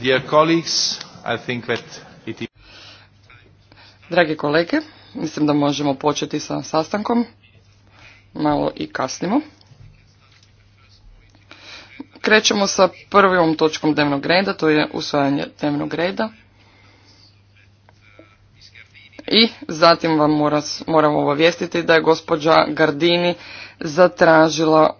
Dear kolege, mislim da možemo početi sa sastankom. Malo i kasnimo. Krećemo sa prvom točkom dnevnog reda, to je usvajanje dnevnog reda. I zatim vam moram obavijestiti da je gospođa Gardini zatražila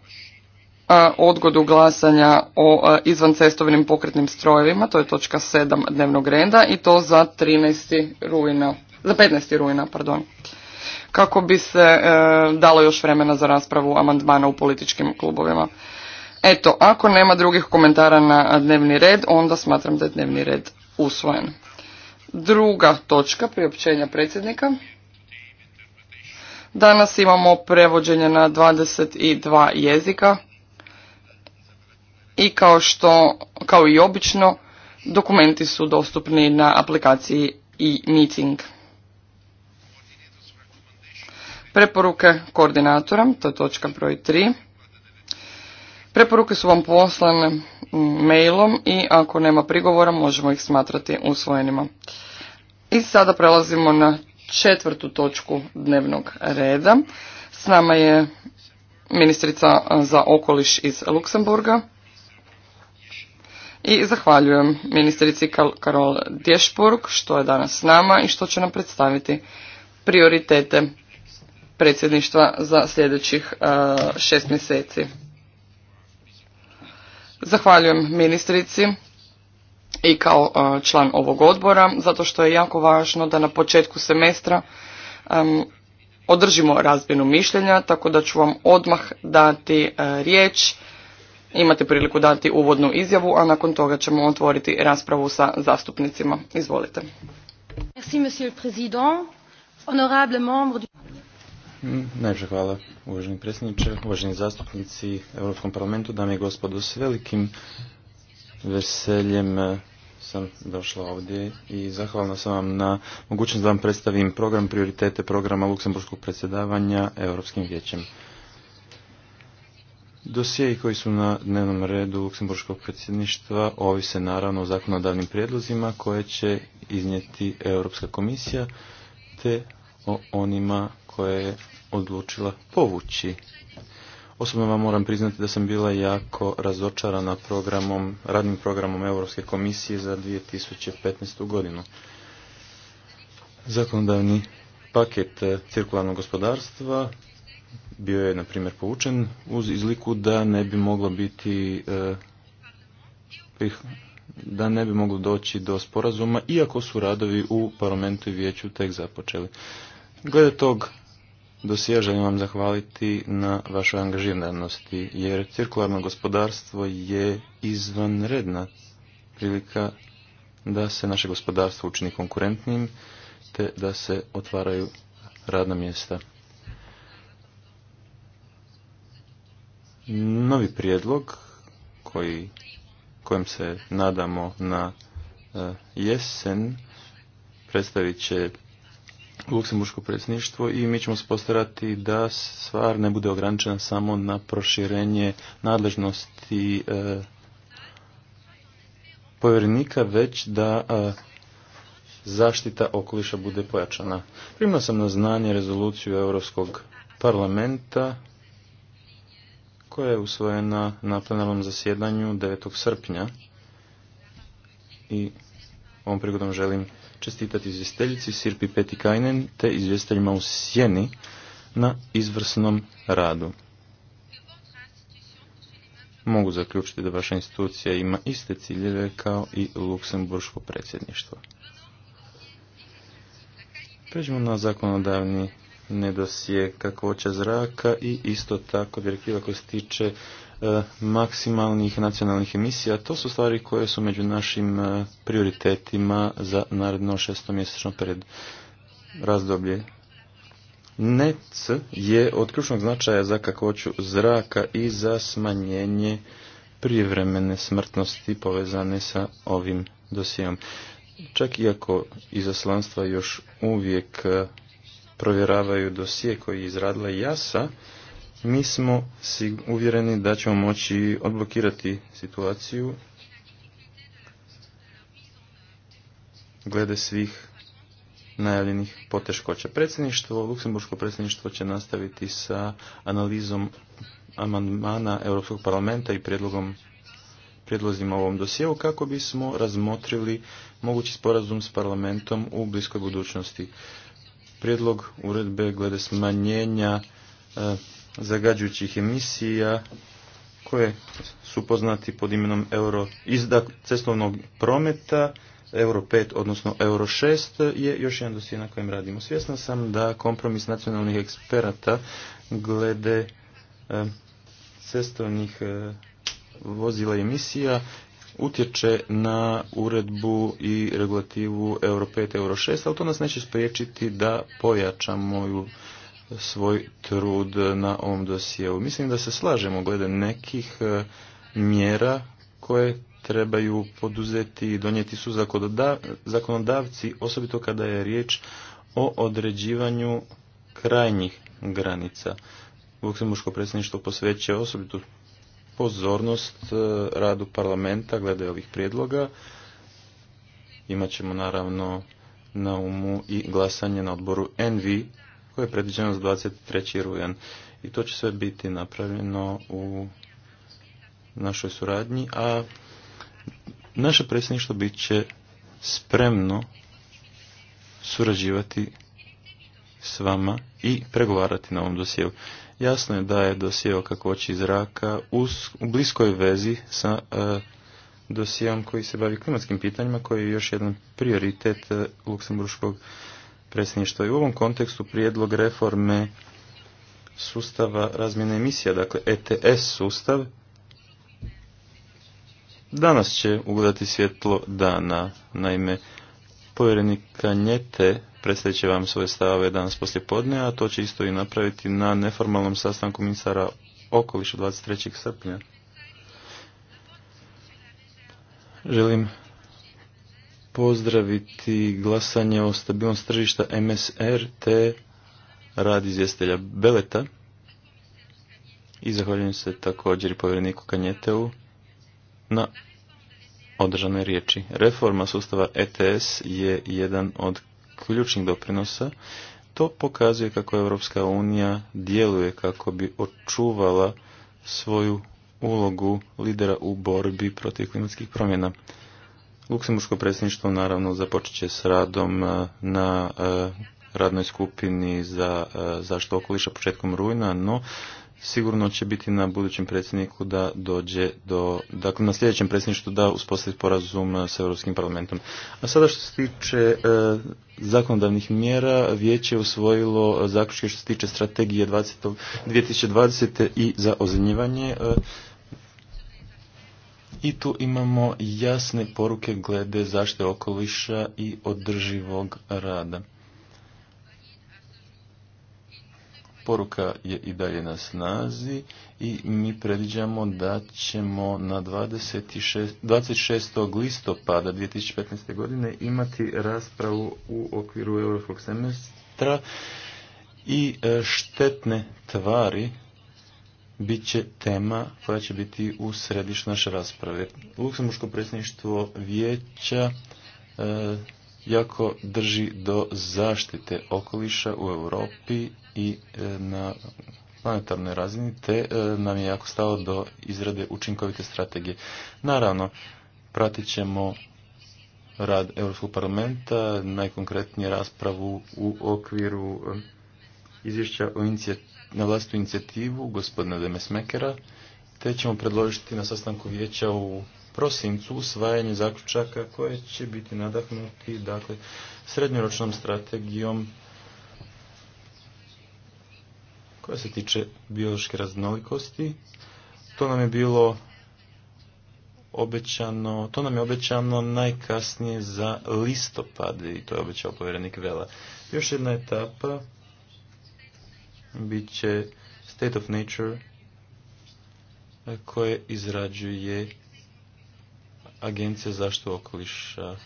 odgodu glasanja o izvancestovnim pokretnim strojevima, to je točka 7 dnevnog reda i to za 13. rujna, za 15. rujna, pardon, kako bi se e, dalo još vremena za raspravu amandmana u političkim klubovima. Eto, ako nema drugih komentara na dnevni red, onda smatram da je dnevni red usvojen. Druga točka priopćenja predsjednika. Danas imamo prevođenje na 22 jezika i kao što, kao i obično, dokumenti su dostupni na aplikaciji i e meeting. Preporuke koordinatora, to je točka broj 3. Preporuke su vam poslane mailom i ako nema prigovora možemo ih smatrati usvojenima. I sada prelazimo na četvrtu točku dnevnog reda. S nama je ministrica za okoliš iz Luksemburga, i zahvaljujem ministrici Karol Dješpurg što je danas s nama i što će nam predstaviti prioritete predsjedništva za sljedećih e, šest mjeseci. Zahvaljujem ministrici i kao e, član ovog odbora, zato što je jako važno da na početku semestra održimo razbjenu mišljenja, tako da ću vam odmah dati e, riječ imate priliku dati uvodnu izjavu, a nakon toga ćemo otvoriti raspravu sa zastupnicima. Izvolite. Merci, monsieur le président. Honorable membre du... Mm, hvala, uvaženi predsjedniče, uvaženi zastupnici Europskom parlamentu, dame i gospodo, s velikim veseljem eh, sam došla ovdje i zahvalna sam vam na mogućnost da vam predstavim program prioritete programa Luksemburskog predsjedavanja Europskim vijećem. Dosjei koji su na dnevnom redu Luksemburškog predsjedništva ovise naravno o zakonodavnim prijedlozima koje će iznijeti Europska komisija te o onima koje je odlučila povući. Osobno vam moram priznati da sam bila jako razočarana programom, radnim programom Europske komisije za 2015. godinu. Zakonodavni paket cirkularnog gospodarstva bio je, na primjer, povučen uz izliku da ne bi moglo biti e, da ne bi moglo doći do sporazuma, iako su radovi u parlamentu i vijeću tek započeli. Glede tog dosija želim vam zahvaliti na vašoj angažiranosti, jer cirkularno gospodarstvo je izvanredna prilika da se naše gospodarstvo učini konkurentnim, te da se otvaraju radna mjesta. novi prijedlog koji, kojem se nadamo na e, jesen predstavit će Luksemburško predsjedništvo i mi ćemo spostarati da stvar ne bude ograničena samo na proširenje nadležnosti e, povjerenika, već da e, zaštita okoliša bude pojačana. Primio sam na znanje rezoluciju Europskog parlamenta koja je usvojena na plenarnom zasjedanju 9. srpnja i ovom prigodom želim čestitati izvjesteljici Sirpi Peti Kajnen te izvjesteljima u Sjeni na izvrsnom radu. Mogu zaključiti da vaša institucija ima iste ciljeve kao i Luksemburško predsjedništvo. Pređemo na zakonodavni nedosije kakvoća zraka i isto tako direktiva koja se tiče e, maksimalnih nacionalnih emisija. To su stvari koje su među našim e, prioritetima za naredno šestomjesečno pred razdoblje. NEC je od ključnog značaja za kakvoću zraka i za smanjenje prijevremene smrtnosti povezane sa ovim dosijom. Čak iako izaslanstva još uvijek provjeravaju dosije koji je izradila JASA, mi smo uvjereni da ćemo moći odblokirati situaciju glede svih najavljenih poteškoća. Predsjedništvo, Luksemburško predsjedništvo će nastaviti sa analizom amandmana Europskog parlamenta i prijedlogom prijedlozima ovom dosjeu kako bismo razmotrili mogući sporazum s parlamentom u bliskoj budućnosti prijedlog uredbe glede smanjenja e, zagađujućih emisija koje su poznati pod imenom euro izda cestovnog prometa Euro 5, odnosno Euro 6 je još jedan dosije na kojem radimo. Svjesna sam da kompromis nacionalnih eksperata glede e, cestovnih e, vozila emisija utječe na uredbu i regulativu Euro 5, Euro 6, ali to nas neće spriječiti da pojačamo svoj trud na ovom dosijelu. Mislim da se slažemo glede nekih e, mjera koje trebaju poduzeti i donijeti su zakonodavci, osobito kada je riječ o određivanju krajnjih granica. Luksemburško predsjedništvo posvećuje osobitu pozornost e, radu parlamenta glede ovih prijedloga. Imat ćemo naravno na umu i glasanje na odboru NV koje je predviđeno za 23. rujan. I to će sve biti napravljeno u našoj suradnji, a naše predsjedništvo bit će spremno surađivati s vama i pregovarati na ovom dosjeu. Jasno je da je kako kako kakvoći zraka u bliskoj vezi sa e, dosijom koji se bavi klimatskim pitanjima, koji je još jedan prioritet e, luksemburškog predsjedništva. I u ovom kontekstu prijedlog reforme sustava razmjene emisija, dakle ETS sustav, danas će ugledati svjetlo dana. Naime, povjerenik Kanjete predstavit će vam svoje stave danas poslje podne, a to će isto i napraviti na neformalnom sastanku ministara okoliša 23. srpnja. Želim pozdraviti glasanje o stabilnost tržišta MSR te rad izvjestelja Beleta i zahvaljujem se također i povjereniku Kanjeteu na održane riječi. Reforma sustava ETS je jedan od ključnih doprinosa. To pokazuje kako Europska unija djeluje kako bi očuvala svoju ulogu lidera u borbi protiv klimatskih promjena. Luksemburško predsjedništvo naravno započet će s radom e, na e, radnoj skupini za e, zaštitu okoliša početkom rujna, no sigurno će biti na budućem predsjedniku da dođe do, dakle na sljedećem predsjedništvu da uspostavi porazum s Europskim parlamentom. A sada što se tiče e, zakonodavnih mjera, vijeće je usvojilo zaključke što se tiče strategije 20, 2020. i za ozemljivanje. E, i tu imamo jasne poruke glede zaštite okoliša i održivog rada. poruka je i dalje na snazi i mi predviđamo da ćemo na 26, 26. listopada 2015. godine imati raspravu u okviru europskog semestra i e, štetne tvari bit će tema koja će biti u središtu naše rasprave. Luksemburško predsjedništvo vijeća e, jako drži do zaštite okoliša u Europi i e, na planetarnoj razini, te e, nam je jako stalo do izrade učinkovite strategije. Naravno, pratit ćemo rad Europskog parlamenta, najkonkretnije raspravu u okviru e, izvješća o na vlastitu inicijativu gospodina Demesmekera, te ćemo predložiti na sastanku vijeća u prosincu usvajanje zaključaka koje će biti nadahnuti dakle, srednjoročnom strategijom koja se tiče biološke raznolikosti. To nam je bilo obećano, to nam je obećano najkasnije za listopad i to je obećao povjerenik Vela. Još jedna etapa bit će State of Nature koje izrađuje Agencija zaštitu okoliša.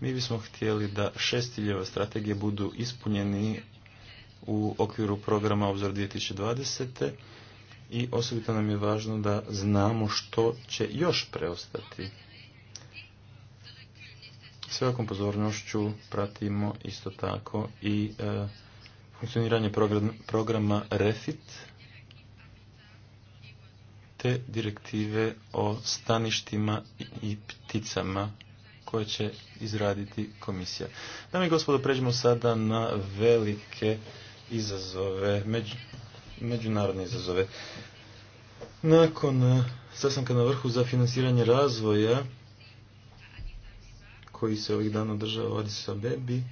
Mi bismo htjeli da šest ciljeva strategije budu ispunjeni u okviru programa Obzor 2020. I osobito nam je važno da znamo što će još preostati. Svakom pozornošću pratimo isto tako i e, funkcioniranje programa REFIT direktive o staništima i pticama koje će izraditi komisija. Dame i gospodo, pređemo sada na velike izazove, međunarodne izazove. Nakon sastanka na vrhu za financiranje razvoja, koji se ovih dana održava u sa bebi,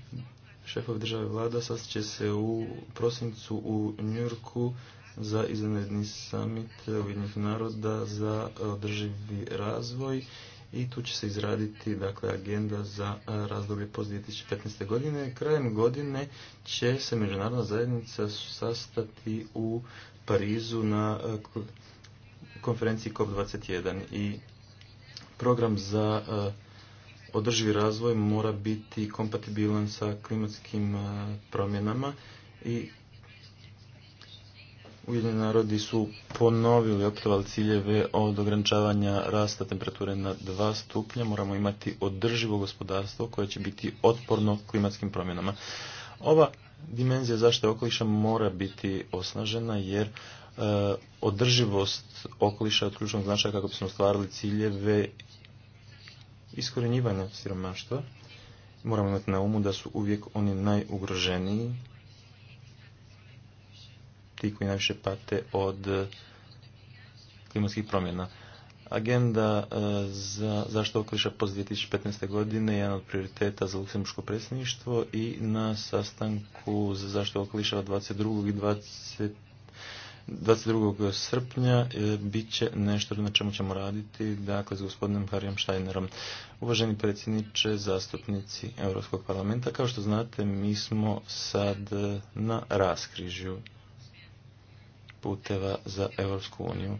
šefov države vlada će se u prosincu u Njurku za izvanredni summit Ujedinjenih naroda za održivi razvoj i tu će se izraditi dakle, agenda za e, razdoblje post 2015. godine. Krajem godine će se međunarodna zajednica sastati u Parizu na e, konferenciji COP21 i program za e, održivi razvoj mora biti kompatibilan sa klimatskim promjenama i Ujedinjeni narodi su ponovili optovali ciljeve od ograničavanja rasta temperature na 2 stupnja. Moramo imati održivo gospodarstvo koje će biti otporno klimatskim promjenama. Ova dimenzija zaštite okoliša mora biti osnažena jer eh, održivost okoliša je od ključnog značaja kako bismo ostvarili ciljeve iskorjenjivanja siromaštva. Moramo imati na umu da su uvijek oni najugroženiji ti koji najviše pate od e, klimatskih promjena. Agenda e, za zaštitu okoliša poslije 2015. godine je jedan od prioriteta za Luksemburško predsjedništvo i na sastanku za zaštitu okoliša 22. i 20 22. srpnja e, bit će nešto na čemu ćemo raditi, dakle, s gospodinom harijom Štajnerom. Uvaženi predsjedniče, zastupnici Europskog parlamenta, kao što znate, mi smo sad na raskrižju puteva za Europsku uniju.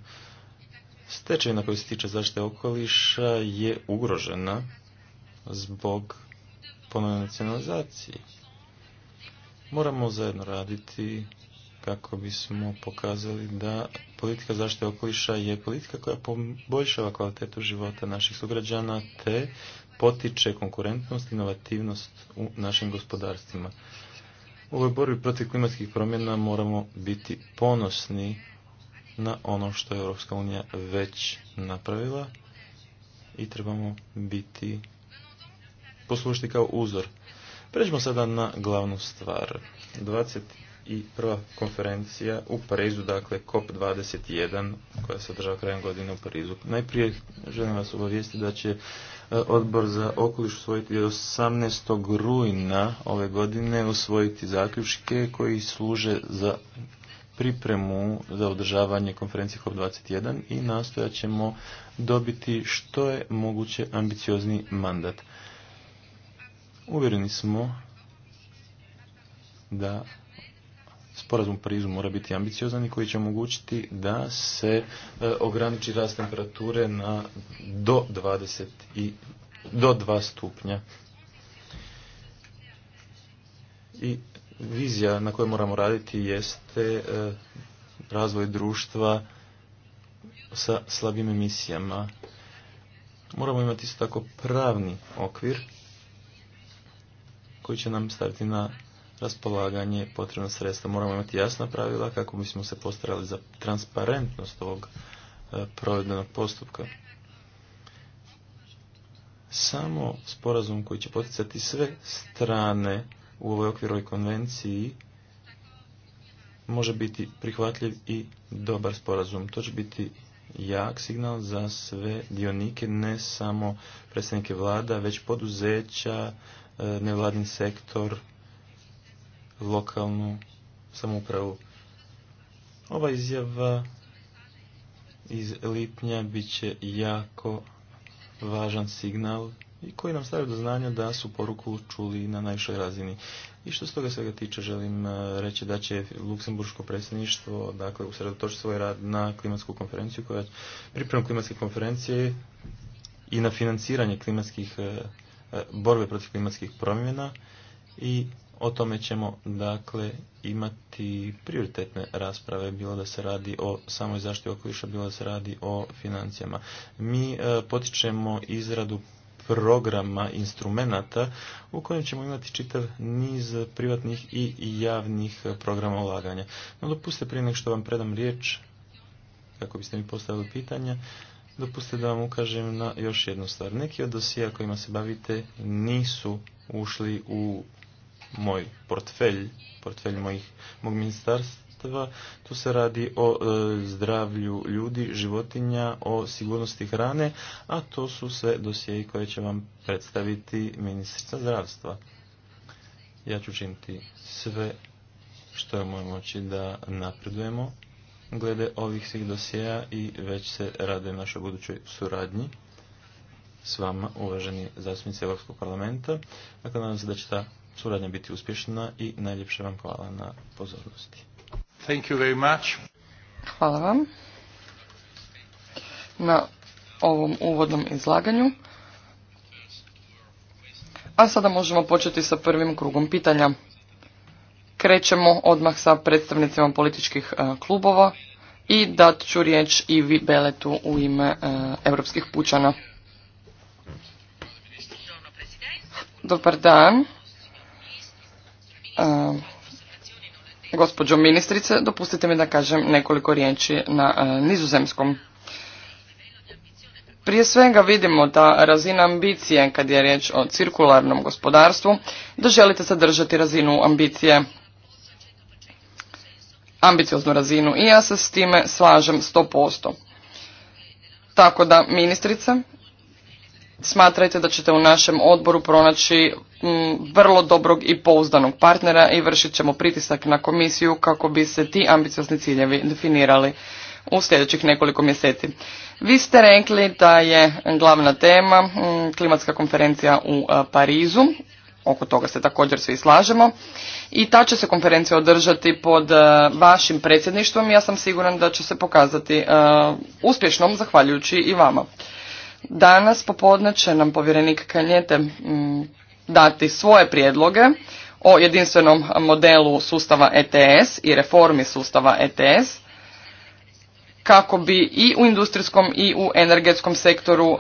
Stečevina koja se tiče zaštite okoliša je ugrožena zbog ponovne nacionalizacije. Moramo zajedno raditi kako bismo pokazali da politika zaštite okoliša je politika koja poboljšava kvalitetu života naših sugrađana te potiče konkurentnost, i inovativnost u našim gospodarstvima. U ovoj borbi protiv klimatskih promjena moramo biti ponosni na ono što je Europska unija već napravila i trebamo biti poslušati kao uzor. Pređimo sada na glavnu stvar i prva konferencija u Parizu, dakle COP21 koja se održava krajem godine u Parizu. Najprije želim vas obavijestiti da će e, odbor za okoliš usvojiti 18. rujna ove godine usvojiti zaključke koji služe za pripremu za održavanje konferencije COP21 i nastojat ćemo dobiti što je moguće ambiciozni mandat. Uvjereni smo da sporazum u Parizu mora biti ambiciozan i koji će omogućiti da se e, ograniči rast temperature na do 20 i do 2 stupnja. I vizija na kojoj moramo raditi jeste e, razvoj društva sa slabim emisijama. Moramo imati isto tako pravni okvir koji će nam staviti na raspolaganje potrebno sredstva. Moramo imati jasna pravila kako bismo se postarali za transparentnost ovog e, provedbenog postupka. Samo sporazum koji će poticati sve strane u ovoj okviroj konvenciji može biti prihvatljiv i dobar sporazum. To će biti jak signal za sve dionike, ne samo predstavnike vlada, već poduzeća, e, nevladin sektor, lokalnu samoupravu. Ova izjava iz lipnja bit će jako važan signal i koji nam stavlja do znanja da su poruku čuli na najvišoj razini. I što s toga svega tiče, želim eh, reći da će Luksemburško predsjedništvo dakle, usredotočiti svoj rad na klimatsku konferenciju, koja pripremu klimatske konferencije i na financiranje klimatskih, eh, eh, borbe protiv klimatskih promjena i o tome ćemo dakle imati prioritetne rasprave, bilo da se radi o samoj zaštiti okoliša, bilo da se radi o financijama. Mi e, potičemo izradu programa, instrumenata u kojem ćemo imati čitav niz privatnih i javnih programa ulaganja. No dopuste prije nek što vam predam riječ, kako biste mi postavili pitanja, dopustite da vam ukažem na još jednu stvar. Neki od dosija kojima se bavite nisu ušli u moj portfelj, portfelj mojih, mog ministarstva. Tu se radi o e, zdravlju ljudi, životinja, o sigurnosti hrane, a to su sve dosjeji koje će vam predstaviti ministrica zdravstva. Ja ću činiti sve što je u moći da napredujemo glede ovih svih dosjeja i već se rade našoj budućoj suradnji s vama, uvaženi zastupnici Europskog parlamenta. Dakle, nadam se da će suradnja biti uspješna i najljepše vam hvala na pozornosti. Thank you very much. Hvala vam na ovom uvodnom izlaganju. A sada možemo početi sa prvim krugom pitanja. Krećemo odmah sa predstavnicima političkih e, klubova i dat ću riječ vi Beletu u ime e, europskih pučana. Dobar dan. E, gospođo ministrice, dopustite mi da kažem nekoliko riječi na e, nizozemskom. Prije svega vidimo da razina ambicije kad je riječ o cirkularnom gospodarstvu, da želite sadržati razinu ambicije, ambicioznu razinu i ja se s time slažem 100%. Tako da, ministrice, smatrajte da ćete u našem odboru pronaći vrlo dobrog i pouzdanog partnera i vršit ćemo pritisak na komisiju kako bi se ti ambiciozni ciljevi definirali u sljedećih nekoliko mjeseci. Vi ste rekli da je glavna tema klimatska konferencija u e, Parizu, oko toga se također svi slažemo, i ta će se konferencija održati pod e, vašim predsjedništvom ja sam siguran da će se pokazati e, uspješnom zahvaljujući i vama. Danas popodne će nam povjerenik Kanjete dati svoje prijedloge o jedinstvenom modelu sustava ETS i reformi sustava ETS kako bi i u industrijskom i u energetskom sektoru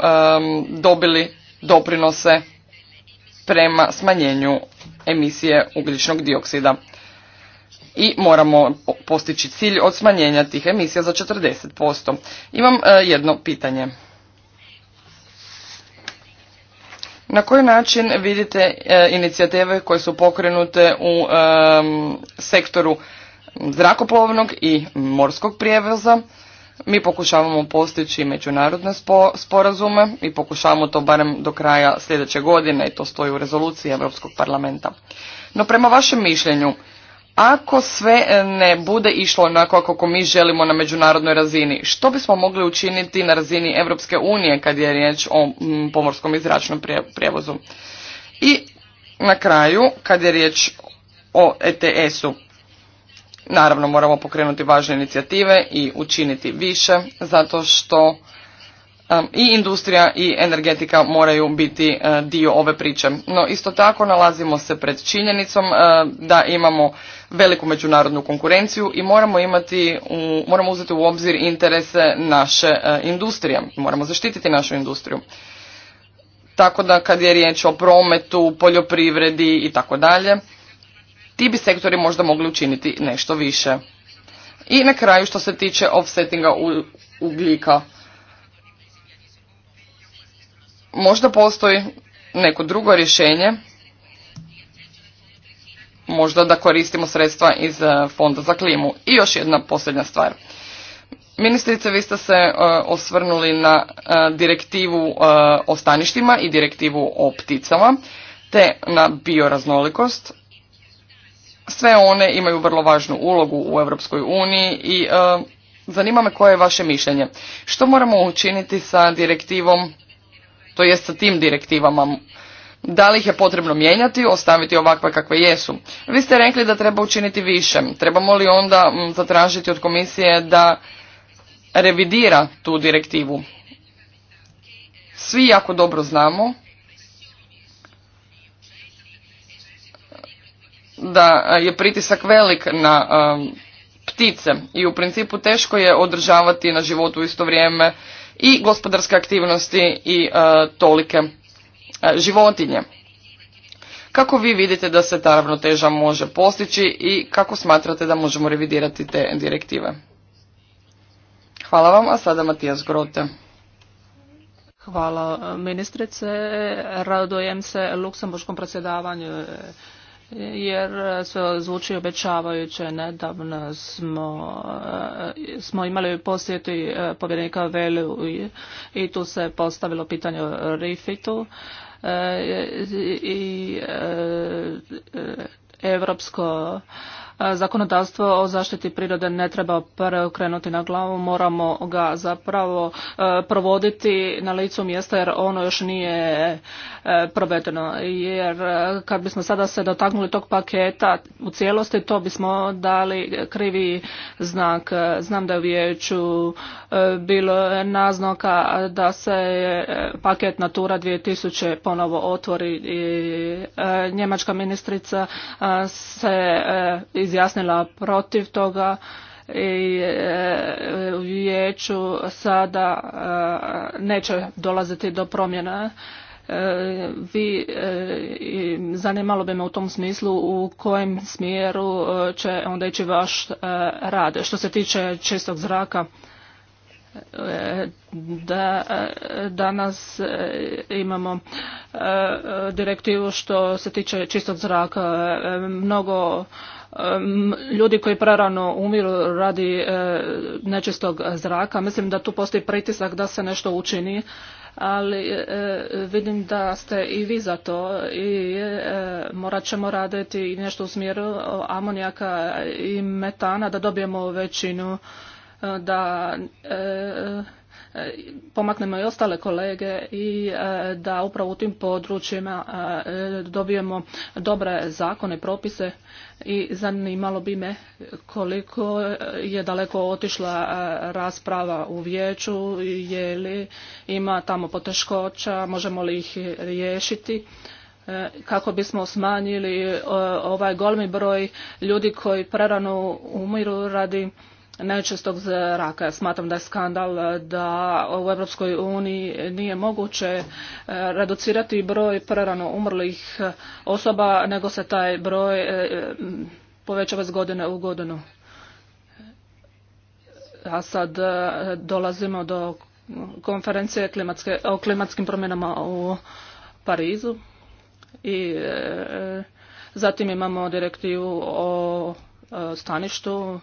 dobili doprinose prema smanjenju emisije ugljičnog dioksida. I moramo postići cilj od smanjenja tih emisija za 40%. Imam e, jedno pitanje. Na koji način vidite e, inicijative koje su pokrenute u sektoru zrakoplovnog i morskog prijevoza? Mi pokušavamo postići međunarodne sporazume i pokušavamo to barem do kraja sljedeće godine i to stoji u rezoluciji Europskog parlamenta. No prema vašem mišljenju, ako sve e, ne bude išlo onako kako mi želimo na međunarodnoj razini, što bismo mogli učiniti na razini Europske unije kad je riječ o pomorskom i zračnom prijevozu? I na kraju, kad je riječ o ETS-u, naravno moramo pokrenuti važne inicijative i učiniti više, zato što e, i industrija i energetika moraju biti e, dio ove priče. No isto tako nalazimo se pred činjenicom da imamo veliku međunarodnu konkurenciju i moramo imati, moramo uzeti u obzir interese naše e, industrije. Moramo zaštititi našu industriju. Tako da kad je riječ o prometu, poljoprivredi i tako dalje, ti bi sektori možda mogli učiniti nešto više. I na kraju što se tiče offsettinga ugljika. Možda postoji neko drugo rješenje možda da koristimo sredstva iz e, Fonda za klimu. I još jedna posljednja stvar. Ministrice, vi ste se e, osvrnuli na e, direktivu o staništima i direktivu o pticama, te na bioraznolikost. Sve one imaju vrlo važnu ulogu u Europskoj uniji i zanima me koje je vaše mišljenje. Što moramo učiniti sa direktivom, to jest sa tim direktivama da li ih je potrebno mijenjati, ostaviti ovakve kakve jesu? Vi ste rekli da treba učiniti više. Trebamo li onda zatražiti od komisije da revidira tu direktivu? Svi jako dobro znamo da je pritisak velik na um, ptice i u principu teško je održavati na životu isto vrijeme i gospodarske aktivnosti i uh, tolike E, životinje. Kako vi vidite da se ta ravnoteža može postići i kako smatrate da možemo revidirati te direktive? Hvala vam, a sada Matijas Grote. Hvala ministrice, radujem se luksemburskom predsjedavanju jer sve zvuči obećavajuće. Nedavno smo, e, smo imali posjeti e, povjerenika Veli i tu se postavilo pitanje o Rifitu. E, i e, e, europsko zakonodavstvo o zaštiti prirode ne treba preokrenuti na glavu, moramo ga zapravo e, provoditi na licu mjesta jer ono još nije e, provedeno. Jer e, kad bismo sada se dotaknuli tog paketa u cijelosti, to bismo dali krivi znak. Znam da je u vijeću bilo naznaka da se paket Natura 2000 ponovo otvori i njemačka ministrica se izjasnila protiv toga i e, u vijeću sada e, neće dolaziti do promjena e, vi zanimalo bi me u tom smislu u kojem smjeru će onda ići vaš rad. Što se tiče čistog zraka, da danas imamo direktivu što se tiče čistog zraka. Mnogo ljudi koji prerano umiru radi e, nečistog zraka. Mislim da tu postoji pritisak da se nešto učini, ali e, vidim da ste i vi za to i e, morat ćemo raditi i nešto u smjeru amonijaka i metana da dobijemo većinu da pomaknemo i ostale kolege i e, da upravo u tim područjima e, dobijemo dobre zakone, propise i zanimalo bi me koliko je daleko otišla e, rasprava u vijeću, je li ima tamo poteškoća, možemo li ih riješiti kako bismo smanjili ovaj golmi broj ljudi koji prerano umiru radi nečistog zraka. Smatram da je skandal da u Europskoj uniji nije moguće e, reducirati broj prerano umrlih e, osoba, nego se taj broj e, povećava iz godine u godinu. A sad dolazimo do konferencije o klimatskim promjenama u Parizu i zatim imamo direktivu o staništu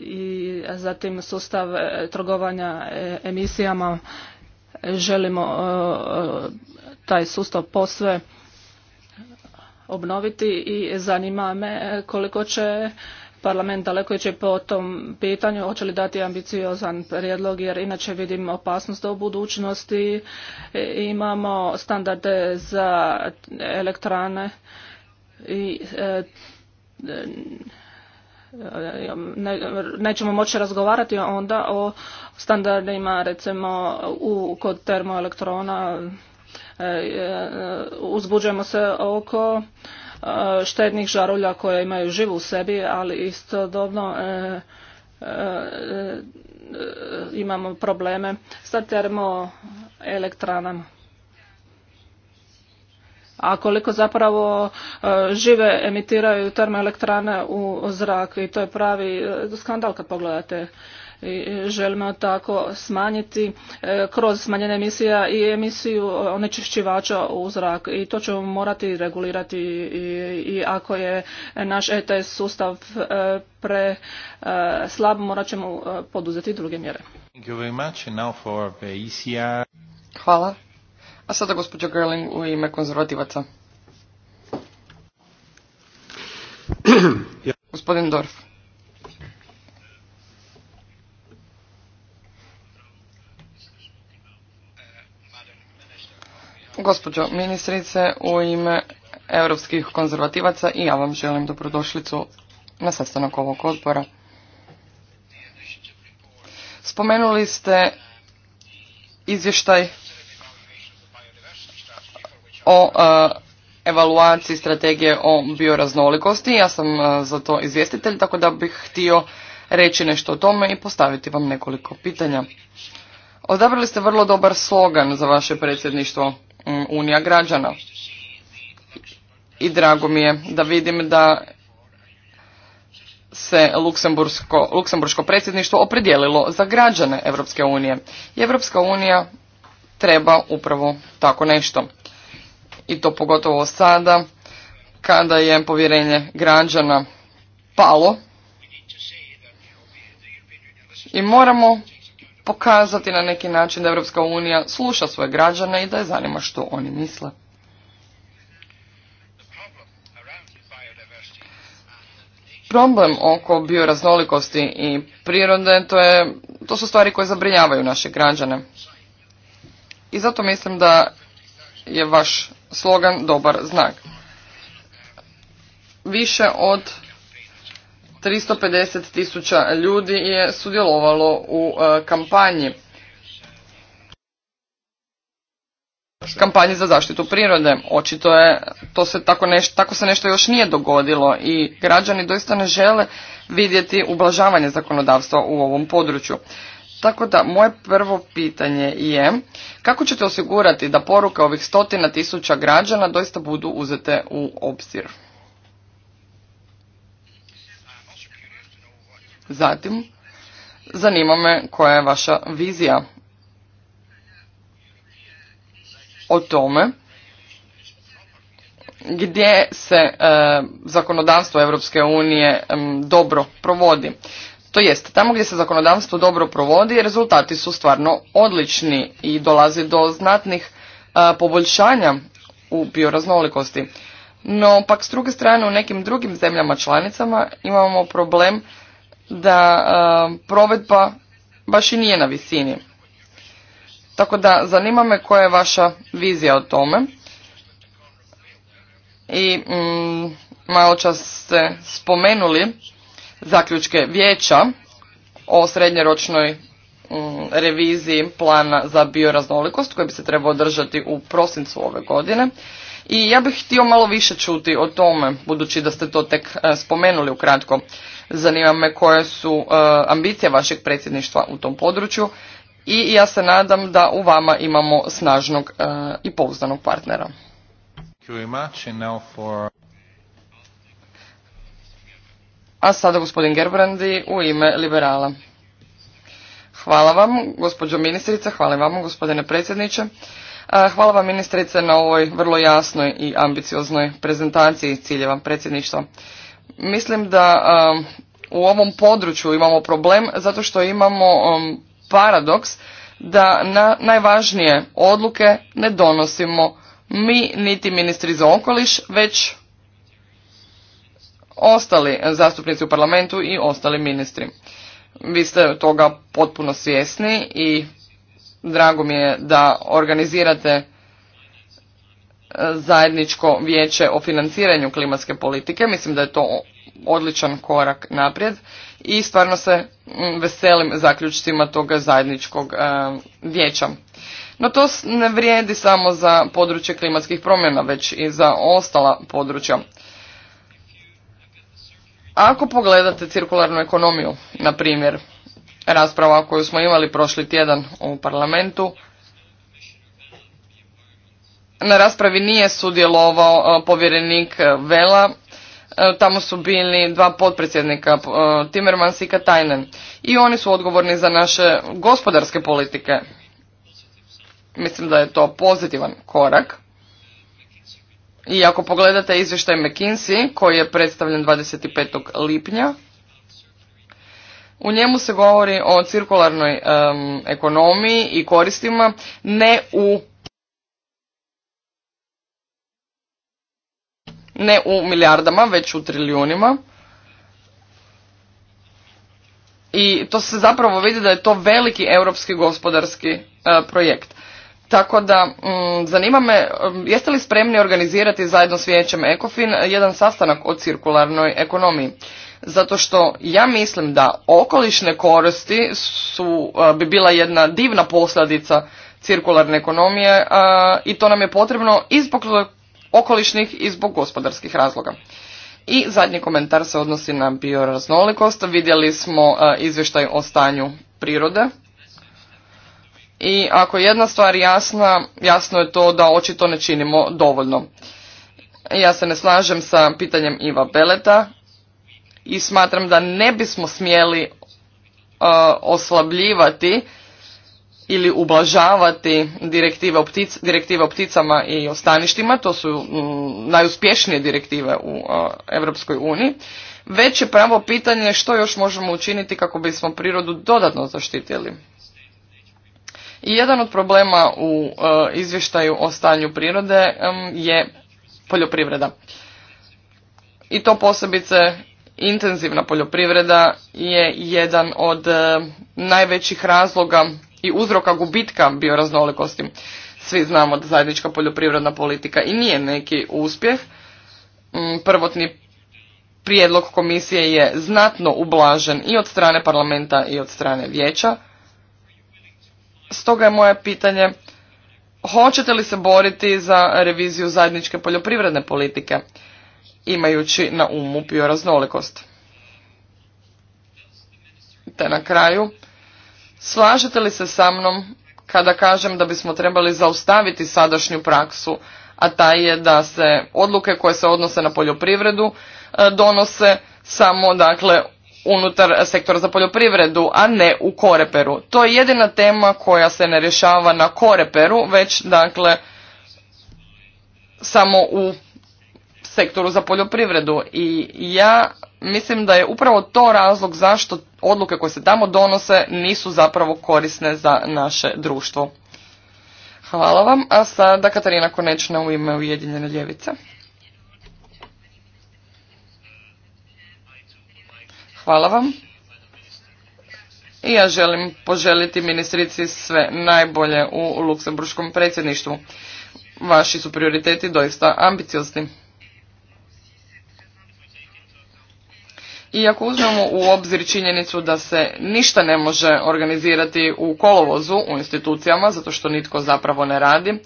i zatim sustav e, trgovanja e, emisijama želimo e, taj sustav posve obnoviti i zanima me koliko će parlament daleko ići po tom pitanju, hoće li dati ambiciozan prijedlog jer inače vidim opasnost u budućnosti imamo standarde za elektrane i nećemo moći razgovarati onda o standardima recimo u, kod termoelektrona e, e, uzbuđujemo se oko e, štednih žarulja koje imaju živu u sebi, ali istodobno e, imamo probleme sa termoelektranama a koliko zapravo e, žive emitiraju termoelektrane u zrak i to je pravi e, skandal kad pogledate i želimo tako smanjiti e, kroz smanjenje emisija i emisiju onečišćivača u zrak i to ćemo morati regulirati i ako je naš ETS sustav pre slab morat ćemo poduzeti druge mjere. Hvala. A sada gospođo Gerling u ime konzervativaca. Gospodin Dorf. Gospođo ministrice, u ime europskih konzervativaca i ja vam želim dobrodošlicu na sastanak ovog odbora. Spomenuli ste izvještaj o e, evaluaciji strategije o bioraznolikosti. Ja sam e, za to izvjestitelj, tako da bih htio reći nešto o tome i postaviti vam nekoliko pitanja. Odabrali ste vrlo dobar slogan za vaše predsjedništvo Unija građana. I drago mi je da vidim da se Luksembursko, Luksemburško predsjedništvo opredijelilo za građane Europske unije. I Europska unija treba upravo tako nešto i to pogotovo sada kada je povjerenje građana palo i moramo pokazati na neki način da Europska unija sluša svoje građane i da je zanima što oni misle. Problem oko bioraznolikosti i prirode to, je, to su stvari koje zabrinjavaju naše građane. I zato mislim da je vaš slogan dobar znak. Više od 350 tisuća ljudi je sudjelovalo u e, kampanji. kampanji za zaštitu prirode. Očito je, to se tako, tako se nešto još nije dogodilo i građani doista ne žele vidjeti ublažavanje zakonodavstva u ovom području. Tako da moje prvo pitanje je kako ćete osigurati da poruke ovih stotina tisuća građana doista budu uzete u obzir? Zatim, zanima me koja je vaša vizija o tome gdje se e, zakonodavstvo Europske unije dobro provodi. To jest, tamo gdje se zakonodavstvo dobro provodi, rezultati su stvarno odlični i dolazi do znatnih e, poboljšanja u bioraznolikosti. No, pak s druge strane u nekim drugim zemljama članicama imamo problem da e, provedba baš i nije na visini. Tako da zanima me koja je vaša vizija o tome. I mm, malo čas ste spomenuli zaključke vijeća o srednjeročnoj mm, reviziji plana za bioraznolikost koji bi se trebao održati u prosincu ove godine. I ja bih htio malo više čuti o tome, budući da ste to tek e, spomenuli ukratko. Zanima me koje su e, ambicije vašeg predsjedništva u tom području i ja se nadam da u vama imamo snažnog e, i pouzdanog partnera. A sada gospodin Gerbrandi u ime liberala. Hvala vam, gospođo ministrice, hvala vam, gospodine predsjedniče. Hvala vam, ministrice, na ovoj vrlo jasnoj i ambicioznoj prezentaciji ciljeva predsjedništva. Mislim da u ovom području imamo problem zato što imamo paradoks da na najvažnije odluke ne donosimo mi niti ministri za okoliš, već ostali zastupnici u parlamentu i ostali ministri. Vi ste toga potpuno svjesni i drago mi je da organizirate e, zajedničko vijeće o financiranju klimatske politike. Mislim da je to odličan korak naprijed i stvarno se veselim zaključcima toga zajedničkog e, vijeća. No to ne vrijedi samo za područje klimatskih promjena, već i za ostala područja. Ako pogledate cirkularnu ekonomiju, na primjer, rasprava koju smo imali prošli tjedan u parlamentu, na raspravi nije sudjelovao e, povjerenik e, Vela, e, tamo su bili dva potpredsjednika, Timmermans i Katajnen. I oni su odgovorni za naše gospodarske politike. Mislim da je to pozitivan korak. I ako pogledate izvještaj McKinsey koji je predstavljen 25. lipnja, u njemu se govori o cirkularnoj ekonomiji i koristima ne u ne u milijardama, već u trilijunima. I to se zapravo vidi da je to veliki europski gospodarski e, projekt. Tako da, mm, zanima me, mm, jeste li spremni organizirati zajedno s vijećem ECOFIN jedan sastanak o cirkularnoj ekonomiji? Zato što ja mislim da okolišne koristi su, bi bila jedna divna posljedica cirkularne ekonomije i to nam je potrebno i zbog okolišnih i zbog gospodarskih razloga. I zadnji komentar se odnosi na bioraznolikost. Vidjeli smo izvještaj o stanju prirode i ako je jedna stvar jasna, jasno je to da očito ne činimo dovoljno. Ja se ne slažem sa pitanjem Iva Beleta i smatram da ne bismo smjeli uh, oslabljivati ili ublažavati direktive o, pticama i o staništima, to su mm, najuspješnije direktive u uh, Europskoj uniji, već je pravo pitanje što još možemo učiniti kako bismo prirodu dodatno zaštitili. I jedan od problema u e, izvještaju o stanju prirode je poljoprivreda. I to posebice intenzivna poljoprivreda je jedan od e, najvećih razloga i uzroka gubitka bioraznolikosti. Svi znamo da zajednička poljoprivredna politika i nije neki uspjeh. Mm, prvotni prijedlog komisije je znatno ublažen i od strane parlamenta i od strane vijeća. Stoga je moje pitanje, hoćete li se boriti za reviziju zajedničke poljoprivredne politike, imajući na umu bioraznolikost? Te na kraju, slažete li se sa mnom kada kažem da bismo trebali zaustaviti sadašnju praksu, a taj je da se odluke koje se odnose na poljoprivredu e, donose samo dakle unutar sektora za poljoprivredu, a ne u koreperu. To je jedina tema koja se ne rješava na koreperu, već dakle samo u sektoru za poljoprivredu. I ja mislim da je upravo to razlog zašto odluke koje se tamo donose nisu zapravo korisne za naše društvo. Hvala vam, a sada Katarina Konečna u ime Ujedinjene ljevice. Hvala vam. I ja želim poželiti ministrici sve najbolje u luksemburškom predsjedništvu. Vaši su prioriteti doista ambiciozni. I ako uzmemo u obzir činjenicu da se ništa ne može organizirati u kolovozu u institucijama, zato što nitko zapravo ne radi,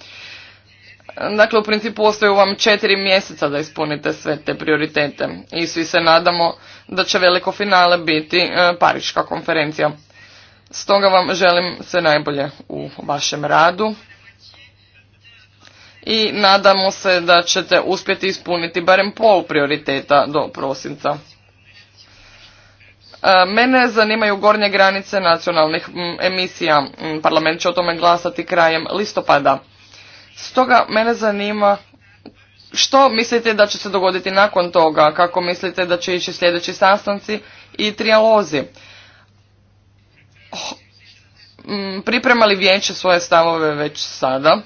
Dakle, u principu ostaju vam četiri mjeseca da ispunite sve te prioritete i svi se nadamo da će veliko finale biti e, Pariška konferencija. Stoga vam želim sve najbolje u vašem radu i nadamo se da ćete uspjeti ispuniti barem pol prioriteta do prosinca. E, mene zanimaju gornje granice nacionalnih emisija. Parlament će o tome glasati krajem listopada. Stoga mene zanima što mislite da će se dogoditi nakon toga, kako mislite da će ići sljedeći sastanci i trijalozi. Mm, priprema li vijeće svoje stavove već sada?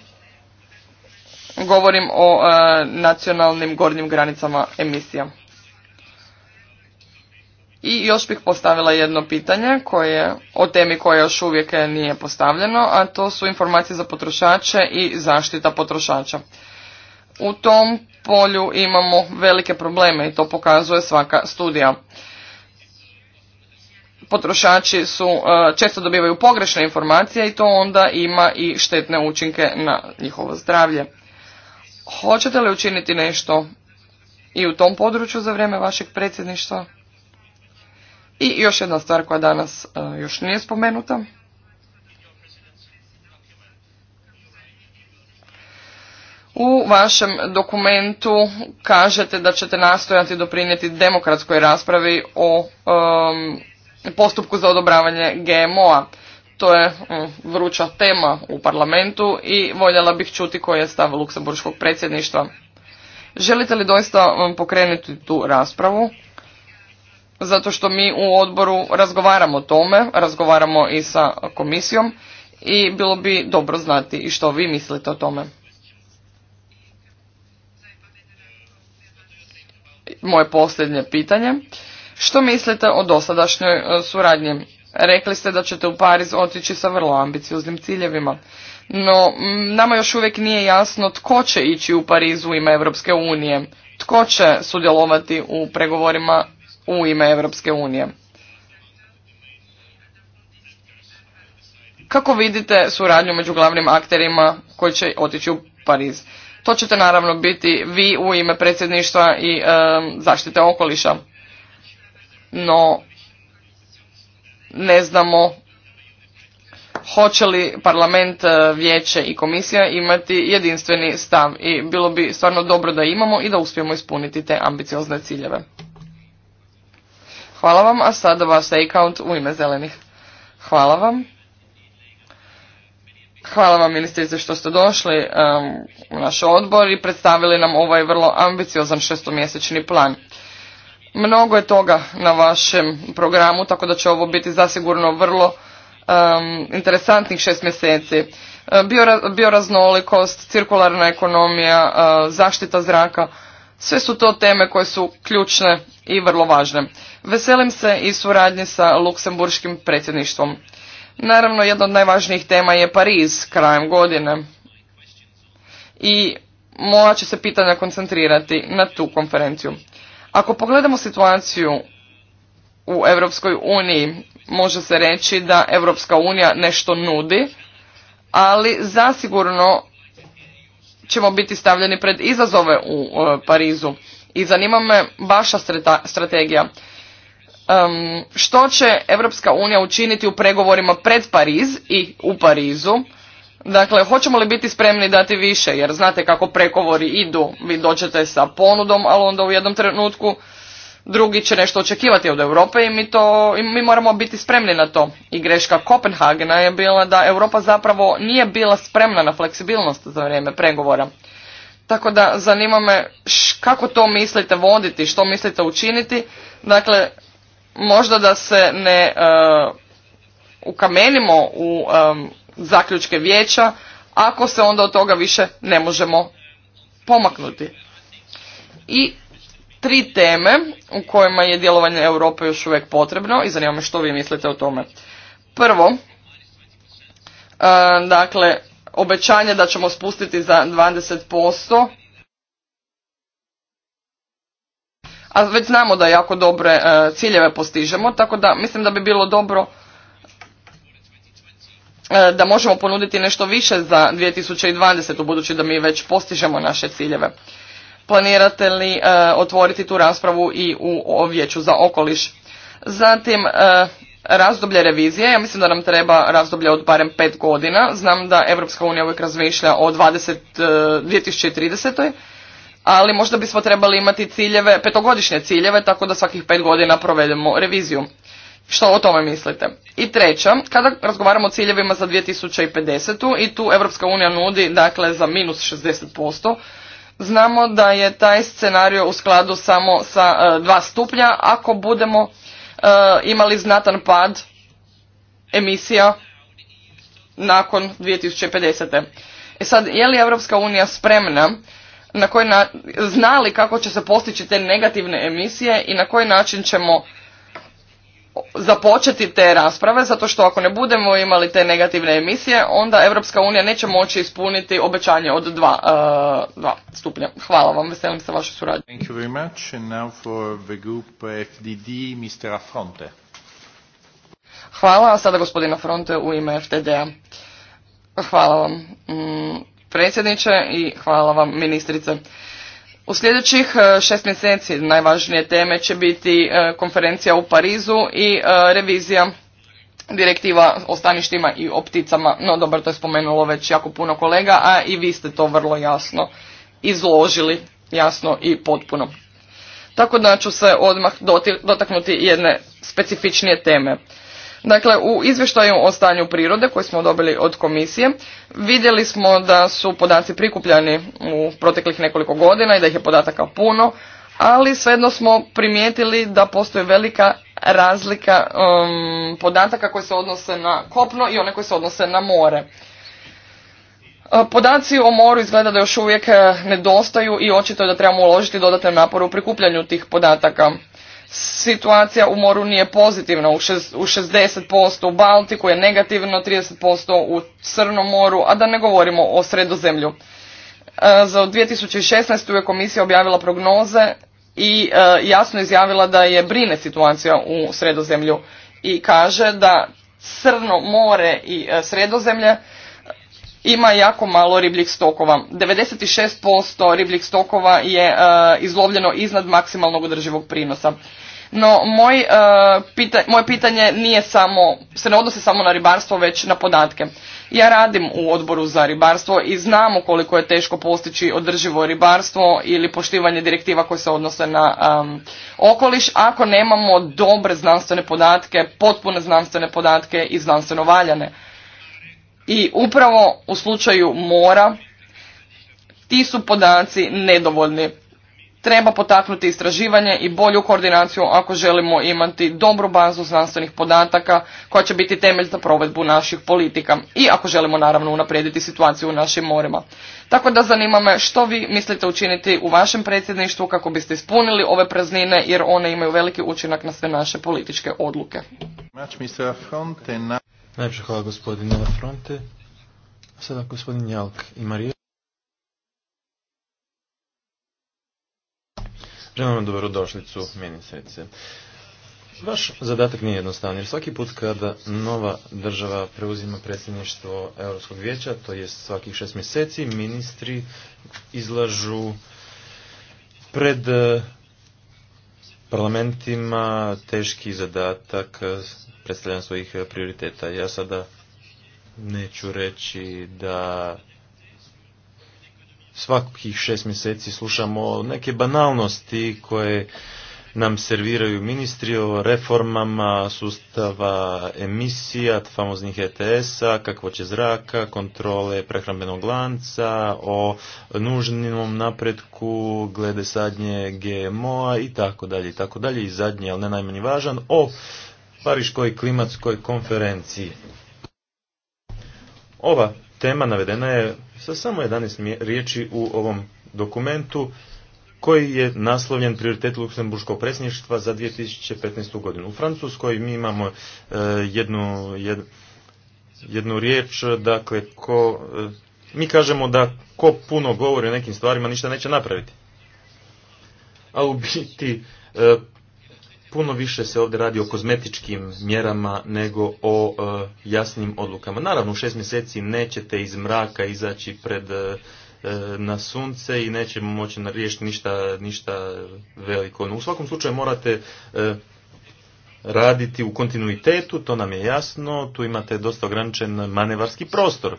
Govorim o e, nacionalnim gornjim granicama emisija. I još bih postavila jedno pitanje koje, o temi koja još uvijek nije postavljeno, a to su informacije za potrošače i zaštita potrošača. U tom polju imamo velike probleme i to pokazuje svaka studija. Potrošači su, e, često dobivaju pogrešne informacije i to onda ima i štetne učinke na njihovo zdravlje. Hoćete li učiniti nešto i u tom području za vrijeme vašeg predsjedništva? I još jedna stvar koja danas e, još nije spomenuta. U vašem dokumentu kažete da ćete nastojati doprinijeti demokratskoj raspravi o postupku za odobravanje GMO-a. To je mm, vruća tema u parlamentu i voljela bih čuti koji je stav Luksemburškog predsjedništva. Želite li doista pokrenuti tu raspravu? zato što mi u odboru razgovaramo o tome, razgovaramo i sa komisijom i bilo bi dobro znati i što vi mislite o tome. Moje posljednje pitanje. Što mislite o dosadašnjoj e, suradnji? Rekli ste da ćete u Pariz otići sa vrlo ambicioznim ciljevima. No, nama još uvijek nije jasno tko će ići u Parizu u ime Europske unije, tko će sudjelovati u pregovorima u ime Europske unije. Kako vidite suradnju među glavnim akterima koji će otići u Pariz? To ćete naravno biti vi u ime predsjedništva i e, zaštite okoliša. No, ne znamo hoće li parlament, e, vijeće i komisija imati jedinstveni stav i bilo bi stvarno dobro da imamo i da uspijemo ispuniti te ambiciozne ciljeve. Hvala vam, a sada vas account u ime zelenih. Hvala vam. Hvala vam ministrice što ste došli um, u naš odbor i predstavili nam ovaj vrlo ambiciozan šestomjesečni plan. Mnogo je toga na vašem programu, tako da će ovo biti zasigurno vrlo um, interesantnih šest mjeseci. Uh, bioraznolikost, cirkularna ekonomija, uh, zaštita zraka, sve su to teme koje su ključne i vrlo važne. Veselim se i suradnji sa luksemburškim predsjedništvom. Naravno, jedna od najvažnijih tema je Pariz krajem godine. I moja će se pitanja koncentrirati na tu konferenciju. Ako pogledamo situaciju u Europskoj uniji, može se reći da Europska unija nešto nudi, ali zasigurno ćemo biti stavljeni pred izazove u e, Parizu. I zanima me vaša strategija um, što će Europska unija učiniti u pregovorima pred Pariz i u Parizu. Dakle, hoćemo li biti spremni dati više, jer znate kako pregovori idu, vi dođete sa ponudom, ali onda u jednom trenutku drugi će nešto očekivati od Europe i mi, to, mi moramo biti spremni na to. I greška Kopenhagena je bila da Europa zapravo nije bila spremna na fleksibilnost za vrijeme pregovora. Tako da zanima me kako to mislite voditi, što mislite učiniti, dakle možda da se ne e, ukamenimo u e, zaključke vijeća ako se onda od toga više ne možemo pomaknuti. I tri teme u kojima je djelovanje Europe još uvijek potrebno i zanima me što vi mislite o tome. Prvo, e, dakle, obećanje da ćemo spustiti za 20% a već znamo da jako dobre e, ciljeve postižemo, tako da mislim da bi bilo dobro e, da možemo ponuditi nešto više za 2020. budući da mi već postižemo naše ciljeve. Planirate li e, otvoriti tu raspravu i u vijeću za okoliš? Zatim, razdoblje revizije. Ja mislim da nam treba razdoblje od barem pet godina. Znam da Europska unija uvijek razmišlja o 20, 2030 ali možda bismo trebali imati ciljeve, petogodišnje ciljeve, tako da svakih pet godina provedemo reviziju. Što o tome mislite? I treća, kada razgovaramo o ciljevima za 2050. i tu Europska unija nudi dakle, za minus 60%, znamo da je taj scenario u skladu samo sa e, dva stupnja ako budemo e, imali znatan pad emisija nakon 2050. E sad, je li Europska unija spremna na koji na, znali kako će se postići te negativne emisije i na koji način ćemo započeti te rasprave zato što ako ne budemo imali te negativne emisije onda Europska unija neće moći ispuniti obećanje od dva, e, dva stupnja. Hvala vam, veselim se vaše suradnje. Thank you very much. And now for the group FDD, Mr. Hvala, sada gospodina Fronte u ime FTD-a. Hvala vam. Mm, predsjedniče i hvala vam ministrice. U sljedećih e, šest mjeseci najvažnije teme će biti e, konferencija u Parizu i e, revizija direktiva o staništima i o pticama. No dobro, to je spomenulo već jako puno kolega, a i vi ste to vrlo jasno izložili, jasno i potpuno. Tako da ću se odmah dotaknuti jedne specifičnije teme. Dakle, u izvještaju o stanju prirode koji smo dobili od komisije vidjeli smo da su podaci prikupljani u proteklih nekoliko godina i da ih je podataka puno, ali svejedno smo primijetili da postoji velika razlika um, podataka koje se odnose na kopno i one koji se odnose na more. E, podaci o moru izgleda da još uvijek e, nedostaju i očito je da trebamo uložiti dodatne napore u prikupljanju tih podataka situacija u moru nije pozitivna, u 60% u Baltiku je negativno, 30% u Crnom moru, a da ne govorimo o sredozemlju. E, za 2016. je komisija objavila prognoze i e, jasno izjavila da je brine situacija u sredozemlju i kaže da Crno more i e, sredozemlje ima jako malo ribljih stokova. 96% ribljih stokova je izlovljeno iznad maksimalnog održivog prinosa. No, moj, e, moje pitanje nije samo, se ne odnosi samo na ribarstvo, već na podatke. Ja radim u odboru za ribarstvo i znamo koliko je teško postići održivo ribarstvo ili poštivanje direktiva koje se odnose na okoliš ako nemamo dobre znanstvene podatke, potpune znanstvene podatke i znanstveno valjane. I upravo u slučaju mora ti su podaci nedovoljni treba potaknuti istraživanje i bolju koordinaciju ako želimo imati dobru bazu znanstvenih podataka koja će biti temelj za provedbu naših politika i ako želimo naravno unaprijediti situaciju u našim morima. Tako da zanima me što vi mislite učiniti u vašem predsjedništvu kako biste ispunili ove praznine jer one imaju veliki učinak na sve naše političke odluke. hvala gospodine Fronte. Sada Jalk Želim vam dobrodošlicu, ministrice. Vaš zadatak nije jednostavan, jer svaki put kada nova država preuzima predsjedništvo Europskog vijeća, to je svakih šest mjeseci, ministri izlažu pred eh, parlamentima teški zadatak predstavljanja svojih prioriteta. Ja sada neću reći da svakih šest mjeseci slušamo neke banalnosti koje nam serviraju ministri o reformama sustava emisija, famoznih ETS-a, će zraka, kontrole prehrambenog lanca, o nužnom napretku, glede sadnje GMO-a i tako dalje i tako dalje i zadnji, ali ne najmanji važan, o Pariškoj klimatskoj konferenciji. Ova tema navedena je sa samo 11 riječi u ovom dokumentu koji je naslovljen prioritet Luksemburškog predsjedništva za 2015. godinu. U Francuskoj mi imamo e, jednu, jednu riječ, dakle, ko, e, mi kažemo da ko puno govori o nekim stvarima ništa neće napraviti. A u biti e, puno više se ovdje radi o kozmetičkim mjerama nego o e, jasnim odlukama. Naravno, u šest mjeseci nećete iz mraka izaći pred e, e, na sunce i nećemo moći riješiti ništa, ništa veliko. u svakom slučaju morate raditi u kontinuitetu, to nam je jasno, tu imate dosta ograničen manevarski prostor.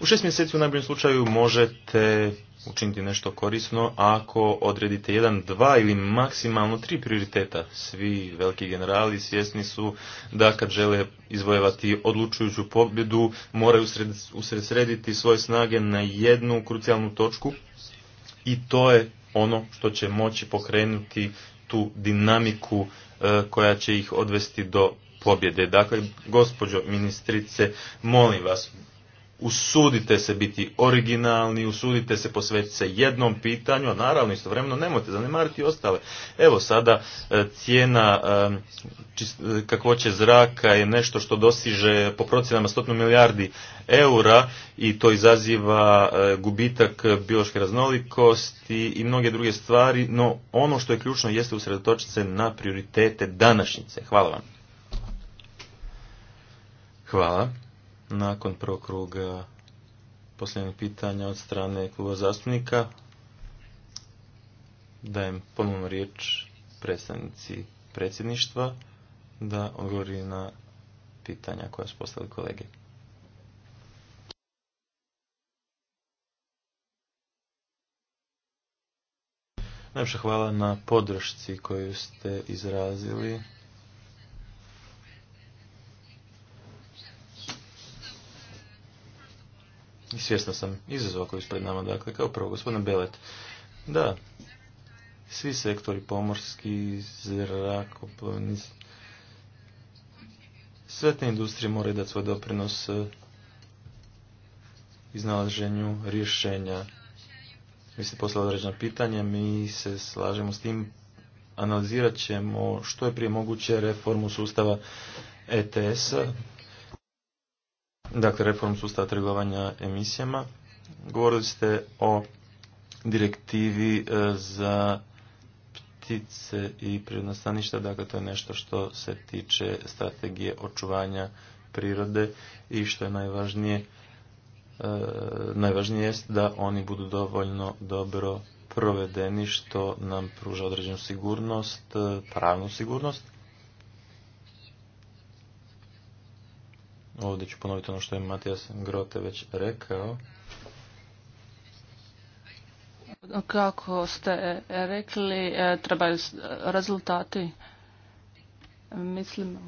U šest mjeseci u najboljem slučaju možete učiniti nešto korisno ako odredite jedan, dva ili maksimalno tri prioriteta. Svi veliki generali svjesni su da kad žele izvojevati odlučujuću pobjedu moraju usredsrediti svoje snage na jednu krucijalnu točku i to je ono što će moći pokrenuti tu dinamiku e, koja će ih odvesti do pobjede. Dakle, gospođo ministrice, molim vas, usudite se biti originalni, usudite se posvetiti se jednom pitanju, a naravno istovremeno nemojte zanemariti ostale. Evo sada e, cijena e, e, kakvoće zraka je nešto što dosiže po procjenama 100 milijardi eura i to izaziva gubitak biološke raznolikosti i mnoge druge stvari, no ono što je ključno jeste usredotočiti se na prioritete današnjice. Hvala vam. Hvala. Nakon prvog kruga posljednjeg pitanja od strane kluba zastupnika dajem ponovno riječ predstavnici predsjedništva da odgovori na pitanja koja su postavili kolege. Najviše hvala na podršci koju ste izrazili I svjesna sam izazova koji ispred nama, dakle, kao prvo, gospodin Belet. Da, svi sektori, pomorski, zrakoplovni, sve te industrije moraju dati svoj doprinos e, iznalaženju rješenja. Vi ste poslali određena pitanja, mi se slažemo s tim, analizirat ćemo što je prije moguće reformu sustava ETS-a, Dakle, reform sustava trgovanja emisijama. Govorili ste o direktivi e, za ptice i prirodna staništa, dakle to je nešto što se tiče strategije očuvanja prirode i što je najvažnije, e, najvažnije jest da oni budu dovoljno dobro provedeni što nam pruža određenu sigurnost, e, pravnu sigurnost Ovdje ću ponoviti ono što je Matijas Grote već rekao. Kako ste rekli, e, trebaju rezultati. Mislim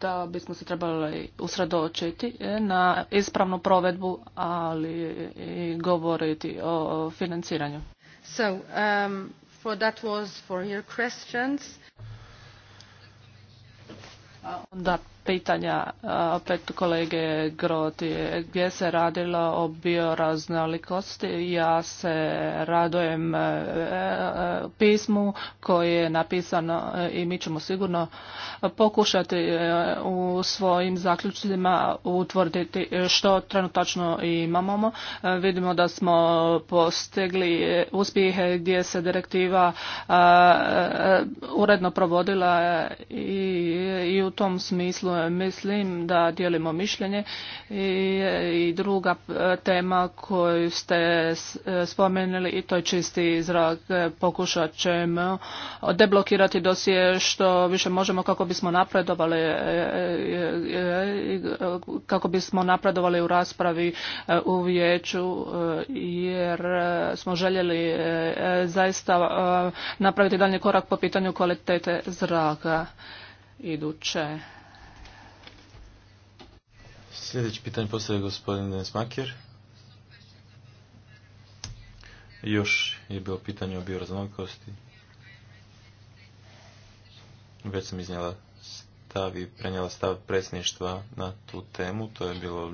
da bismo se trebali usredočiti e, na ispravnu provedbu, ali i govoriti o financiranju. So, um, for that was for your questions. Onda pitanja opet kolege Groti, gdje se radilo o bioraznolikosti. Ja se radojem e, e, pismu koje je napisano e, i mi ćemo sigurno pokušati u svojim zaključcima utvrditi što trenutačno imamo. Vidimo da smo postigli uspjehe gdje se direktiva uredno provodila i u tom smislu mislim da dijelimo mišljenje i druga tema koju ste spomenuli i to je čisti zrak. Pokušat ćemo deblokirati dosije što više možemo kako bismo napredovali e, e, e, kako bismo napredovali u raspravi u vijeću jer smo željeli zaista napraviti daljnji korak po pitanju kvalitete zraka iduće Sljedeće pitanje postavlja gospodin Makir. Još je bilo pitanje o bioraznolikosti. Već sam iznijela stav i prenijela stav predsjedništva na tu temu. To je bilo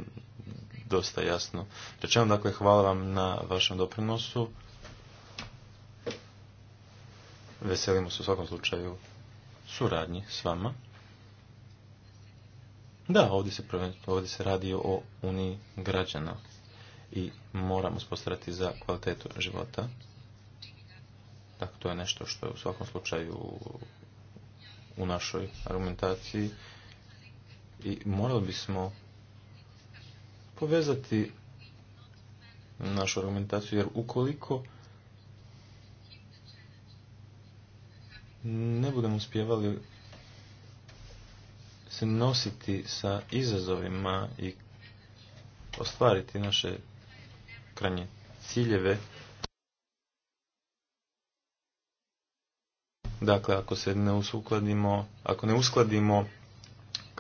dosta jasno rečeno. Dakle, hvala vam na vašem doprinosu. Veselimo se u svakom slučaju suradnji s vama. Da, ovdje se, ovdje se radi o uniji građana i moramo spostarati za kvalitetu života. Dakle, to je nešto što je u svakom slučaju u našoj argumentaciji i morali bismo povezati našu argumentaciju, jer ukoliko ne budemo uspjevali se nositi sa izazovima i ostvariti naše krajnje ciljeve. Dakle, ako se ne uskladimo ako ne uskladimo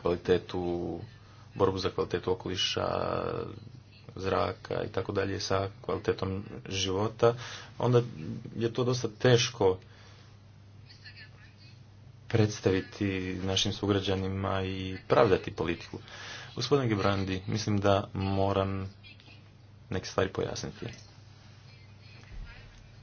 kvalitetu, borbu za kvalitetu okoliša, zraka i tako dalje sa kvalitetom života, onda je to dosta teško predstaviti našim sugrađanima i pravdati politiku. Gospodin Gebrandi, mislim da moram neke stvari pojasniti.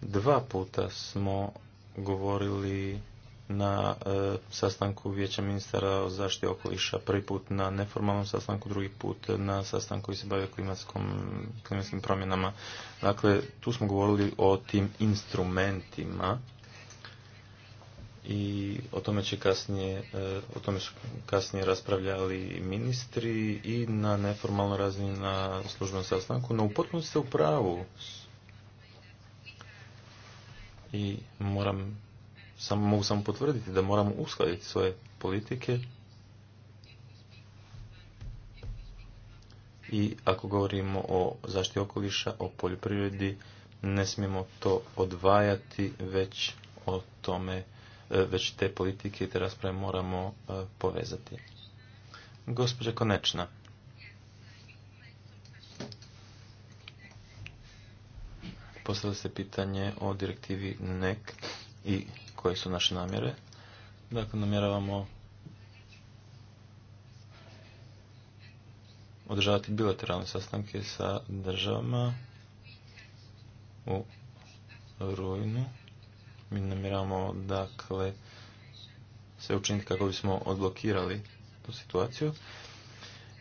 Dva puta smo govorili na e, sastanku Vijeća ministara o zaštiti okoliša, prvi put na neformalnom sastanku, drugi put na sastanku koji se bave klimatskim promjenama. Dakle, tu smo govorili o tim instrumentima i o tome će kasnije, e, o tome su kasnije raspravljali ministri i na neformalnoj razini na službenom sastanku, no u potpunosti u pravu. I moram, sam, mogu samo potvrditi da moramo uskladiti svoje politike i ako govorimo o zaštiti okoliša, o poljoprivredi, ne smijemo to odvajati, već o tome E, već te politike i te rasprave moramo e, povezati. Gospođa Konečna. Postavili se pitanje o direktivi NEC i koje su naše namjere. Dakle, namjeravamo održavati bilateralne sastanke sa državama u rujnu mi namiramo dakle sve učiniti kako bismo odblokirali tu situaciju.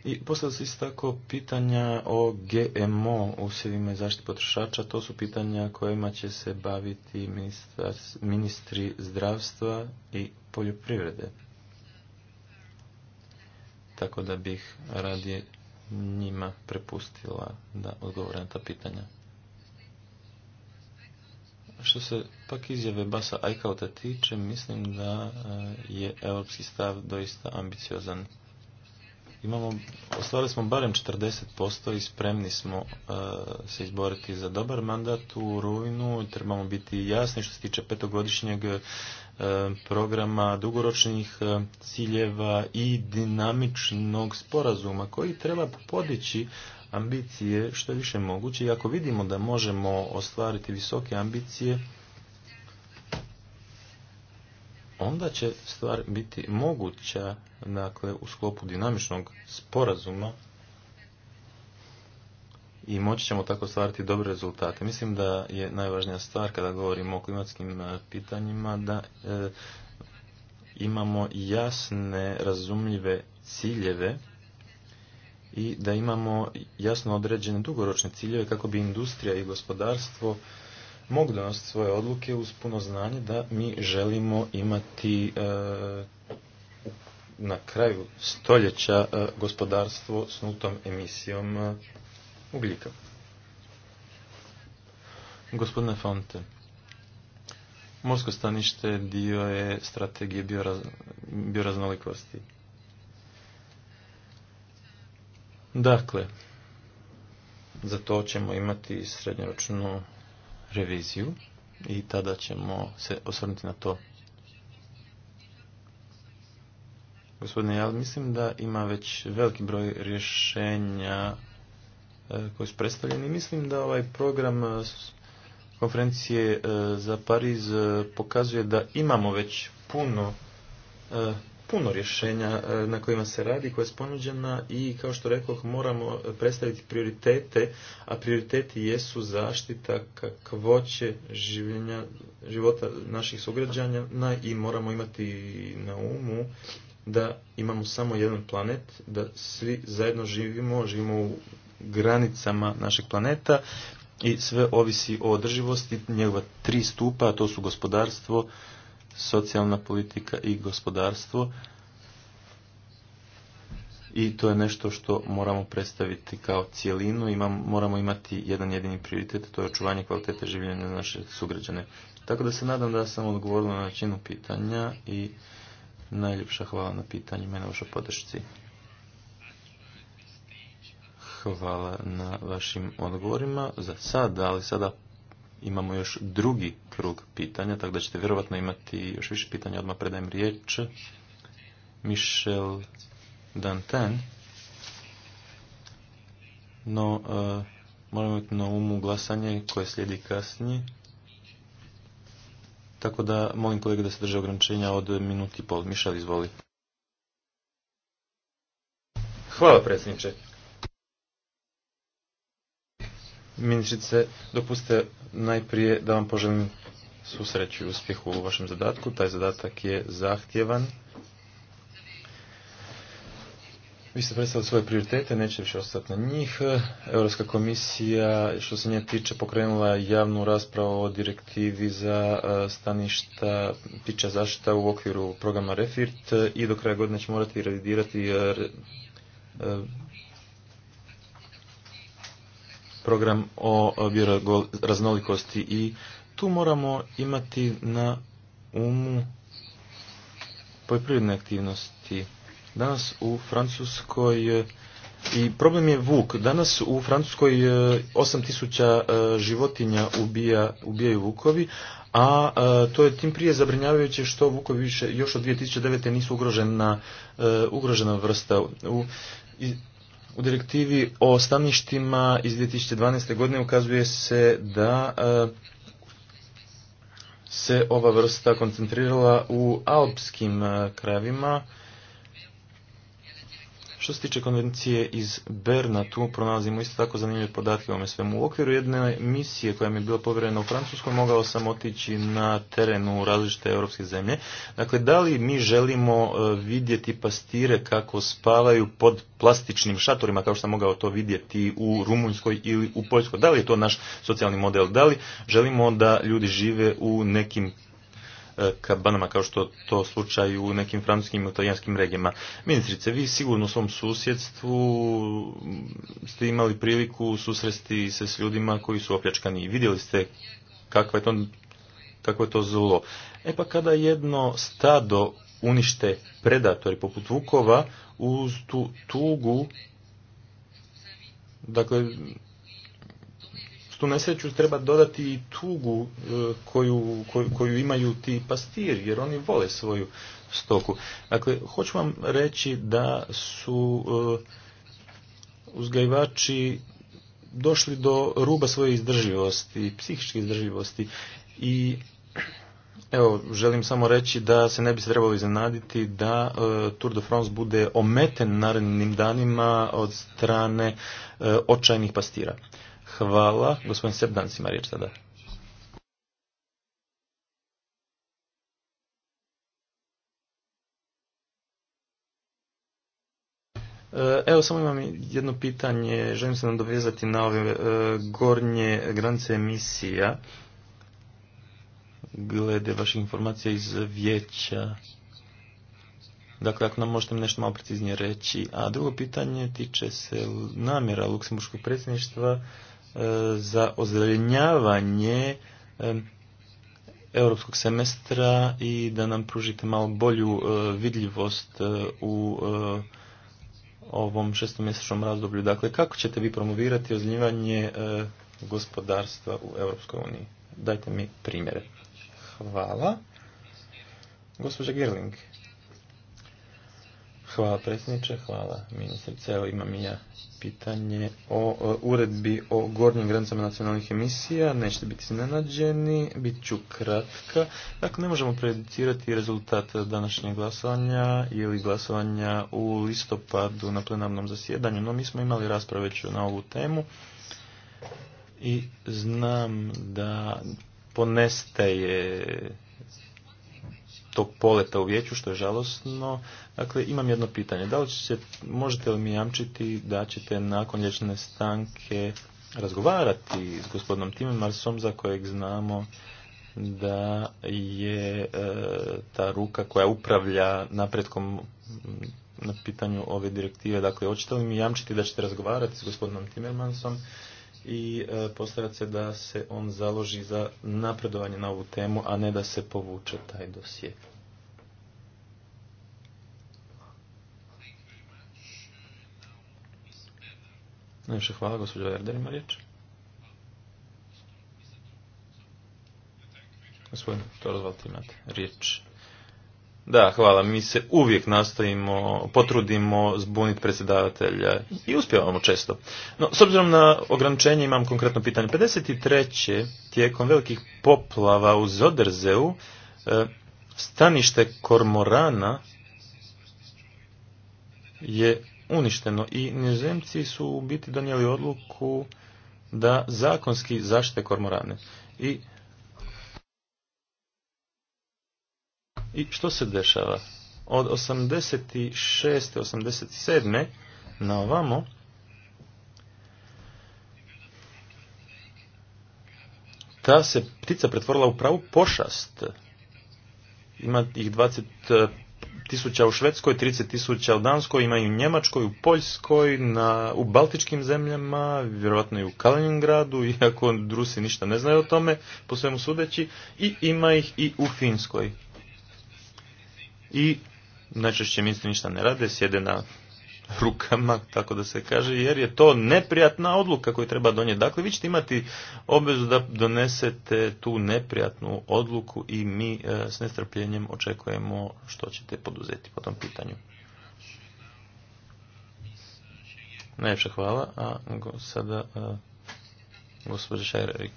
I postavili se isto tako pitanja o GMO usjevima i zaštiti potrošača. To su pitanja kojima će se baviti ministri zdravstva i poljoprivrede. Tako da bih radije njima prepustila da odgovore na ta pitanja. Što se pak izjave Basa ICAO-ta tiče, mislim da e, je europski stav doista ambiciozan. Imamo, ostvarili smo barem 40% i spremni smo e, se izboriti za dobar mandat u rujnu. Trebamo biti jasni što se tiče petogodišnjeg e, programa dugoročnih ciljeva i dinamičnog sporazuma koji treba podići ambicije što je više moguće i ako vidimo da možemo ostvariti visoke ambicije, onda će stvar biti moguća dakle, u sklopu dinamičnog sporazuma i moći ćemo tako stvariti dobre rezultate. Mislim da je najvažnija stvar kada govorimo o klimatskim e, pitanjima da e, imamo jasne, razumljive ciljeve i da imamo jasno određene dugoročne ciljeve kako bi industrija i gospodarstvo mogu donositi svoje odluke uz puno znanje da mi želimo imati e, na kraju stoljeća e, gospodarstvo s nultom emisijom e, ugljika. Gospodine Fonte, morsko stanište dio je strategije bioraznolikosti. Dakle, za to ćemo imati srednjoročnu reviziju i tada ćemo se osvrnuti na to. Gospodine, ja mislim da ima već veliki broj rješenja e, koji su predstavljeni. Mislim da ovaj program e, konferencije e, za Pariz pokazuje da imamo već puno puno rješenja e, na kojima se radi, koja je sponuđena i kao što rekao moramo predstaviti prioritete, a prioriteti jesu zaštita kakvoće življenja, života naših sugrađana i moramo imati na umu da imamo samo jedan planet, da svi zajedno živimo, živimo u granicama našeg planeta i sve ovisi o održivosti njegova tri stupa, a to su gospodarstvo, socijalna politika i gospodarstvo i to je nešto što moramo predstaviti kao cijelinu. i moramo imati jedan jedini prioritet, to je očuvanje kvalitete življenja naše sugrađane. Tako da se nadam da sam odgovorila na načinu pitanja i najljepša hvala na pitanjima i na vašoj podršci. Hvala na vašim odgovorima za sada, ali sada imamo još drugi krug pitanja, tako da ćete vjerovatno imati još više pitanja. Odmah predajem riječ. Michel Dantan. No, eh, moramo imati na umu glasanje koje slijedi kasnije. Tako da molim kolege da se drže ograničenja od minuti i pol. Mišel, izvoli. Hvala predsjedniče. Ministrice, dopuste najprije da vam poželim susreću i uspjehu u vašem zadatku. Taj zadatak je zahtjevan. Vi ste predstavili svoje prioritete, neće više ostati na njih. Europska komisija, što se nje tiče, pokrenula javnu raspravu o direktivi za e, staništa, pića zaštita u okviru programa REFIRT i do kraja godine će morati revidirati e, e, program o raznolikosti i tu moramo imati na umu poljoprivredne aktivnosti. Danas u Francuskoj e, i problem je vuk. Danas u Francuskoj 8000 e, e, životinja ubija, ubijaju vukovi, a to je tim prije zabrinjavajuće što vukovi više još od 2009. nisu ugrožena, ugrožena vrsta. U, u direktivi o staništima iz 2012. godine ukazuje se da e, se ova vrsta koncentrirala u alpskim e, krajevima što se tiče konvencije iz Berna, tu pronalazimo isto tako zanimljive podatke o svemu. U okviru jedne misije koja mi je bila povjerena u Francuskoj, mogao sam otići na terenu različite europske zemlje. Dakle, da li mi želimo e, vidjeti pastire kako spavaju pod plastičnim šatorima, kao što sam mogao to vidjeti u Rumunjskoj ili u Poljskoj? Da li je to naš socijalni model? Da li želimo da ljudi žive u nekim E, kabanama kao što to slučaj u nekim francuskim i italijanskim regijama. Ministrice, vi sigurno u svom susjedstvu ste imali priliku susresti se s ljudima koji su opljačkani. Vidjeli ste kakvo je to, kakvo je to zlo. E pa kada jedno stado unište predatori poput vukova uz tu tugu dakle tu nesreću treba dodati i tugu e, koju, koju, imaju ti pastiri, jer oni vole svoju stoku. Dakle, hoću vam reći da su e, uzgajivači došli do ruba svoje izdrživosti, psihičke izdrživosti i Evo, želim samo reći da se ne bi se trebalo iznenaditi da e, Tour de France bude ometen narednim danima od strane očajnih pastira. Hvala. Gospodin Sebdanc ima riječ sada. E, evo, samo imam jedno pitanje. Želim se nadovezati na ove e, gornje granice emisija. Glede vaših informacija iz vijeća. Dakle, ako nam možete nešto malo preciznije reći. A drugo pitanje tiče se namjera Luksemburškog predsjedništva E, za ozrednjavanje e, europskog semestra i da nam pružite malo bolju e, vidljivost u ovom šestomjesečnom razdoblju. Dakle, kako ćete vi promovirati ozelenjivanje gospodarstva u Europskoj uniji? Dajte mi primjere. Hvala. Gospođa Gerling. Hvala predsjedniče, hvala ministrice. Evo imam i ja pitanje o, uredbi o gornjim granicama nacionalnih emisija. Nećete biti iznenađeni, bit ću kratka. Dakle, ne možemo predicirati rezultat današnjeg glasovanja ili glasovanja u listopadu na plenarnom zasjedanju, no mi smo imali rasprave već na ovu temu i znam da je tog poleta u vijeću, što je žalosno. Dakle, imam jedno pitanje. Da li će, možete li mi jamčiti da ćete nakon lječne stanke razgovarati s gospodinom Timmermansom za kojeg znamo da je e, ta ruka koja upravlja napretkom na pitanju ove direktive. Dakle, hoćete li mi jamčiti da ćete razgovarati s gospodinom Timmermansom i e, se da se on založi za napredovanje na ovu temu, a ne da se povuče taj dosje. Najviše hvala, gospođo Verder ima riječ. Gospodin Da, hvala. Mi se uvijek nastojimo, potrudimo zbuniti predsjedavatelja i uspjevamo često. No, s obzirom na ograničenje imam konkretno pitanje. 53. tijekom velikih poplava u Zoderzeu e, stanište kormorana je uništeno i nizozemci su u biti donijeli odluku da zakonski zaštite kormorane. I, I što se dešava? Od 86. 87. na ovamo ta se ptica pretvorila u pravu pošast. Ima ih 20 tisuća u Švedskoj, 30 tisuća u Danskoj, ima i u Njemačkoj, u Poljskoj, na, u Baltičkim zemljama, vjerojatno i u Kaliningradu, iako drusi ništa ne znaju o tome, po svemu sudeći, i ima ih i u Finskoj. I najčešće ministri ništa ne rade, sjede na rukama, tako da se kaže, jer je to neprijatna odluka koju treba donijeti. Dakle, vi ćete imati obvezu da donesete tu neprijatnu odluku i mi e, s nestrpljenjem očekujemo što ćete poduzeti po tom pitanju. Najljepša hvala, a sada e, gospođa Šajrerik.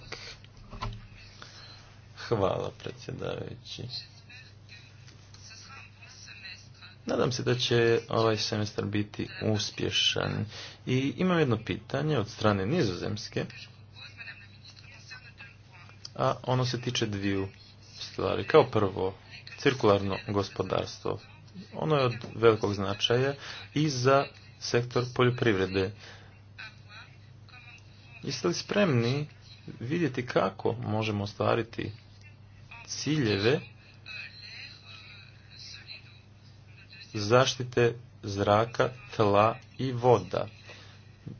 Hvala predsjedavajući. Nadam se da će ovaj semestar biti uspješan. I imam jedno pitanje od strane nizozemske, a ono se tiče dviju stvari. Kao prvo, cirkularno gospodarstvo. Ono je od velikog značaja i za sektor poljoprivrede. Jeste li spremni vidjeti kako možemo ostvariti ciljeve zaštite zraka, tla i voda.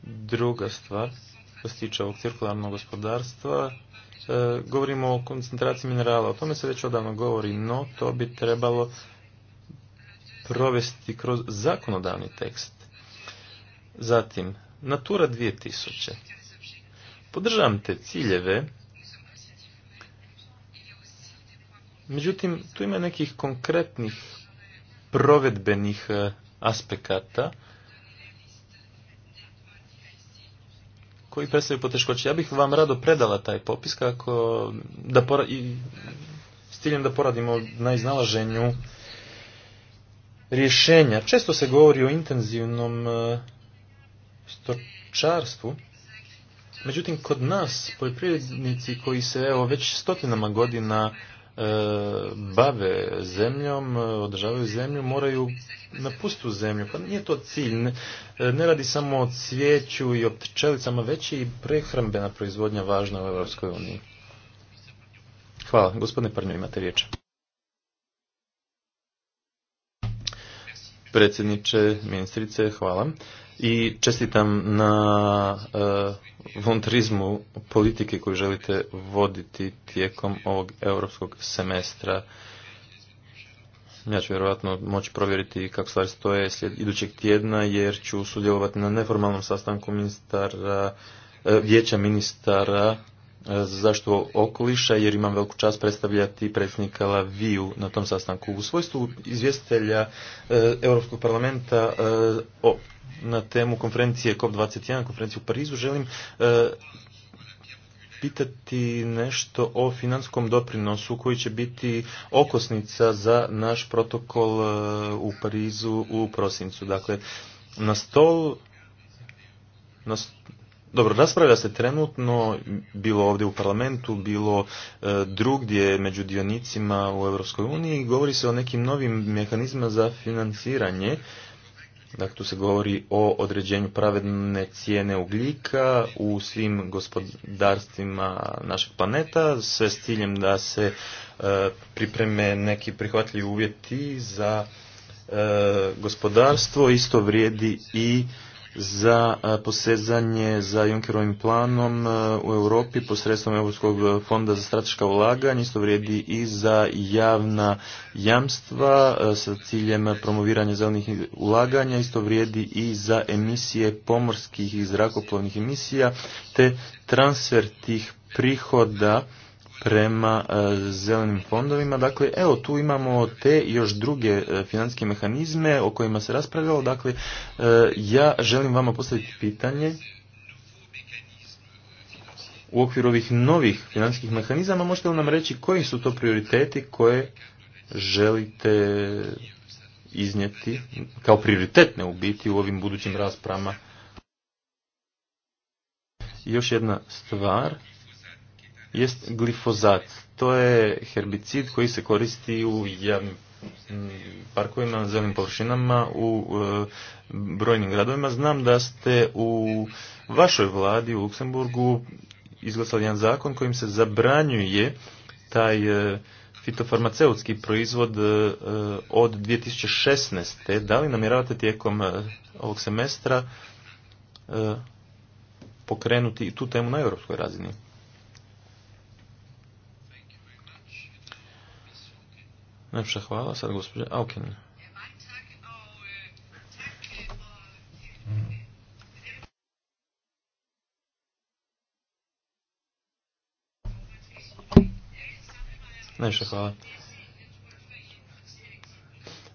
Druga stvar, što se tiče ovog cirkularnog gospodarstva, e, govorimo o koncentraciji minerala. O tome se već odavno govori, no to bi trebalo provesti kroz zakonodavni tekst. Zatim, Natura 2000. Podržavam te ciljeve, međutim, tu ima nekih konkretnih provedbenih e, aspekata koji predstavljaju poteškoće. Ja bih vam rado predala taj popis kako da i s ciljem da poradimo na iznalaženju rješenja. Često se govori o intenzivnom e, stočarstvu. Međutim, kod nas poljoprivrednici koji se evo već stotinama godina E, bave zemljom, e, održavaju zemlju, moraju napustiti zemlju. Pa nije to cilj. E, ne, radi samo o cvijeću i o pčelicama, već je i prehrambena proizvodnja važna u Europskoj uniji. Hvala. Gospodine Prnjo, imate riječ. predsjedniče, ministrice, hvala. I čestitam na e, politike koju želite voditi tijekom ovog europskog semestra. Ja ću vjerojatno moći provjeriti kako stvari stoje slijed idućeg tjedna jer ću sudjelovati na neformalnom sastanku ministara, eh, vijeća ministara zaštitu okoliša jer imam veliku čast predstavljati predsjednika Laviju na tom sastanku. U svojstvu izvjestitelja e, Europskog parlamenta e, o, na temu konferencije COP21, konferencije u Parizu, želim e, pitati nešto o financijskom doprinosu koji će biti okosnica za naš protokol u Parizu u prosincu. Dakle, na stol na, dobro, raspravlja se trenutno, bilo ovdje u parlamentu, bilo e, drugdje među dionicima u Europskoj uniji, govori se o nekim novim mehanizmima za financiranje. Dakle, tu se govori o određenju pravedne cijene ugljika u svim gospodarstvima našeg planeta, sve s ciljem da se e, pripreme neki prihvatljivi uvjeti za e, gospodarstvo. Isto vrijedi i za posezanje za Junckerovim planom u Europi posredstvom Europskog fonda za strateška ulaganja. Isto vrijedi i za javna jamstva sa ciljem promoviranja zelenih ulaganja. Isto vrijedi i za emisije pomorskih i zrakoplovnih emisija te transfer tih prihoda prema e, zelenim fondovima. Dakle, evo tu imamo te još druge e, financijske mehanizme o kojima se raspravljalo. Dakle, e, ja želim vama postaviti pitanje u okviru ovih novih financijskih mehanizama. Možete li nam reći koji su to prioriteti koje želite iznijeti kao prioritetne u biti u ovim budućim raspravama? još jedna stvar jest glifozat. To je herbicid koji se koristi u javnim parkovima, zelenim površinama u e, brojnim gradovima. Znam da ste u vašoj vladi u Luksemburgu izglasali jedan zakon kojim se zabranjuje taj e, fitofarmaceutski proizvod e, od 2016. Da li namjeravate tijekom ovog semestra pokrenuti tu temu na europskoj razini? Najpša hvala, sad gospođa Auken. Najviše hvala.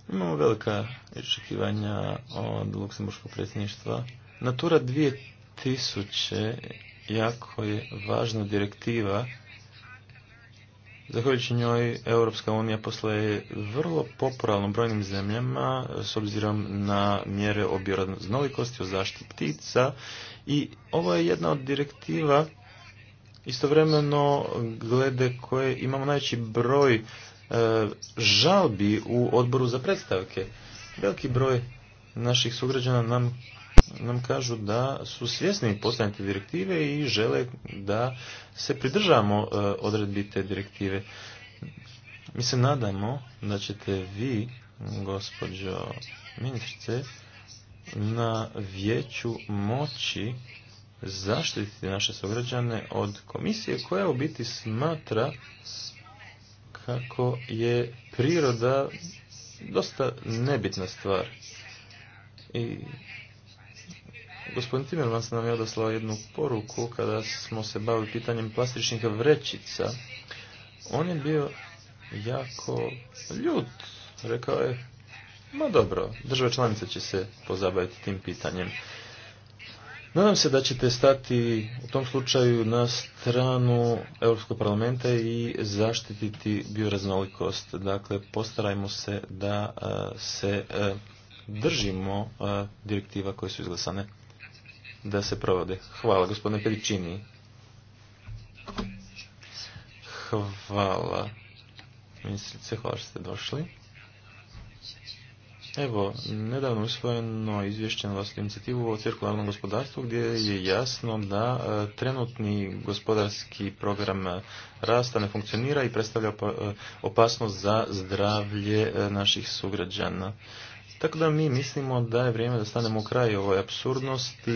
Imamo velika očekivanja od Luksemburskog predsjedništva. Natura 2000 jako je važna direktiva Zahvaljujući njoj, Europska unija posle vrlo popularno brojnim zemljama eh, s obzirom na mjere o bioraznolikosti, o zaštiti ptica i ovo je jedna od direktiva istovremeno glede koje imamo najveći broj eh, žalbi u odboru za predstavke. Veliki broj naših sugrađana nam nam kažu da su svjesni te direktive i žele da se pridržamo e, odredbi te direktive. Mi se nadamo da ćete vi, gospođo ministrice, na vijeću moći zaštititi naše sugrađane od komisije koja u biti smatra kako je priroda dosta nebitna stvar. I Gospodin Timmermans nam je odaslao jednu poruku kada smo se bavili pitanjem plastičnih vrećica. On je bio jako ljut. Rekao je, ma dobro, država članica će se pozabaviti tim pitanjem. Nadam se da ćete stati u tom slučaju na stranu Europskog parlamenta i zaštititi bioraznolikost. Dakle, postarajmo se da e, se e, držimo e, direktiva koje su izglasane da se provode. Hvala gospodine Pericini. Hvala ministrice, hvala što ste došli. Evo, nedavno usvojeno izvješće na vlastnu inicijativu o cirkularnom gospodarstvu gdje je jasno da e, trenutni gospodarski program e, rasta ne funkcionira i predstavlja e, opasnost za zdravlje naših sugrađana. Tako da mi mislimo da je vrijeme da stanemo u kraj ovoj apsurdnosti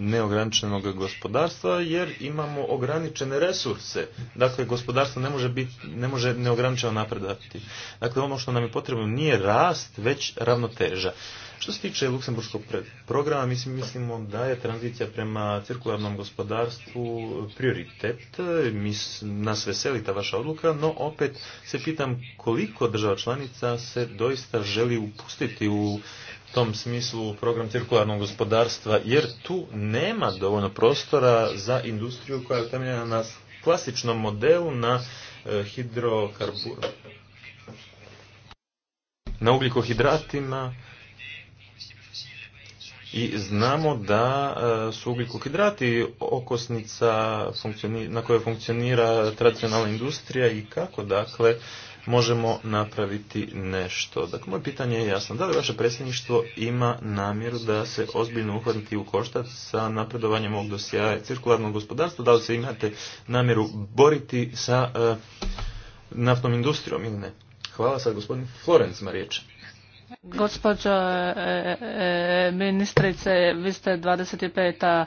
neograničenog gospodarstva jer imamo ograničene resurse. Dakle, gospodarstvo ne može, biti, ne može neograničeno napredati. Dakle, ono što nam je potrebno nije rast, već ravnoteža. Što se tiče luksemburskog programa, mislim, mislimo da je tranzicija prema cirkularnom gospodarstvu prioritet. nas veseli ta vaša odluka, no opet se pitam koliko država članica se doista želi upustiti u tom smislu program cirkularnog gospodarstva, jer tu nema dovoljno prostora za industriju koja je utemljena na klasičnom modelu na e, hidrokarburu na ugljikohidratima i znamo da e, su ugljikohidrati okosnica na kojoj funkcionira tradicionalna industrija i kako dakle možemo napraviti nešto. Dakle, moje pitanje je jasno. Da li vaše predsjedništvo ima namjeru da se ozbiljno uhvatiti u koštac sa napredovanjem ovog dosija cirkularnog gospodarstva? Da li se imate namjeru boriti sa e, naftnom industrijom ili ne? Hvala sad gospodin Florenc Mariječe. Gospođo e, e, e, ministrice, vi ste 25.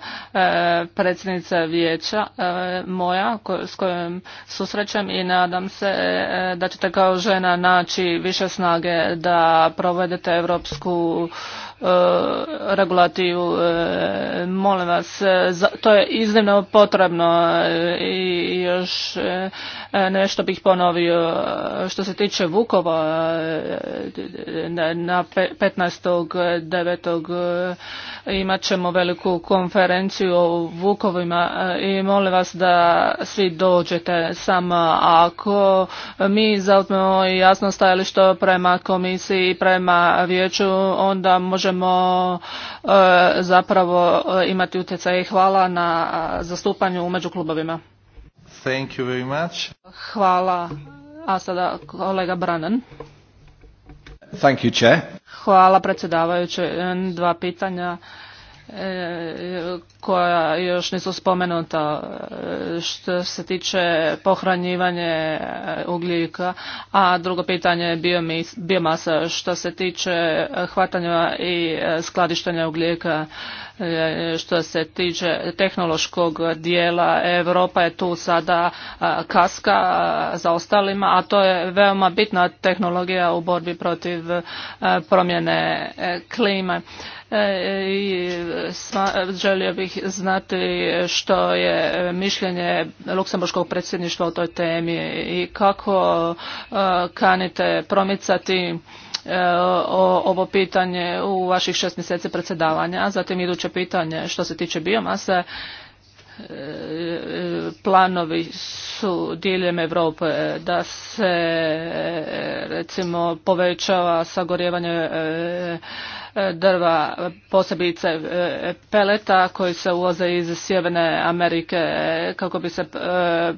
predsjednica vijeća moja s kojom susrećem i nadam se da ćete kao žena naći više snage da provedete europsku regulativu. Molim vas, to je iznimno potrebno i još Nešto bih ponovio e, što se tiče Vukova e, na 15.9. E, imat ćemo veliku konferenciju o Vukovima i molim vas da svi dođete Samo ako mi zauzmemo jasno stajalište prema komisiji i prema vijeću onda možemo zapravo imati utjecaj. Hvala na zastupanju među klubovima. Thank you very Hvala. A sada kolega Branan. Thank you, Hvala predsjedavajući, Dva pitanja koja još nisu spomenuta e, što se tiče pohranjivanje e, ugljika, a drugo pitanje je biomasa što se tiče e, hvatanja i skladištenja ugljika što se tiče tehnološkog dijela Europa je tu sada kaska za ostalima, a to je veoma bitna tehnologija u borbi protiv promjene klime. E, i želio bih znati što je mišljenje Luksemburškog predsjedništva o toj temi i kako e, kanite promicati e, ovo pitanje u vaših šest mjeseci predsjedavanja. Zatim iduće pitanje što se tiče biomase planovi su diljem Europe da se recimo povećava sagorjevanje drva, posebice e, peleta koji se uvoze iz Sjeverne Amerike e, kako bi se e,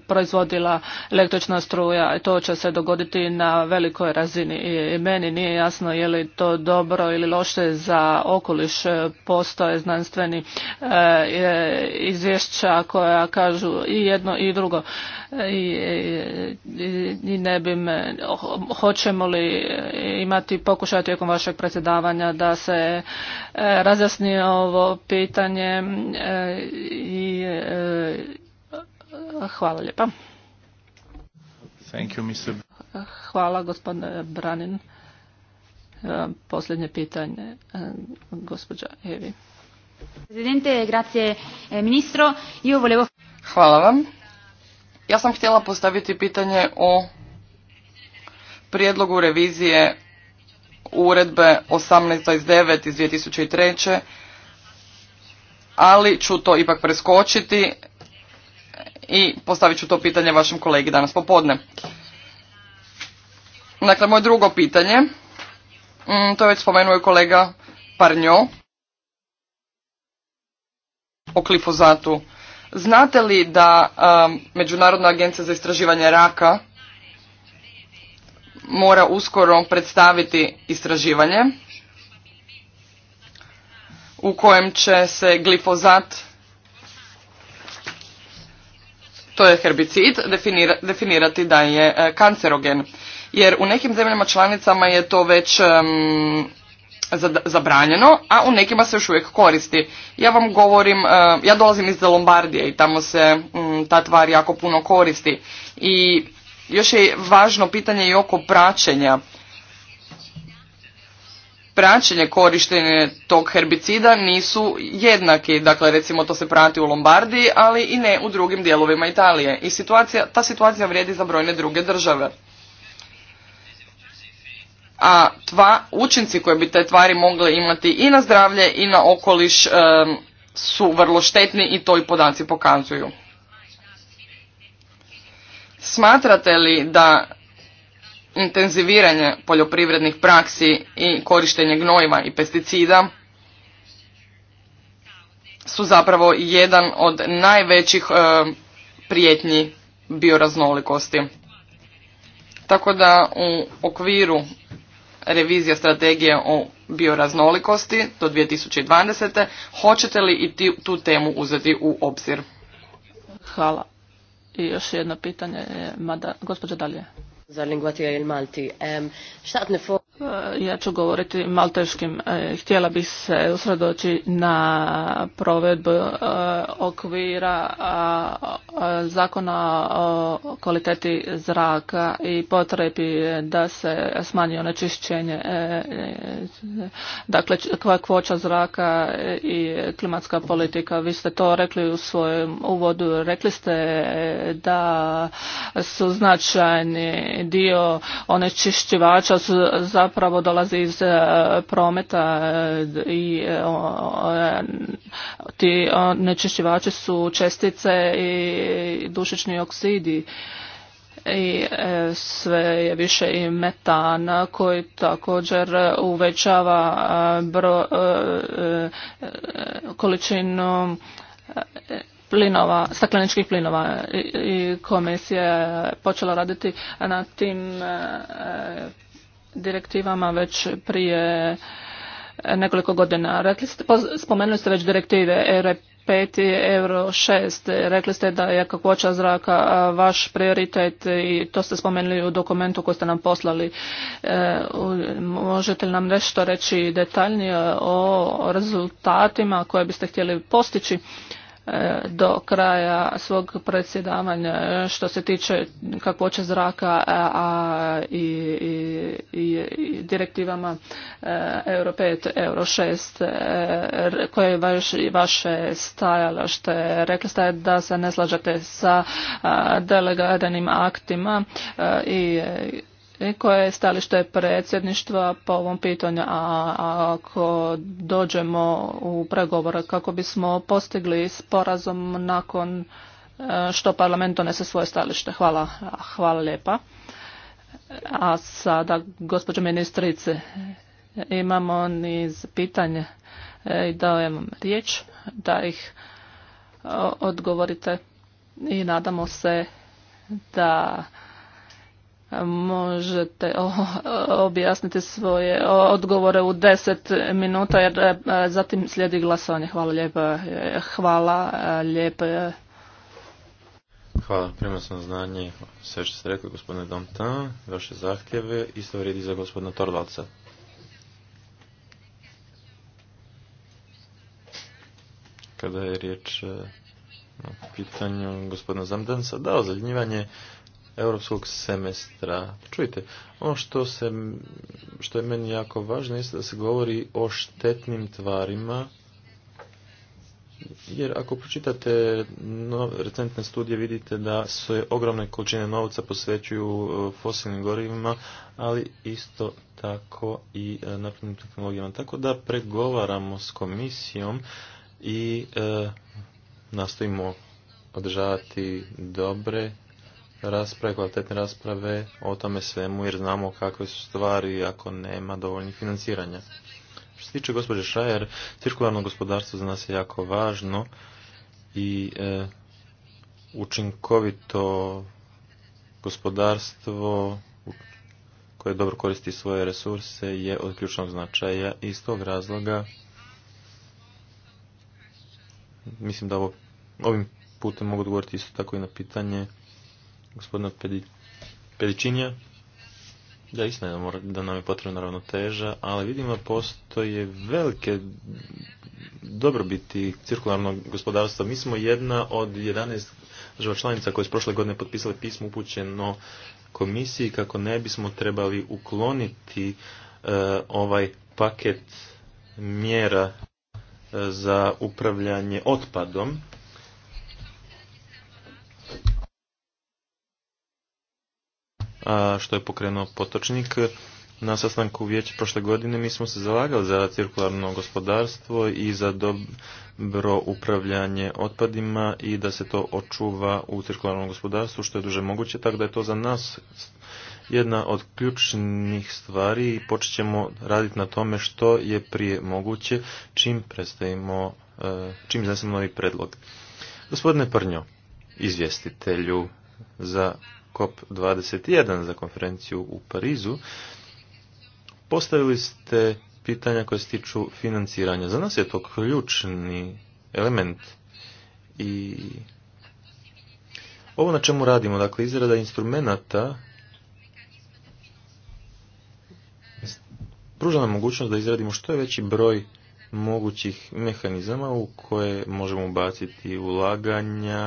proizvodila električna struja. To će se dogoditi na velikoj razini i meni nije jasno je li to dobro ili loše za okoliš. Postoje znanstveni izvješća koja kažu i jedno i drugo i, ne bi me, hoćemo li imati pokušaj tijekom vašeg predsjedavanja da se e, razjasni ovo pitanje e, i e, hvala lijepa. Thank Hvala gospodine Branin. Posljednje pitanje gospođa Evi. grazie ministro. Io volevo... Hvala vam. Ja sam htjela postaviti pitanje o prijedlogu revizije uredbe 1829 iz 2003. Ali ću to ipak preskočiti i postavit ću to pitanje vašem kolegi danas popodne. Dakle, moje drugo pitanje, mm, to je već spomenuo kolega Parnjo o klifozatu Znate li da um, Međunarodna agencija za istraživanje raka mora uskoro predstaviti istraživanje u kojem će se glifozat, to je herbicid, definira, definirati da je e, kancerogen. Jer u nekim zemljama članicama je to već zabranjeno, a u nekima se još uvijek koristi. Ja vam govorim, e, ja dolazim iz Lombardije i tamo se mm, ta tvar jako puno koristi. I još je važno pitanje i oko praćenja. Praćenje korištenje tog herbicida nisu jednaki, dakle recimo to se prati u Lombardiji, ali i ne u drugim dijelovima Italije. I ta situacija vrijedi za brojne druge države a tva, učinci koje bi te tvari mogle imati i na zdravlje i na okoliš su vrlo štetni i to i podaci pokazuju. Smatrate li da intenziviranje poljoprivrednih praksi i korištenje gnojiva i pesticida su zapravo jedan od najvećih prijetnji bioraznolikosti. Tako da u okviru revizija strategije o bioraznolikosti do 2020. Hoćete li i tu temu uzeti u obzir? Hvala. I još jedno pitanje, eh, mada, gospođa Dalje. Za lingvatija ili Malti. Um, E, ja ću govoriti malteškim. E, htjela bih se usredoći na provedbu e, okvira zakona o kvaliteti zraka i potrebi da se smanji onečišćenje dakle kvoća zraka i klimatska politika. Vi ste to rekli u svojem uvodu. Rekli ste da su značajni dio onečišćivača za zapravo dolazi iz e, prometa e, i e, ti nečišćivači su čestice i dušični oksidi i sve je više i metana koji također uvećava količinu plinova, stakleničkih plinova i komisija je počela raditi na tim direktivama već prije nekoliko godina. Rekli ste, spomenuli ste već direktive Euro 5 i Euro 6. Rekli ste da je kakvoća zraka vaš prioritet i to ste spomenuli u dokumentu koji ste nam poslali. E, možete li nam nešto reći detaljnije o rezultatima koje biste htjeli postići? do kraja svog predsjedavanja što se tiče kakvoće zraka a i, direktivama e, Euro 5, Euro 6 e, koje je vaš, vaše je Rekli ste da se ne slažete sa delegadanim aktima e, i E, koje je stalište predsjedništva po ovom pitanju, a ako dođemo u pregovore kako bismo postigli sporazum nakon e, što parlament donese svoje stalište. Hvala, hvala lijepa. A sada, gospođo ministrice, imamo niz pitanja e, i dajem riječ da ih odgovorite i nadamo se da možete objasniti svoje odgovore u deset minuta jer e, zatim slijedi glasovanje. Hvala lijepa. E, hvala e, lijepa. Hvala, primio sam znanje sve što ste rekli gospodine Domta, vaše zahtjeve, isto vrijedi za gospodina Torvalca. Kada je riječ o pitanju gospodina Zamdansa, da, ozadnjivanje europskog semestra. Čujte, ono što, se, što je meni jako važno jeste da se govori o štetnim tvarima jer ako pročitate no, recentne studije vidite da se ogromne količine novca posvećuju e, fosilnim gorivima, ali isto tako i e, naprednim tehnologijama. Tako da pregovaramo s komisijom i e, nastojimo održavati dobre rasprave, kvalitetne rasprave o tome svemu jer znamo kakve su stvari ako nema dovoljnih financiranja. Što se tiče gospođe Šajer, cirkularno gospodarstvo za nas je jako važno i e, učinkovito gospodarstvo koje dobro koristi svoje resurse je od ključnog značaja i iz tog razloga mislim da ovim putem mogu odgovoriti isto tako i na pitanje gospodina Pedičinja. Da, istina je da nam je potrebna ravnoteža, ali vidimo postoje velike dobrobiti cirkularnog gospodarstva. Mi smo jedna od 11 država članica koje su prošle godine potpisali pismo upućeno komisiji kako ne bismo trebali ukloniti e, ovaj paket mjera e, za upravljanje otpadom što je pokrenuo potočnik. Na sastanku vijeća prošle godine mi smo se zalagali za cirkularno gospodarstvo i za dobro upravljanje otpadima i da se to očuva u cirkularnom gospodarstvu što je duže moguće, tako da je to za nas jedna od ključnih stvari i počet ćemo raditi na tome što je prije moguće čim predstavimo, e, čim iznesemo novi predlog. Gospodine Prnjo, izvjestitelju za COP21 za konferenciju u Parizu, postavili ste pitanja koje se tiču financiranja. Za nas je to ključni element i ovo na čemu radimo, dakle izrada instrumenata pruža nam mogućnost da izradimo što je veći broj mogućih mehanizama u koje možemo ubaciti ulaganja,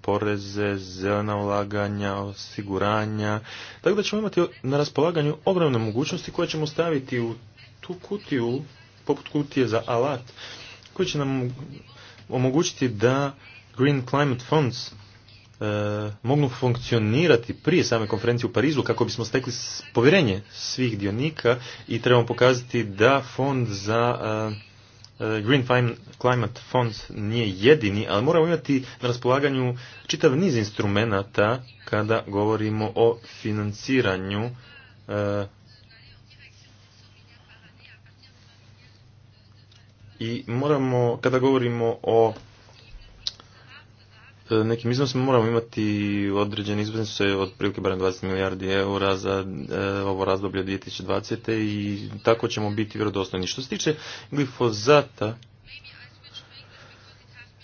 poreze, zelena ulaganja, osiguranja. Tako da ćemo imati na raspolaganju ogromne mogućnosti koje ćemo staviti u tu kutiju, poput kutije za alat, koji će nam omogućiti da Green Climate Funds e, mogu funkcionirati prije same konferencije u Parizu kako bismo stekli povjerenje svih dionika i trebamo pokazati da fond za e, Eh, Green Climate Fund nije jedini, ali moramo imati na raspolaganju čitav niz instrumenata kada govorimo o financiranju eh, i moramo, kada govorimo o E, nekim iznosima moramo imati određene iznose od prilike barem 20 milijardi eura za e, ovo razdoblje 2020. i tako ćemo biti vjerodostojni. Što se tiče glifozata,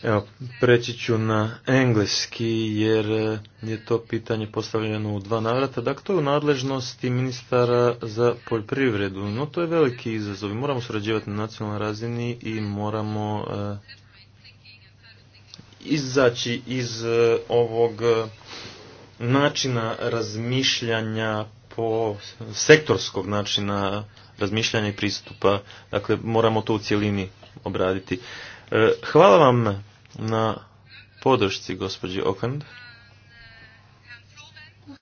Evo, preći ću na engleski jer je to pitanje postavljeno u dva navrata. Dakle, to je u nadležnosti ministara za poljoprivredu, no to je veliki izazov. Moramo surađivati na nacionalnoj razini i moramo e, izaći iz e, ovog e, načina razmišljanja po sektorskog načina razmišljanja i pristupa. Dakle, moramo to u cjelini obraditi. E, hvala vam na podršci, gospođi Okand.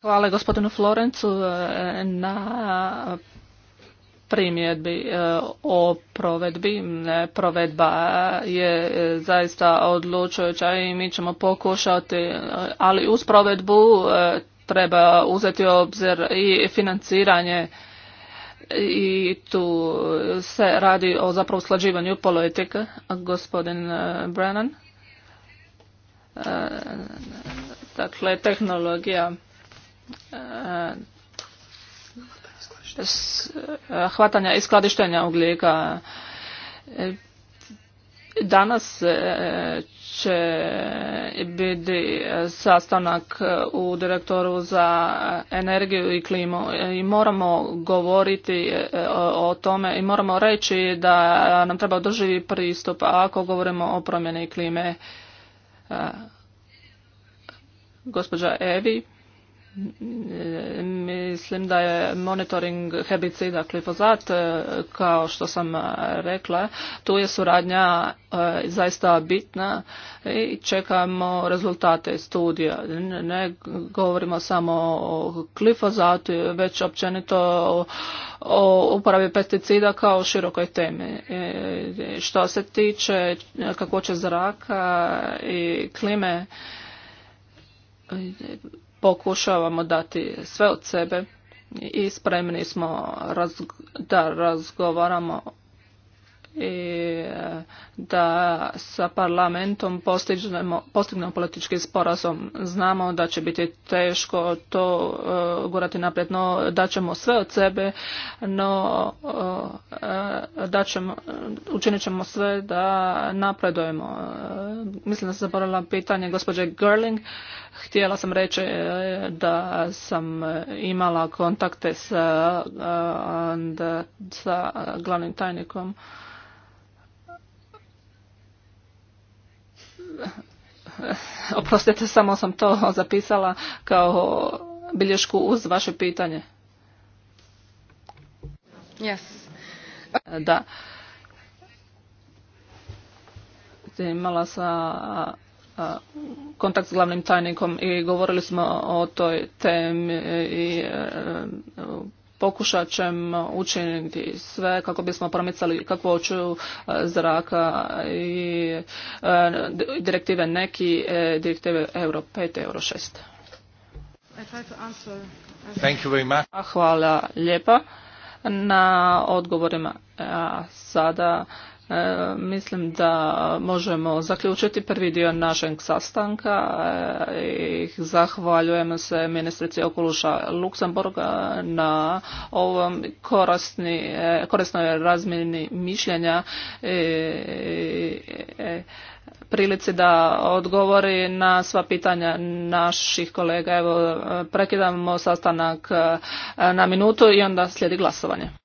Hvala gospodinu Florencu na primjedbi e, o provedbi. Provedba je e, zaista odlučujuća i mi ćemo pokušati, ali uz provedbu e, treba uzeti obzir i financiranje i tu se radi o zapravo slađivanju politike. Gospodin Brennan. Dakle, tehnologija Eh, hvatanja i skladištenja ugljika. E, danas eh, će biti sastanak u direktoru za energiju i klimu e, i moramo govoriti eh, o tome i moramo reći da nam treba održivi pristup ako govorimo o promjeni klime. Gospođa Evi Mislim da je monitoring herbicida klifozat e, kao što sam e, rekla, tu je suradnja e, zaista bitna i čekamo rezultate studija. Ne govorimo samo o klifozatu, već općenito o uporabi pesticida kao širokoj temi. Što se tiče kakvoće zraka i klime, pokušavamo dati sve od sebe i spremni smo da razgovaramo i e, da sa parlamentom postignemo, politički sporazum. Znamo da će biti teško to e, gurati naprijed, no da ćemo sve od sebe, no e, da ćemo, učinit ćemo sve da napredujemo. mislim da sam zaboravila pitanje gospođe Gerling. Htjela sam reći da sam imala kontakte sa, sa glavnim tajnikom oprostite, samo sam to zapisala kao bilješku uz vaše pitanje. Yes. Da. Imala sa kontakt s glavnim tajnikom i govorili smo o toj temi i e, Pokušat ćemo učiniti sve kako bismo promicali kakvoću e, zraka i e, direktive neki, e, direktive Euro 5, Euro 6. Hvala lijepa na odgovorima. sada E, mislim da možemo zaključiti prvi dio našeg sastanka. E, i Zahvaljujem se ministrici okoluša Luksemburga na ovom korisni, e, korisnoj razmjeni mišljenja prilici da odgovori na sva pitanja naših kolega. Evo, prekidamo sastanak na minutu i onda slijedi glasovanje.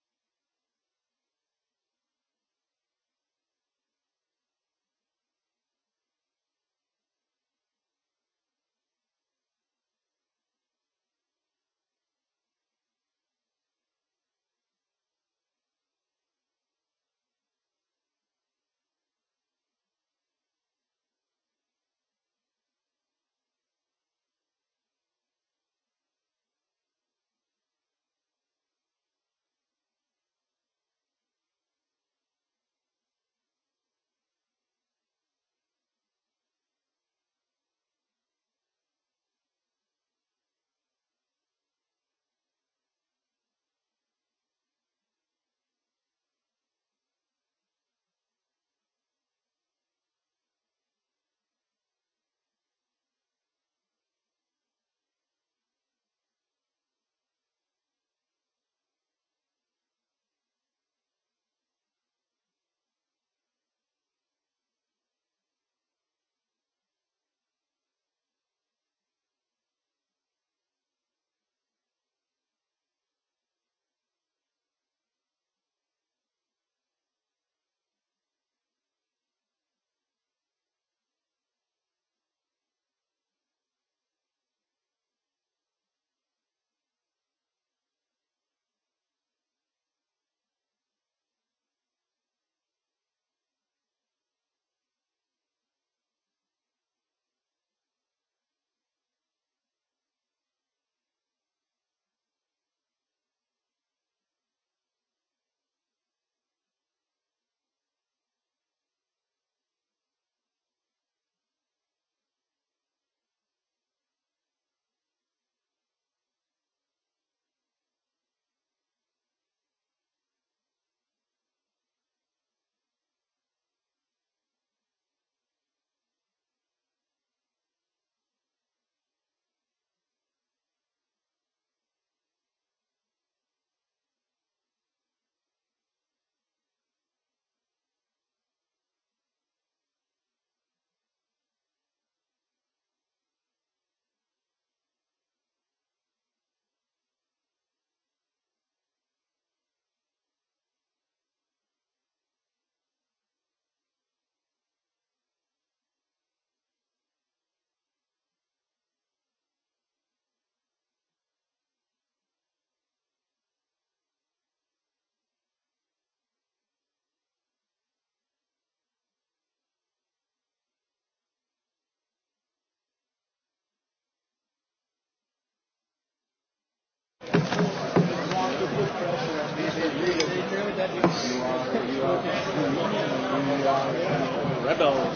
rebels.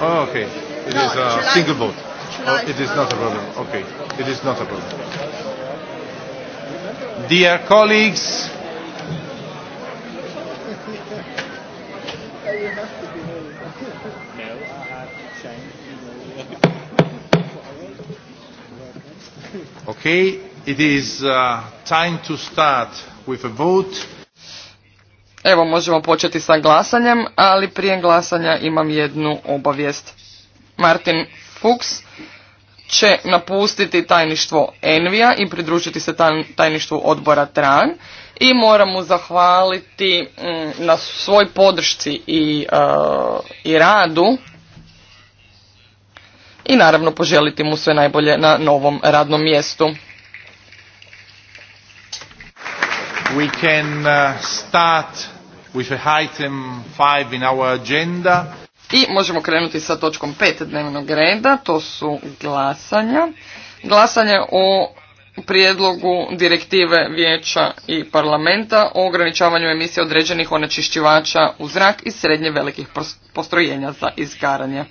okay. Oh, okay. It no, is a July. single vote. Oh, it is not a problem. Okay. It is not a problem. Dear colleagues, Okay, it uh, Evo možemo početi sa glasanjem, ali prije glasanja imam jednu obavijest. Martin Fuchs će napustiti tajništvo Envija i pridružiti se tajništvu odbora Tran i moramo zahvaliti mm, na svoj podršci i uh, radu i naravno poželiti mu sve najbolje na novom radnom mjestu. We can uh, start with item in our agenda. I možemo krenuti sa točkom pet dnevnog reda, to su glasanja. Glasanje o prijedlogu direktive vijeća i parlamenta o ograničavanju emisije određenih onečišćivača u zrak i srednje velikih postrojenja za izgaranje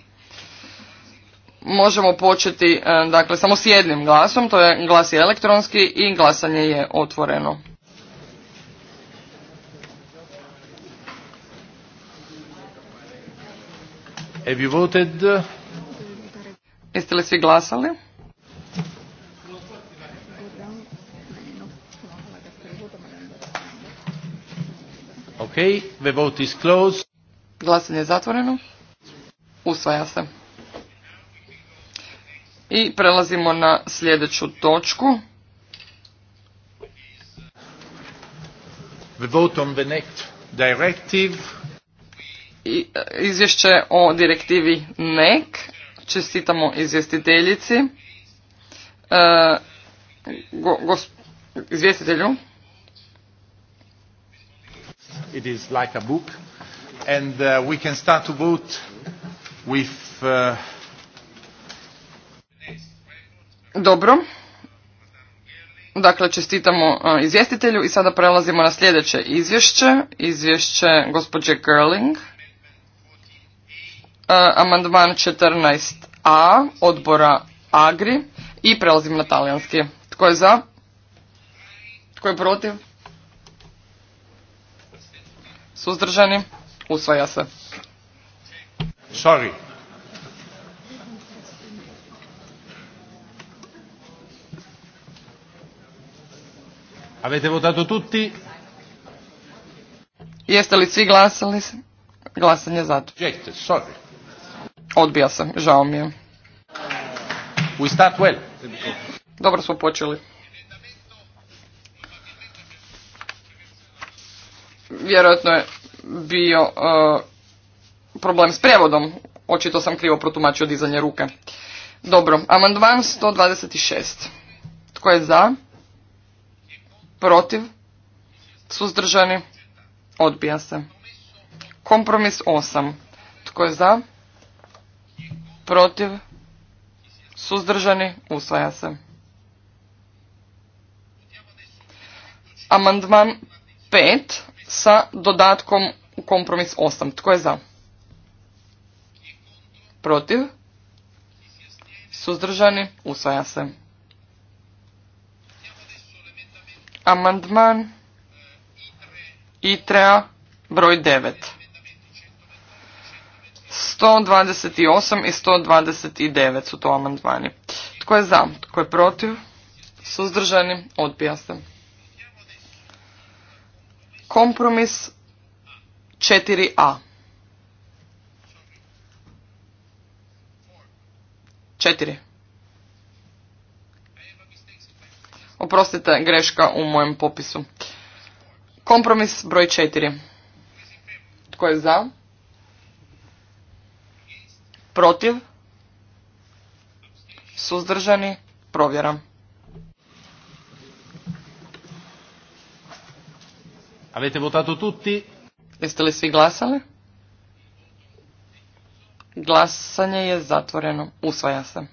možemo početi e, dakle samo s jednim glasom, to je glas je elektronski i glasanje je otvoreno. Jeste li svi glasali? Okay, the vote is closed. Glasanje je zatvoreno. Usvaja se. I prelazimo na sljedeću točku. The vote directive. I, e, izvješće o direktivi NEC. Čestitamo izvjestiteljici. E, go, izvjestitelju. It is like a book. And uh, we can start to vote with... Uh, dobro. Dakle, čestitamo izvjestitelju i sada prelazimo na sljedeće izvješće. Izvješće gospođe Gerling. Amandman 14a odbora Agri i prelazimo na talijanski. Tko je za? Tko je protiv? Suzdržani? Usvaja se. Sorry. Avete votato tutti? Jeste li svi glasali? Glasanje za to. sorry. Odbija sam. žao mi je. start well. Dobro smo počeli. Vjerojatno je bio e, problem s prijevodom. Očito sam krivo protumačio dizanje ruke. Dobro, amandman 126. Tko je za? protiv, suzdržani, odbija se. Kompromis 8. Tko je za? Protiv, suzdržani, usvaja se. Amandman 5 sa dodatkom u kompromis 8. Tko je za? Protiv, suzdržani, usvaja se. Amandman ITREA broj 9. 128 i 129 su to amandmani. Tko je za? Tko je protiv? Suzdržani? Odbija se. Kompromis 4a. 4. Oprostite, greška u mojem popisu. Kompromis broj četiri. Tko je za? Protiv? Suzdržani? Provjera. Avete votato tutti? Jeste li svi glasali? Glasanje je zatvoreno. Usvaja se.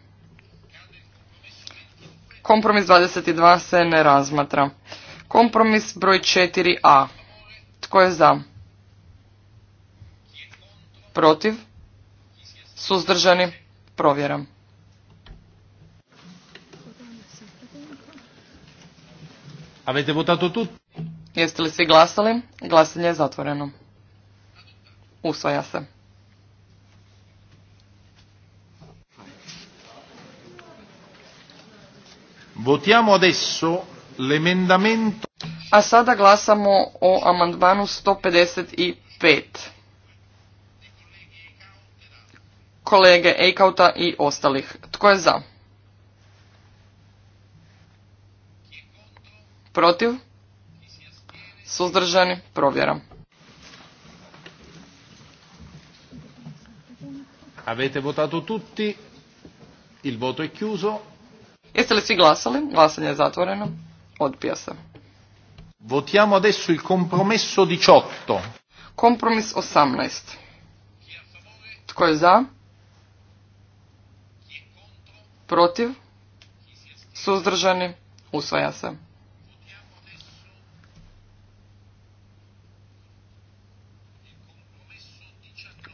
Kompromis 22 se ne razmatra. Kompromis broj 4a. Tko je za? Protiv? Suzdržani? Provjeram. Avete votato tutti? Jeste li svi glasali? Glasanje je zatvoreno. Usvaja se. Votiamo adesso l'emendamento. A sada glasamo o amandmanu 155. Kolege Eikauta i ostalih. Tko je za? Protiv? Suzdržani? Provjeram. Avete votato tutti? Il voto è chiuso. Jeste li svi glasali? Glasanje je zatvoreno. Odbija se. Votiamo adesso il compromesso 18. Kompromis 18. Tko je za? Protiv? Suzdržani? Usvaja se.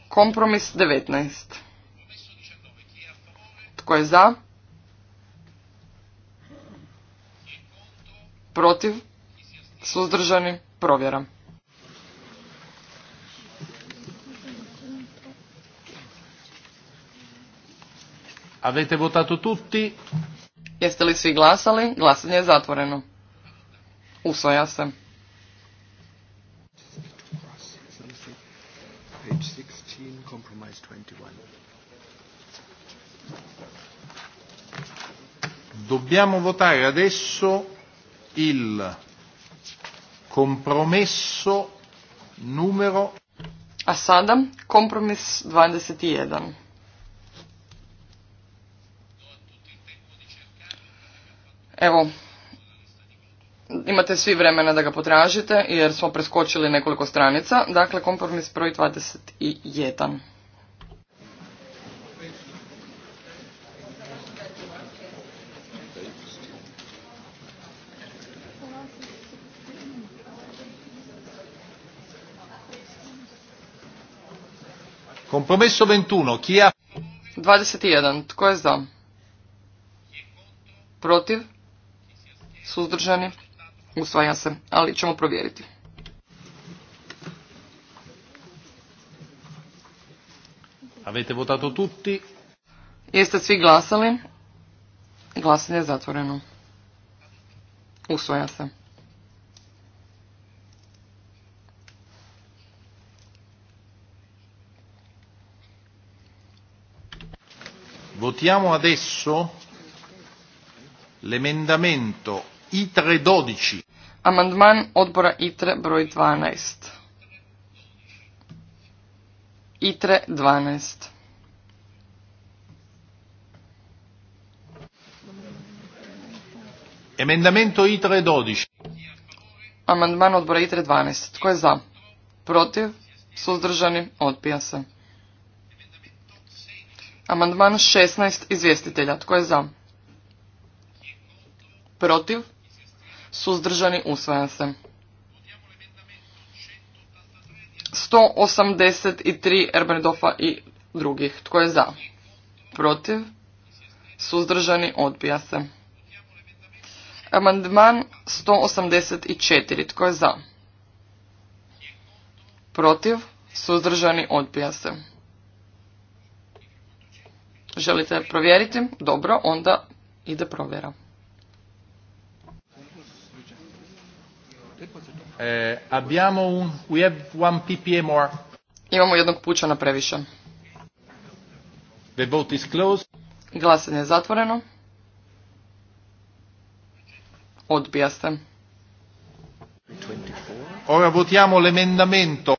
Kompromis 19. Tko je za? protiv, suzdržani, provjera. Avete votato tutti? Jeste li svi glasali? Glasanje je zatvoreno. Usvaja se. Dobbiamo votare adesso il compromesso numero a sada kompromis 21 Evo imate svi vremena da ga potražite jer smo preskočili nekoliko stranica dakle kompromis broj 21 Compromesso 21. Chi ha... 21. Tko je za? Protiv? Suzdržani? Usvaja se, ali ćemo provjeriti. Avete votato tutti? Jeste svi glasali? Glasanje je zatvoreno. Usvaja se. Votiamo adesso l'emendamento ITRE 12. Amandman odbora ITRE broj 12. ITRE 12. Emendamento ITRE 12. Amandman odbora ITRE 12. Tko je za? Protiv? Suzdržani? Odpija se. Amandman 16 izvjestitelja. Tko je za? Protiv? Suzdržani usvaja se. 183 Erbendofa i drugih. Tko je za? Protiv? Suzdržani odbija se. Amandman 184. Tko je za? Protiv? Suzdržani odbija se. Želite provjeriti? Dobro, onda ide provjera. Eh, abbiamo un, one more. Imamo jednog na previše. The Glasanje je zatvoreno. Odbija se. Ora votiamo l'emendamento.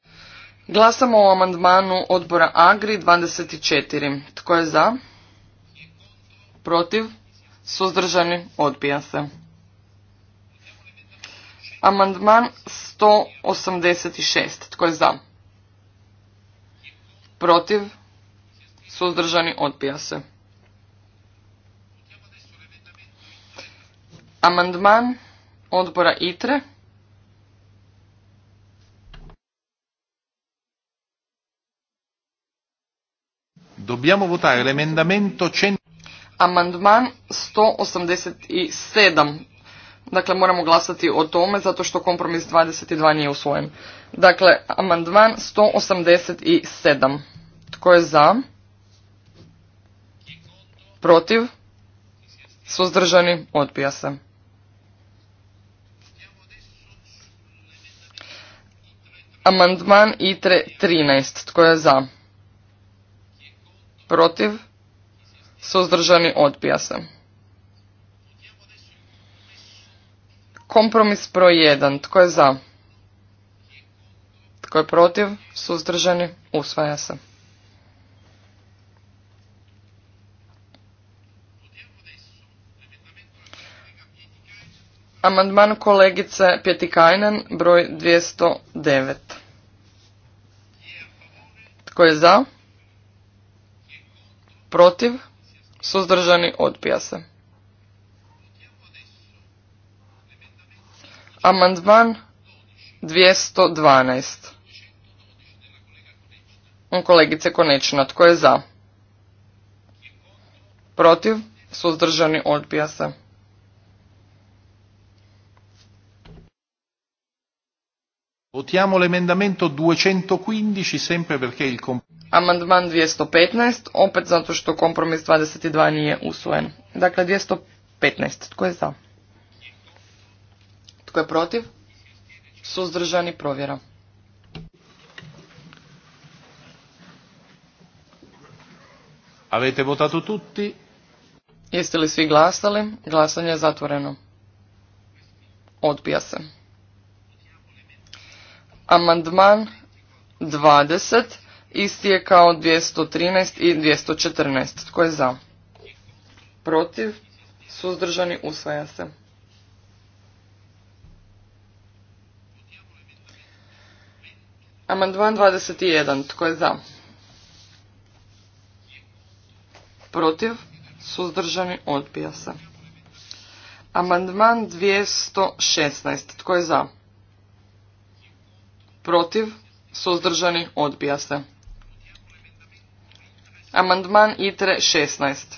Glasamo o amandmanu odbora Agri 24. Tko je za? protiv, suzdržani, odbija se. Amandman 186. Tko je za? Protiv, suzdržani, odbija se. Amandman odbora ITRE. Dobbiamo votare l'emendamento 100. Amandman 187. Dakle, moramo glasati o tome zato što kompromis 22 nije usvojen. Dakle, amandman 187. Tko je za? Protiv? Suzdržani? Odbija se. Amandman ITRE 13. Tko je za? Protiv? suzdržani, odbija se. Kompromis broj jedan. Tko je za? Tko je protiv? Suzdržani, usvaja se. Amandman kolegice Pjetikajnen, broj 209. Tko je za? Protiv? Suzdržani odbija se. Amandman 212. Kolegice Konečna, tko je za? Protiv? Suzdržani odbija se. Votiamo l'emendamento 215 sempre perché il Amandman 215, opet zato što kompromis 22 nije usvojen. Dakle, 215. Tko je za? Tko je protiv? Suzdržani provjera. Avete votato tutti? Jeste li svi glasali? Glasanje je zatvoreno. Odbija se. Amandman 20 Isti je kao 213 i 214. Tko je za? Protiv? Suzdržani? Usvaja se. Amandman 21. Tko je za? Protiv? Suzdržani? Odbija se. Amandman 216. Tko je za? Protiv? Suzdržani? Odbija se. Amandman ITRE 16.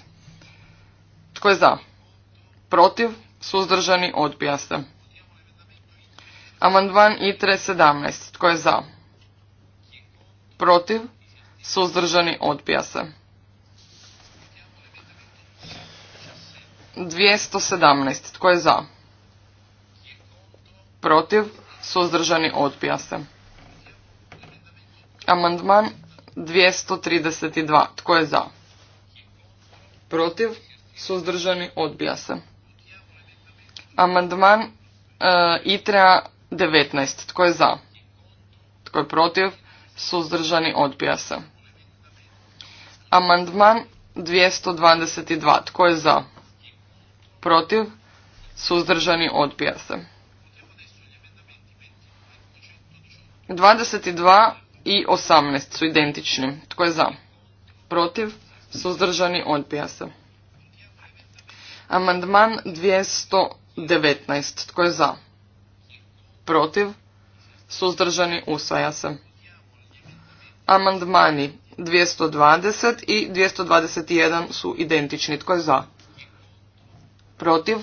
Tko je za? Protiv? Suzdržani? Odbija se. Amandman ITRE 17. Tko je za? Protiv? Suzdržani? Odbija se. 217. Tko je za? Protiv? Suzdržani? Odbija se. Amandman 232. Tko je za? Protiv? Suzdržani? Odbija se. Amandman e, Itra. 19. Tko je za? Tko je protiv? Suzdržani? Odbija se. Amandman 222. Tko je za? Protiv? Suzdržani? Odbija se. 22 i 18 su identični. Tko je za? Protiv? Suzdržani? Odbija se. Amandman 219. Tko je za? Protiv? Suzdržani? Usvaja se. Amandmani 220 i 221 su identični. Tko je za? Protiv?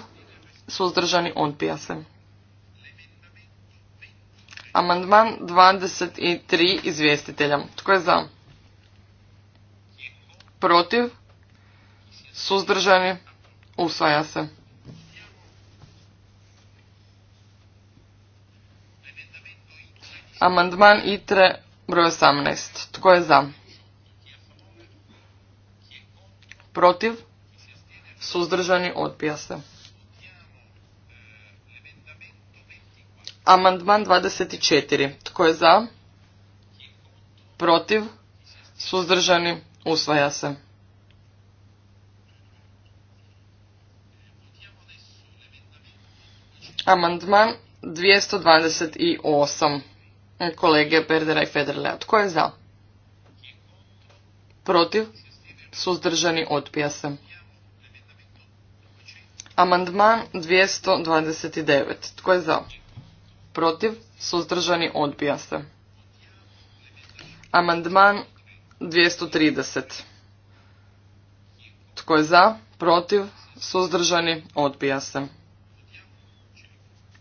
Suzdržani? Odbija se. Amandman 23 izvjestitelja. Tko je za? Protiv? Suzdržani? Usvaja se. Amandman ITRE broj 18. Tko je za? Protiv? Suzdržani? Odbija se. Amandman 24. Tko je za? Protiv? Suzdržani? Usvaja se. Amandman 228. Kolege Berdera i Federlea. Tko je za? Protiv? Suzdržani? Odpija se. Amandman 229. Tko je za? protiv, suzdržani, odbija se. Amandman 230. Tko je za, protiv, suzdržani, odbija se.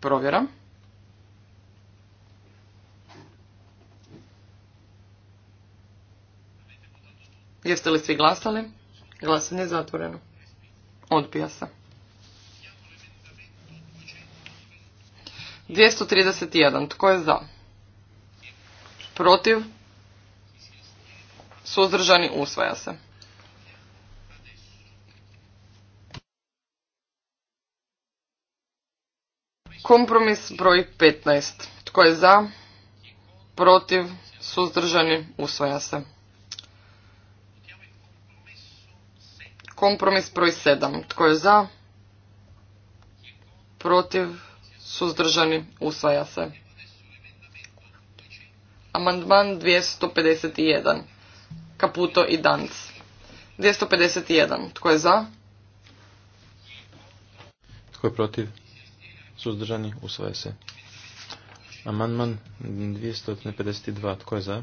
Provjeram. Jeste li svi glasali? Glasanje je zatvoreno. Odbija se. 231. Tko je za? Protiv? Suzdržani usvaja se. Kompromis broj 15. Tko je za? Protiv? Suzdržani usvaja se. Kompromis broj 7. Tko je za? Protiv? Suzdržani. Usvaja se. Amandman 251. Kaputo i Danc. 251. Tko je za? Tko je protiv? Suzdržani. Usvaja se. Amandman 252. Tko je za?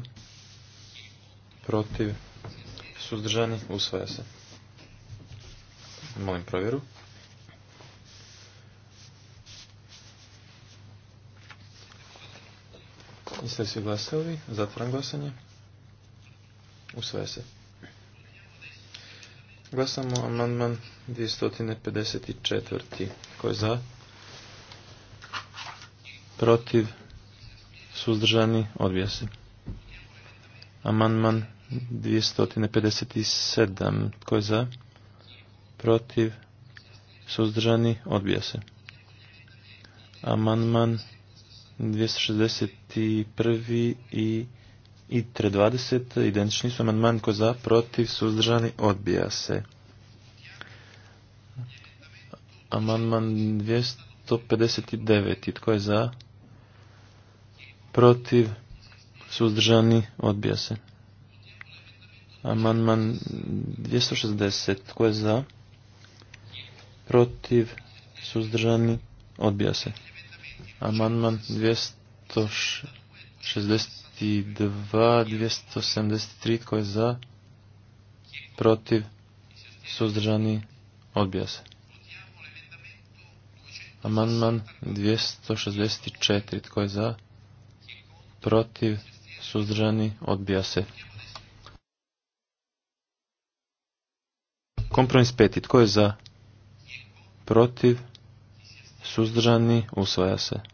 Protiv? Suzdržani. Usvaja se. Molim provjeru. Jeste li svi glasali? Zatvoram glasanje. Usvaja se. Glasamo amandman 254. Ko je za? Protiv? Suzdržani? Odbija se. Amandman 257. Tko je za? Protiv? Suzdržani? Odbija se. Amandman 261. i i 320 identični su amandman ko za, protiv, suzdržani, odbija se. Amandman 259. Tko je za? Protiv, suzdržani, odbija se. Amandman 260. Tko je za? Protiv, suzdržani, odbija se. Amandman 262, 273, tko je za, protiv, suzdržani, odbija se. Amandman 264, tko je za, protiv, suzdržani, odbija se. Kompromis peti. Tko je za? Protiv? Suzdržani? Usvaja se.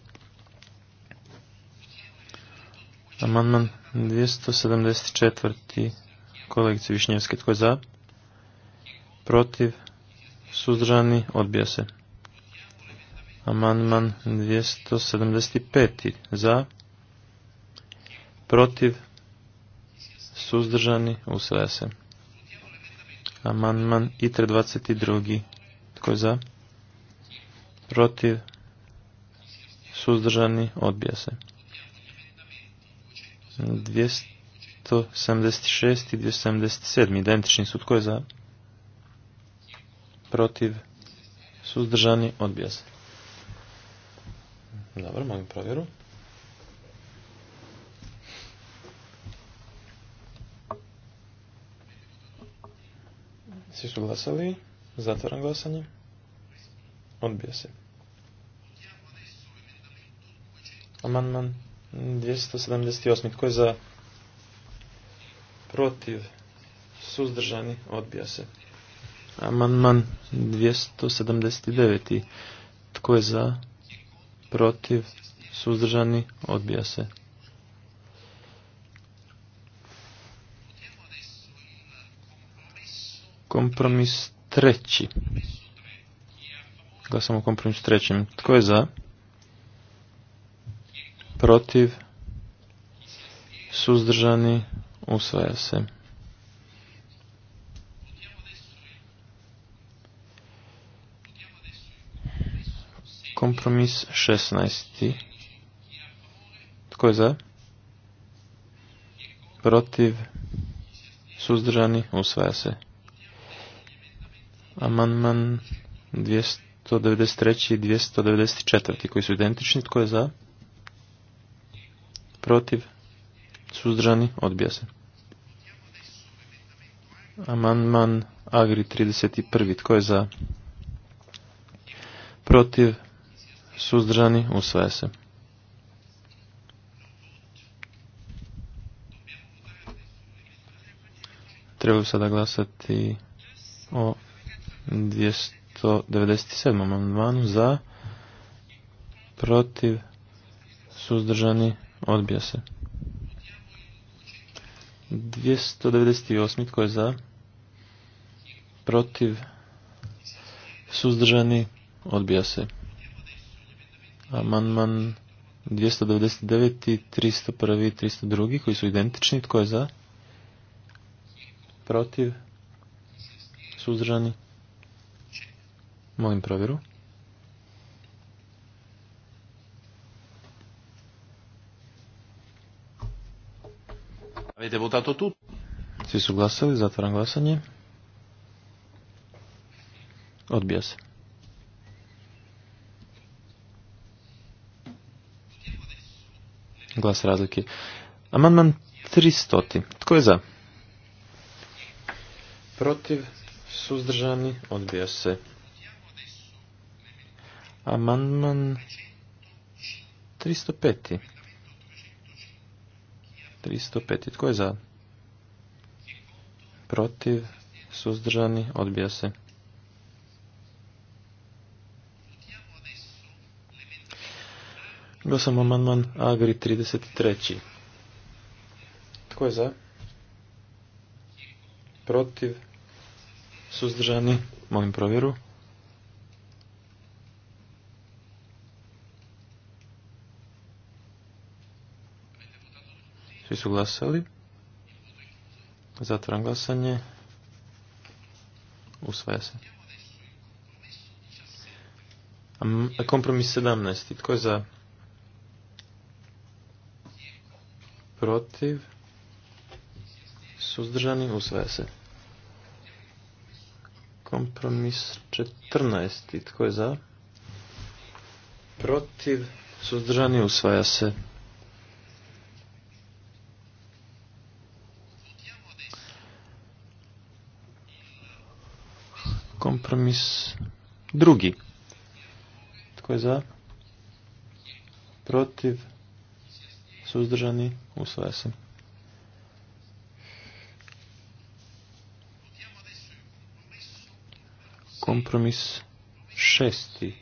Amandman 274. kolegice Višnjevske. Tko je za? Protiv? Suzdržani? Odbija se. Amandman 275. Za? Protiv? Suzdržani? Usvaja se. Amandman ITRE 22. Tko je za? Protiv? Suzdržani? Odbija se. 276 i 277. Identični su tko je za? Protiv? Suzdržani? Odbija se. Dobro, molim provjeru. Svi su glasali. Zatvaram glasanje. Odbija se. Amandman 278. Tko je za? Protiv. Suzdržani. Odbija se. Amandman 279. Tko je za? Protiv. Suzdržani. Odbija se. Kompromis treći. Glasamo kompromis trećim. Tko je za? protiv, suzdržani, usvaja se. Kompromis 16. Tko je za? Protiv, suzdržani, usvaja se. Amandman 293. i 294. koji su identični. Tko je za? protiv, suzdržani, odbija se. Amandman Agri 31. Tko je za? Protiv, suzdržani, usvaja se. Treba sada glasati o 297. amandmanu za, protiv, suzdržani, Odbija se. 298. Tko je za? Protiv? Suzdržani? Odbija se. Amandman 299. 301. i 302. Koji su identični. Tko je za? Protiv? Suzdržani? Molim provjeru. Avete votato tutti? Svi su glasali, zatvaram glasanje. Odbija se. Glas razlike. Amandman 300. Tko je za? Protiv, suzdržani, odbija se. Amandman 305. 305. Tko je za? Protiv? Suzdržani? Odbija se. sam amandman Agri 33. Tko je za? Protiv? Suzdržani? Molim provjeru. Svi su glasali. Zatvaram glasanje. Usvaja se. Kompromis 17. Tko je za? Protiv? Suzdržani? Usvaja se. Kompromis 14. Tko je za? Protiv? Suzdržani? Usvaja se. Drugi. Tko je za? Protiv? Suzdržani? Usvaja se. Kompromis šesti.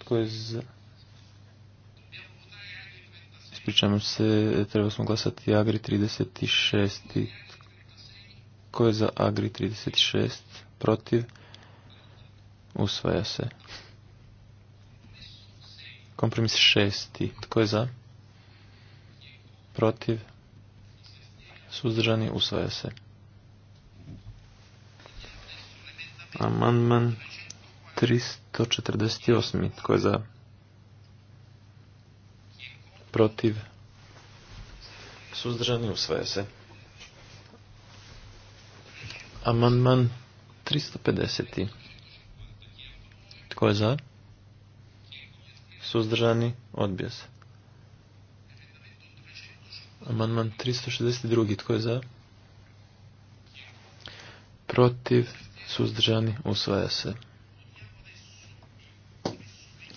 Tko je za? Ispričavam se, treba smo glasati Agri 36. Tko je za Agri 36? Protiv? Usvaja se. Kompromis šesti. Tko je za? Protiv? Suzdržani? Usvaja se. Amandman 348. Tko je za? Protiv? Suzdržani? Usvaja se. Amandman 350. Tko je za? Suzdržani? Odbija se. Amandman 362. Tko je za? Protiv? Suzdržani? Usvaja se.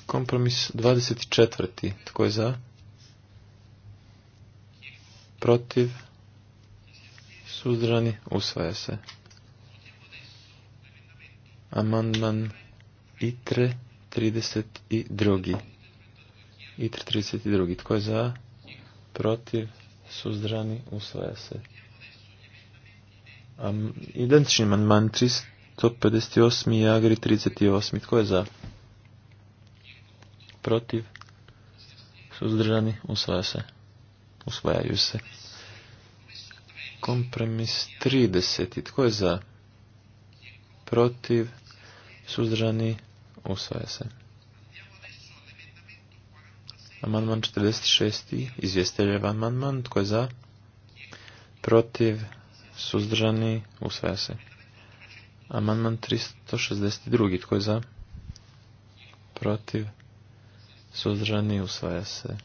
Kompromis 24. Tko je za? Protiv? Suzdržani? Usvaja se. Amandman ITR 32. ITR 32. Tko je za? Protiv? Suzdrani? Usvaja se. Am, identični manman 358 Jagri 38. Tko je za? Protiv? Suzdrani. Usvaja se. Usvajaju se. Kompromis 30. Tko je za? Protiv? Suzdržani? Usvaja se. Amandman 46. Izvjesteljev amandman. Tko je za? Protiv. Suzdržani. Usvaja se. Amandman 362. Tko je za? Protiv. Suzdržani. Usvaja se.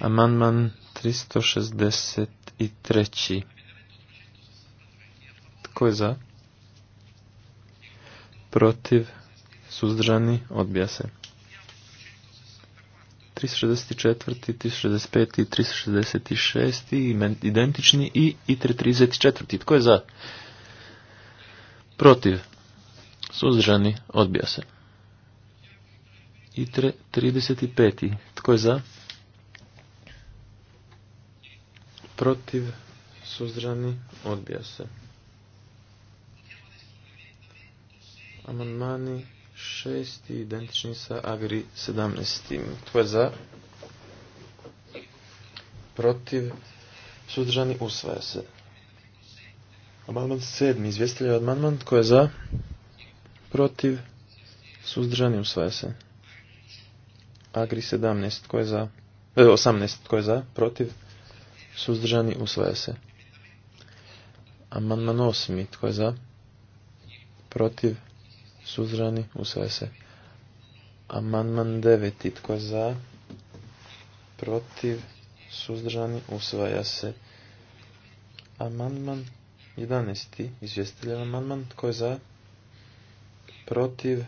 Amandman 363. Tko je za? Protiv. Suzdržani. Odbija se. 364. 365. 366. Identični i i 34. Tko je za? Protiv. Suzdržani. Odbija se. I 35. Tko je za? Protiv. Suzdržani. Odbija se. Amandmani šesti identični sa Agri sedamnestim, Tko je za? Protiv? suzdržani, usvaja se. Amandman sedmi. Izvjestitelj amandman. Tko je za? Protiv? Suzdržani usvaja se. Agri 17. Tko je za? E, 18. Tko je za? Protiv? Suzdržani usvaja se. Amandman osmi. Tko je za? Protiv? suzdržani usvaja se. Amandman 9. Tko je za? Protiv. Suzdržani. Usvaja se. Amandman 11. Izvjestiljan amandman. Tko je za? Protiv.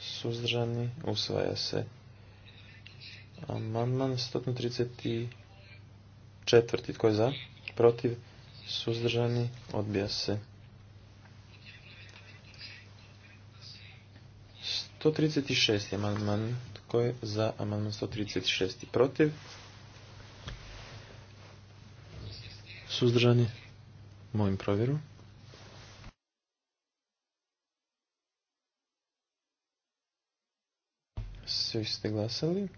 Suzdržani. Usvaja se. Amandman 134. Tko je za? Protiv. Suzdržani. Odbija se. 136. amandman. Tko je za amandman 136. Protiv? Suzdržani? Molim provjeru. Svi ste glasali.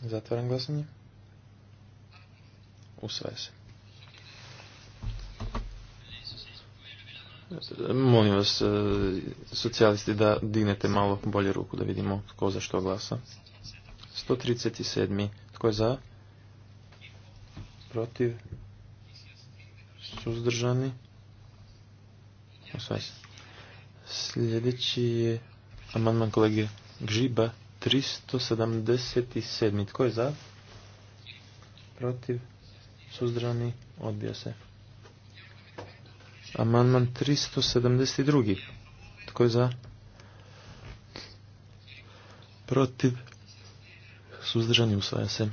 Zatvaram glasanje. Usvaja se. Molim vas, e, socijalisti, da dignete malo bolje ruku da vidimo tko za što glasa. 137. Tko je za? Protiv? Suzdržani? Osvaj se. Sljedeći je amandman kolege Gžiba 377. Tko je za? Protiv? Suzdržani? Odbija se. Amandman 372. Tko je za? Protiv. Suzdržani usvaja se.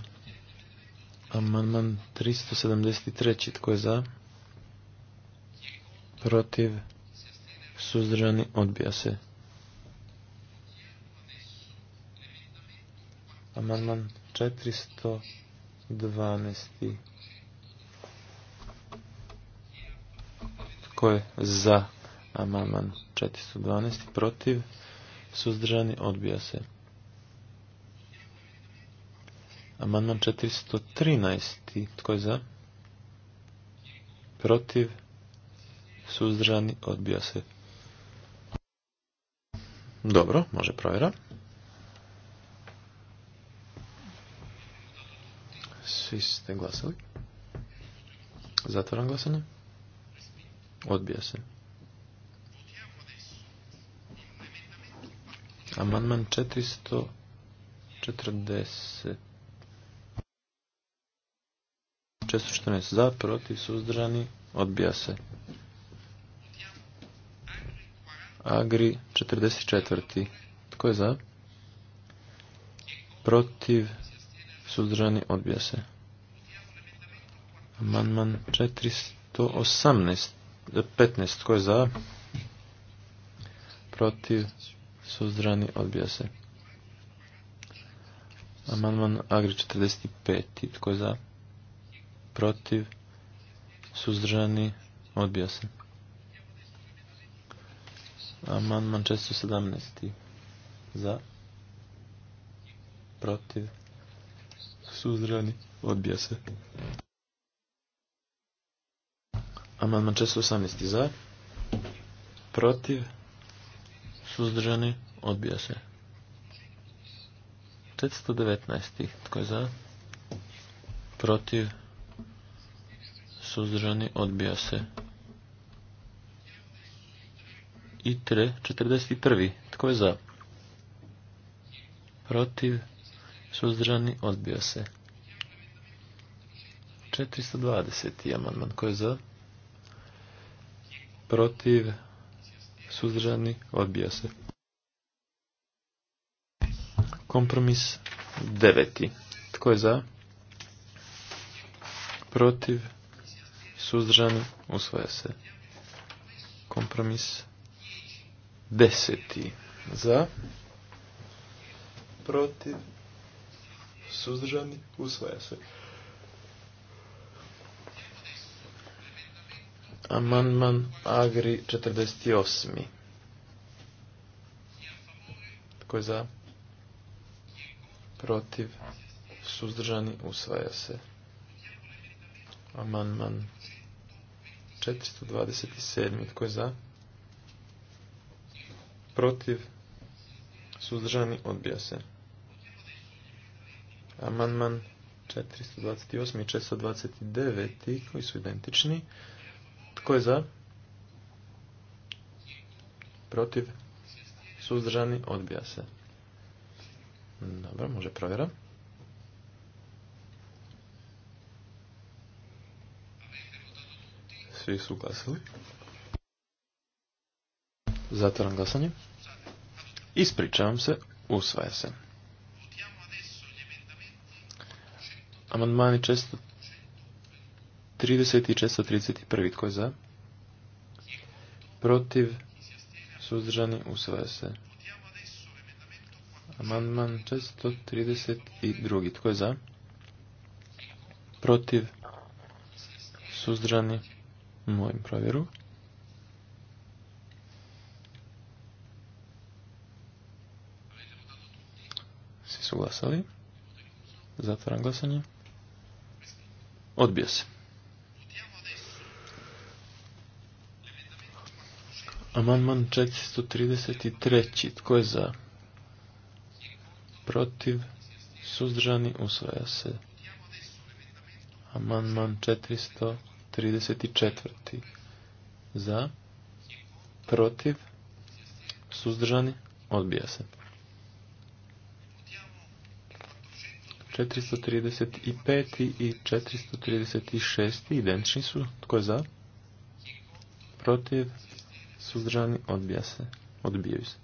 Amandman 373. Tko je za? Protiv. Suzdržani odbija se. Amandman 412. Tko je za amandman 412? Protiv? Suzdržani? Odbija se. Amandman 413. Tko je za? Protiv? Suzdržani? Odbija se. Dobro, može provjera. Svi ste glasali. Zatvaram glasanje. Odbija se. Amandman 440. 414 za, protiv, suzdržani, odbija se. Agri 44. Tko je za? Protiv, suzdržani, odbija se. Amandman 418. 15. Tko je za? Protiv? Suzdrani? Odbija se. Amandman Agri 45. Tko je za? Protiv? Suzdrani. Odbija se. Amandman 417. Za? Protiv? Suzdržani? Odbija se. Amandman 418. za. Protiv. Suzdržani. Odbija se. 419. Tko je za? Protiv. Suzdržani. Odbija se. I tre. 41. Tko je za? Protiv. Suzdržani. Odbija se. 420. amandman. Tko je za? protiv, suzdržani, odbija se. Kompromis deveti. Tko je za? Protiv, suzdržani, usvaja se. Kompromis deseti. Za, protiv, suzdržani, usvaja se. Amandman Agri 48. Tko je za? Protiv. Suzdržani usvaja se. Amandman 427. Tko je za? Protiv. Suzdržani odbija se. Amandman 428. i 429. koji su identični. Tko je za? Protiv? Suzdržani? Odbija se. Dobro, može provjera. Svi su glasili. Zatvaram glasanje. Ispričavam se, usvaja se. Amandmani često 30 i Tko je za? Protiv? Suzdržani? Usvaja se. Amandman 432. Tko je za? Protiv? Suzdržani? Mojim provjeru. Svi su glasali. Zatvaram glasanje. Odbija se. Amandman 433. Tko je za? Protiv? Suzdržani? Usvaja se. Amandman 434. Za? Protiv? Suzdržani? Odbija se. 435. i 436. identični su. Tko je za? Protiv? suzdržani, odbija se, odbijaju se.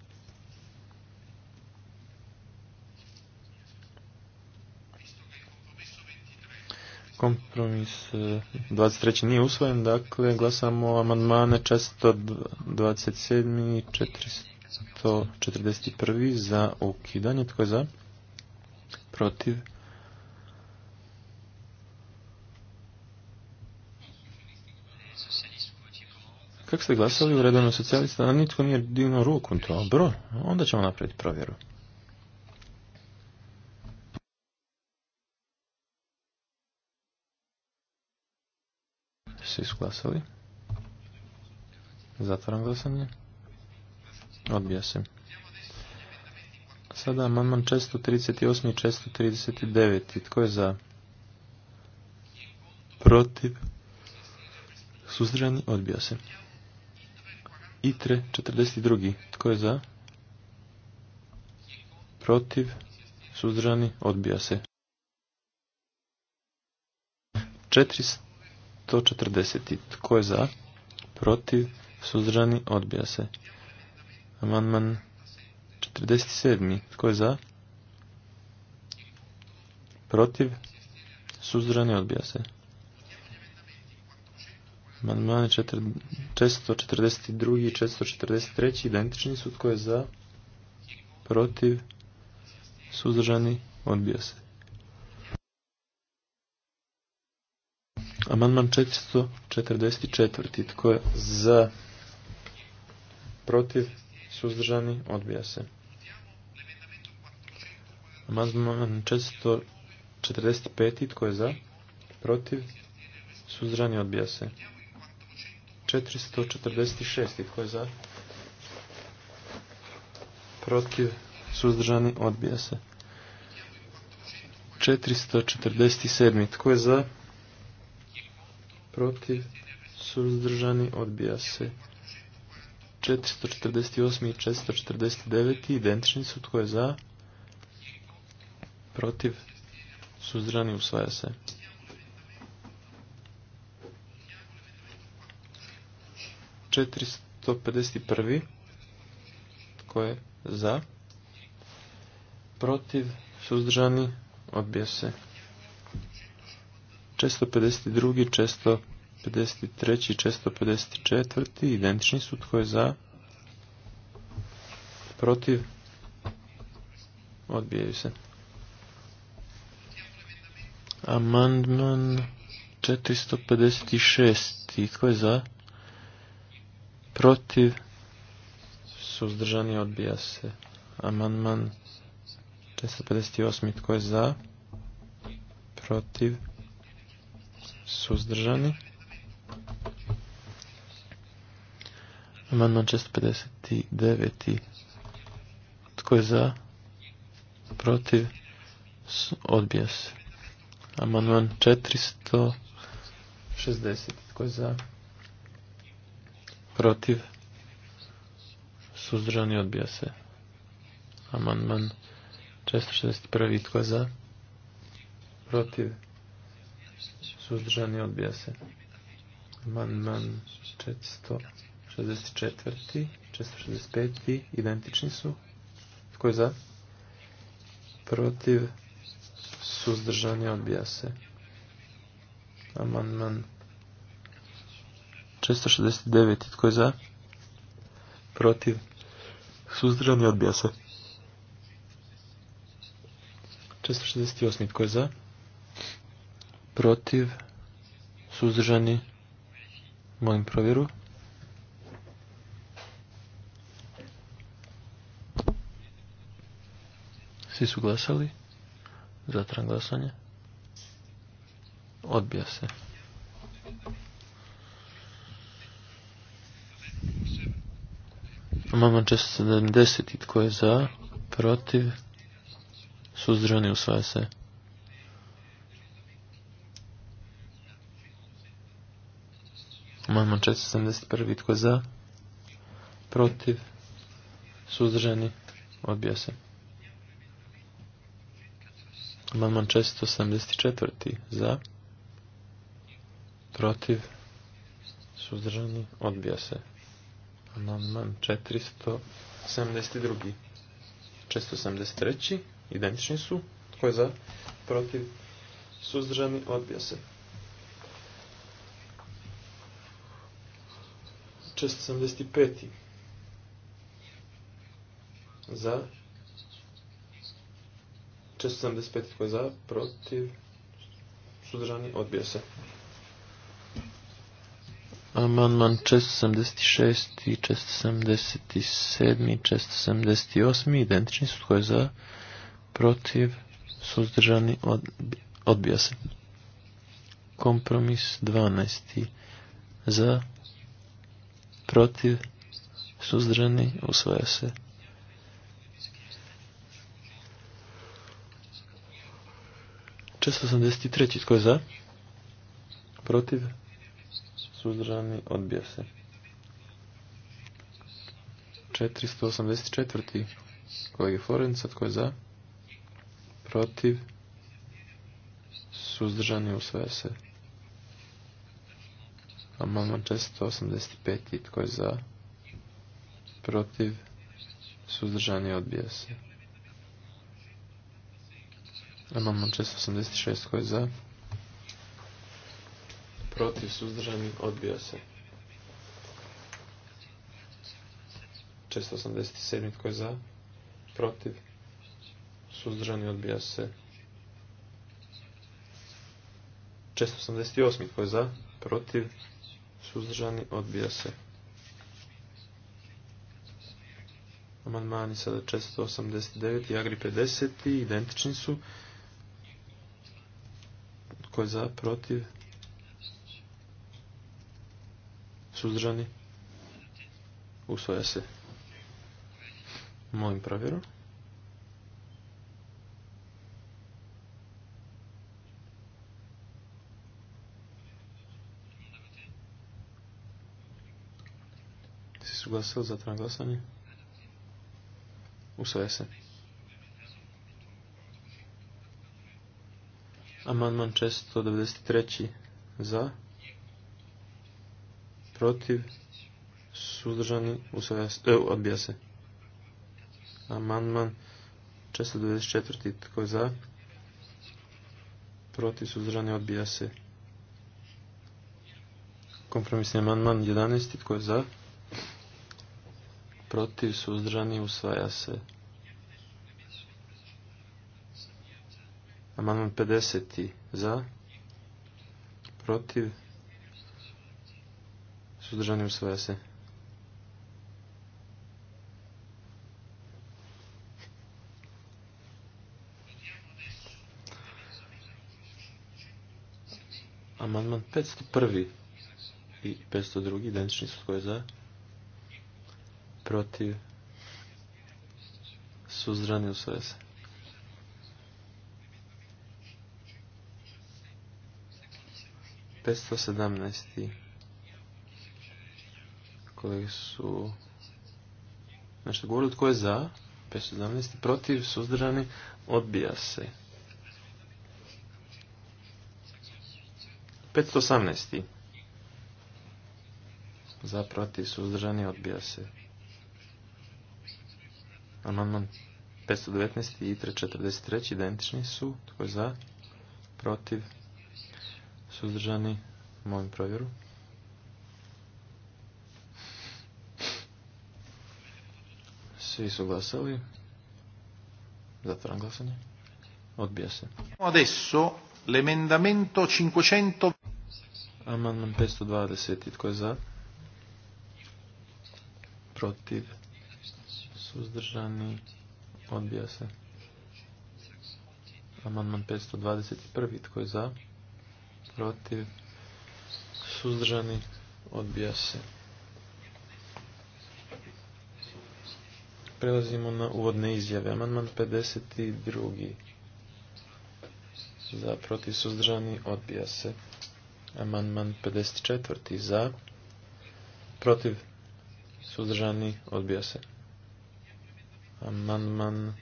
Kompromis 23. E, nije usvojen, dakle glasamo amandmane 427. i 441. za ukidanje. Tko je za? Protiv? Kako ste glasali u redovno socijalista, nitko nije dignuo ruku, bro. onda ćemo napraviti provjeru. Svi su glasali. Zatvaram glasanje. Odbija se. Sada amandman 438 i 439. Tko je za? Protiv. Suzdržani odbija se. ITRE 42. Tko je za? Protiv? Suzdržani? Odbija se. 440. Tko je za? Protiv? Suzdržani? Odbija se. Amandman 47. Tko je za? Protiv? Suzdržani? Odbija se. Amandmane 442 i 443 identični su tko je za, protiv, suzdržani, odbija se. Amandman 444 tko je za, protiv, suzdržani, odbija se. Amandman 445 tko je za, protiv, suzdržani, odbija se. 446. Tko je za? Protiv. Suzdržani. Odbija se. 447. Tko je za? Protiv. Suzdržani. Odbija se. 448. i 449. Identični su. Tko je za? Protiv. Suzdržani. Usvaja se. 451. Tko je za? Protiv? Suzdržani? Odbija se. 452. 453. 454. Identični su. Tko je za? Protiv? Odbijaju se. Amandman 456. Tko je za? protiv, suzdržani, odbija se. Amandman 458. Tko je za? Protiv? Suzdržani? Amandman 459. Tko je za? Protiv? Odbija se. Amandman 460. Tko je za? protiv, suzdržani odbija se. Amandman 461. Tko je za? Protiv, suzdržani odbija se. Amandman 464. 465. Identični su. Tko je za? Protiv, suzdržani odbija se. Amandman 469. Tko je za? Protiv? Suzdržani odbija se. 468. Tko je za? Protiv? Suzdržani? Molim provjeru. Svi su glasali. Zatran glasanje. Odbija se. Amandman i Tko je za? Protiv? Suzdržani usvaja se. sedamdeset prvi Tko je za? Protiv? Suzdržani? Odbija se. Amandman četiri Za? Protiv? Suzdržani? Odbija se. Amandman 472. 473. Identični su. koji je za? Protiv? Suzdržani? Odbija se. 475. Za? 475. koji je za? Protiv? Suzdržani? Odbija se. Amandman 476 i 477 i 478 identični su tko je za, protiv, suzdržani, odbija se. Kompromis 12 za, protiv, suzdržani, usvaja se. Često tko je za? Protiv? suzdržani, odbija se. 484. kolege Florenca, tko je za? Protiv, suzdržani, usvaja se. Amandman 485. Tko je za? Protiv? Suzdržani odbija se. Amandman 486. Tko je za? protiv, suzdržani, odbija se. 687. Tko je za? Protiv? Suzdržani odbija se. 688. Tko je za? Protiv? Suzdržani odbija se. Amandmani sada 489 i Agri 50. Identični su. Tko je za? Protiv? Suzdržani? Usvaja se. Molim provjeru. si su za zatvoram glasanje. Usvaja se. Amandman 693. Za protiv, suzdržani, usvaja se, e, odbija se. Amandman 424. Tko je za? Protiv, suzdržani, odbija se. Kompromisni amandman 11. Tko je za? Protiv, suzdržani, usvaja se. Amandman 50. Za? Protiv, Suzdržani usvaja se. Amandman 501. i 502. identični su koje za? Protiv? Suzdržani usvaja se. Pesto sedamnaesti koji su nešto govorili tko je za, 517, protiv, suzdržani, odbija se. 518. Za, protiv, suzdržani, odbija se. Amandman 519 i 343 identični su. Tko je za, protiv, suzdržani, molim provjeru. Svi su glasali. Zatvaram glasanje. Odbija se. Adesso l'emendamento 500... Amandman 520. Tko je za? Protiv. Suzdržani. Odbija se. Amandman 521. Tko je za? Protiv. Suzdržani. Odbija se. prelazimo na uvodne izjave. Amandman 52. Za protiv suzdržani odbija se. Amandman 54. Za protiv suzdržani odbija se. Amandman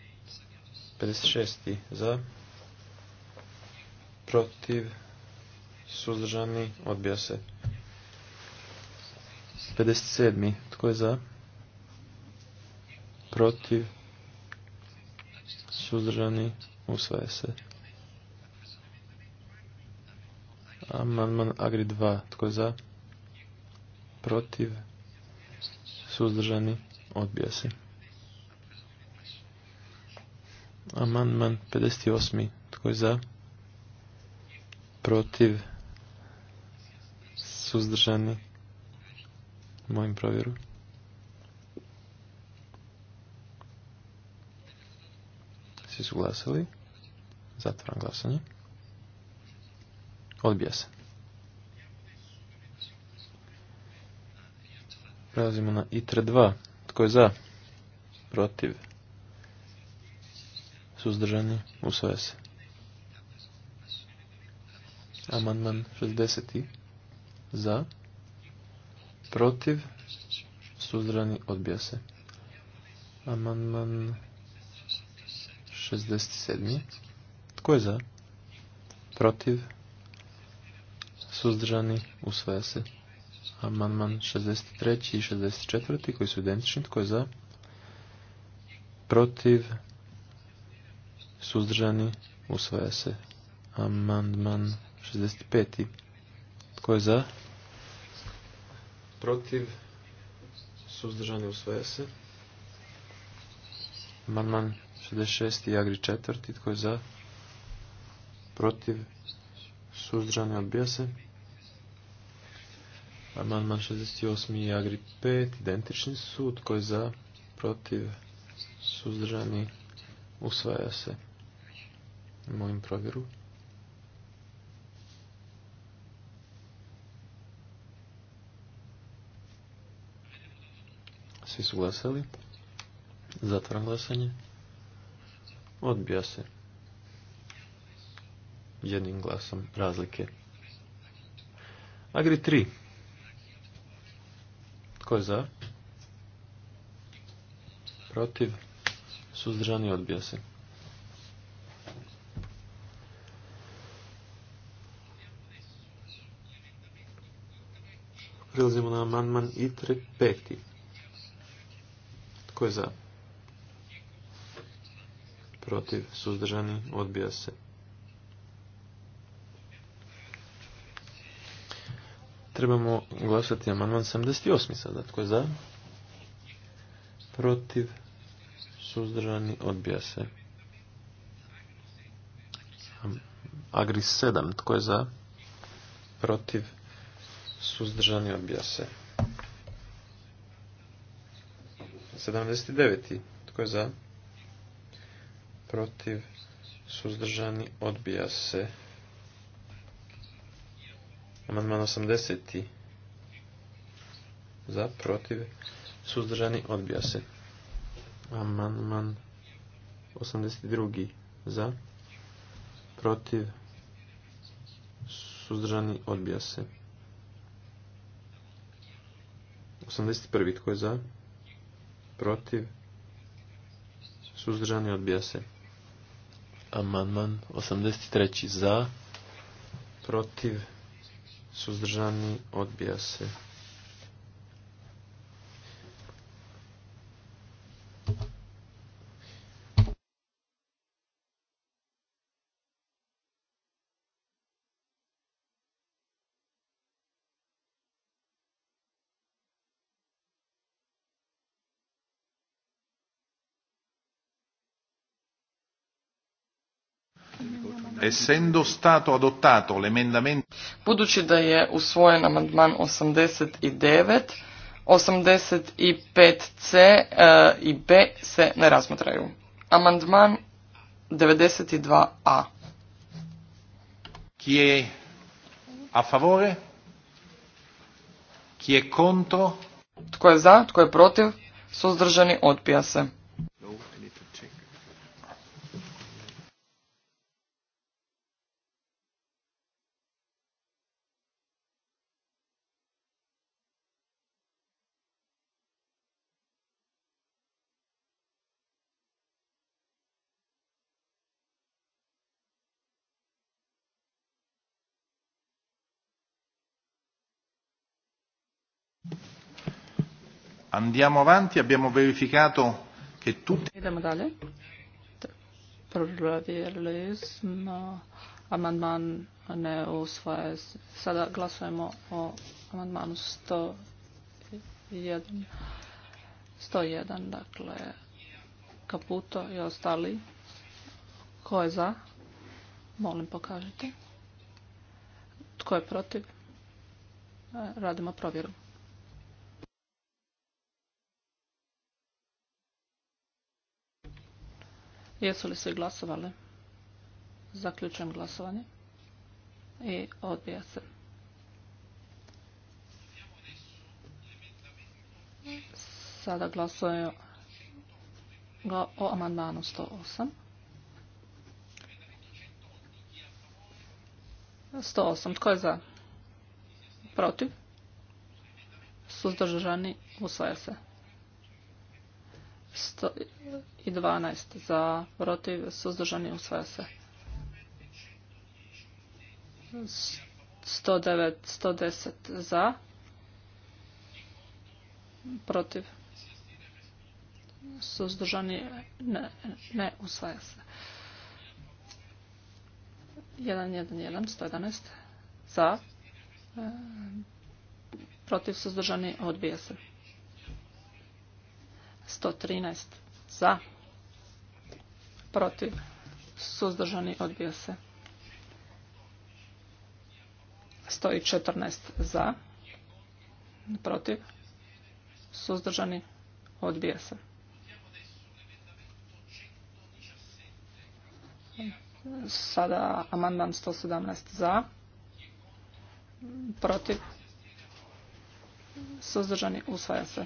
56. Za protiv suzdržani odbija se. 57. Tko je za? protiv, suzdržani, usvaja se. Amandman Agri 2, tko je za, protiv, suzdržani, odbija se. Amandman 58, tko je za, protiv, suzdržani, mojim provjeru. Svi su glasali. Zatvaram glasanje. Odbija se. Prelazimo na itr 2. Tko je za? Protiv. Suzdržani. Usvoje se. Amandman 60. Za. Protiv. Suzdržani. Odbija se. Amandman 67. Tko je za? Protiv? Suzdržani? Usvaja se. Amandman 63. i 64. koji su identični. Tko je za? Protiv? Suzdržani? Usvaja se. Amandman 65. Tko je za? Protiv? Suzdržani? Usvaja se. Amandman 66 i Agri četvrti, Tko je za? Protiv? Suzdržani odbija se. Amandman 68 i Agri 5. Identični su. Tko je za? Protiv? Suzdržani usvaja se. Molim provjeru. Svi su glasali. Zatvaram glasanje. Odbija se. Jednim glasom razlike. Agri 3. Tko je za? Protiv. Suzdržani odbija se. Prilazimo na amandman i peti. Tko je za? protiv, suzdržani, odbija se. Trebamo glasati amandman 78. sada. Tko je za? Protiv, suzdržani, odbija se. Agri 7. Tko je za? Protiv, suzdržani, odbija se. 79. Tko je za? protiv, suzdržani, odbija se. Amandman 80. Za, protiv, suzdržani, odbija se. Amandman 82. Za, protiv, suzdržani, odbija se. 81. Tko je za? Protiv? Suzdržani odbija se. Amandman 83. za, protiv, suzdržani, odbija se. essendo stato adottato l'emendamento Budući da je usvojen amandman 89 85c e, i b se ne razmatraju. Amandman 92a. Chi è a favore? Chi è contro? Tko je za, tko je protiv? Suzdržani odbija se. Andiamo avanti, abbiamo verificato che tutti... Idemo dalje. Provjerili smo amandman ne usvoje. Sada glasujemo o amandmanu 101. 101, dakle, Caputo i ostali. Ko je za? Molim pokažite. Tko je protiv? E, radimo provjeru. Jesu li svi glasovali? Zaključujem glasovanje. I odbija se. Sada glasuje o amandmanu 108. 108. Tko je za? Protiv? Suzdržani? Usvaja se. 112 za, protiv, suzdržani, usvaja se. 109, 110 za, protiv, suzdržani, ne, usvaja se. 111, 111 za, e, protiv, suzdržani, odbija se. 113 za, protiv, suzdržani, odbio se. 114 za, protiv, suzdržani, odbio se. Sada amandman 117 za, protiv, suzdržani, usvaja se.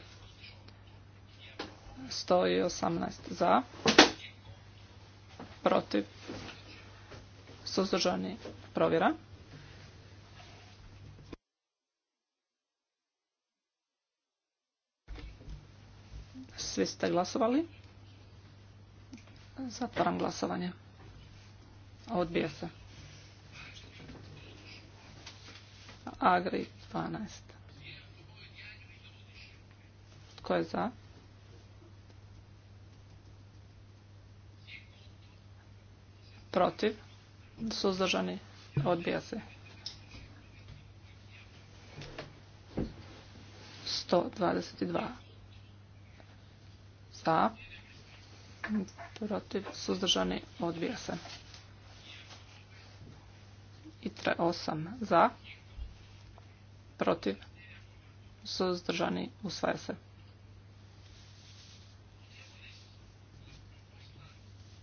118 za, protiv, suzdržani provjera. Svi ste glasovali. Zatvaram glasovanje. Odbije se. Agri 12. Tko je za? protiv, suzdržani, odbija se. 122 za, protiv, suzdržani, odbija se. I 8 za, protiv, suzdržani, usvaja se.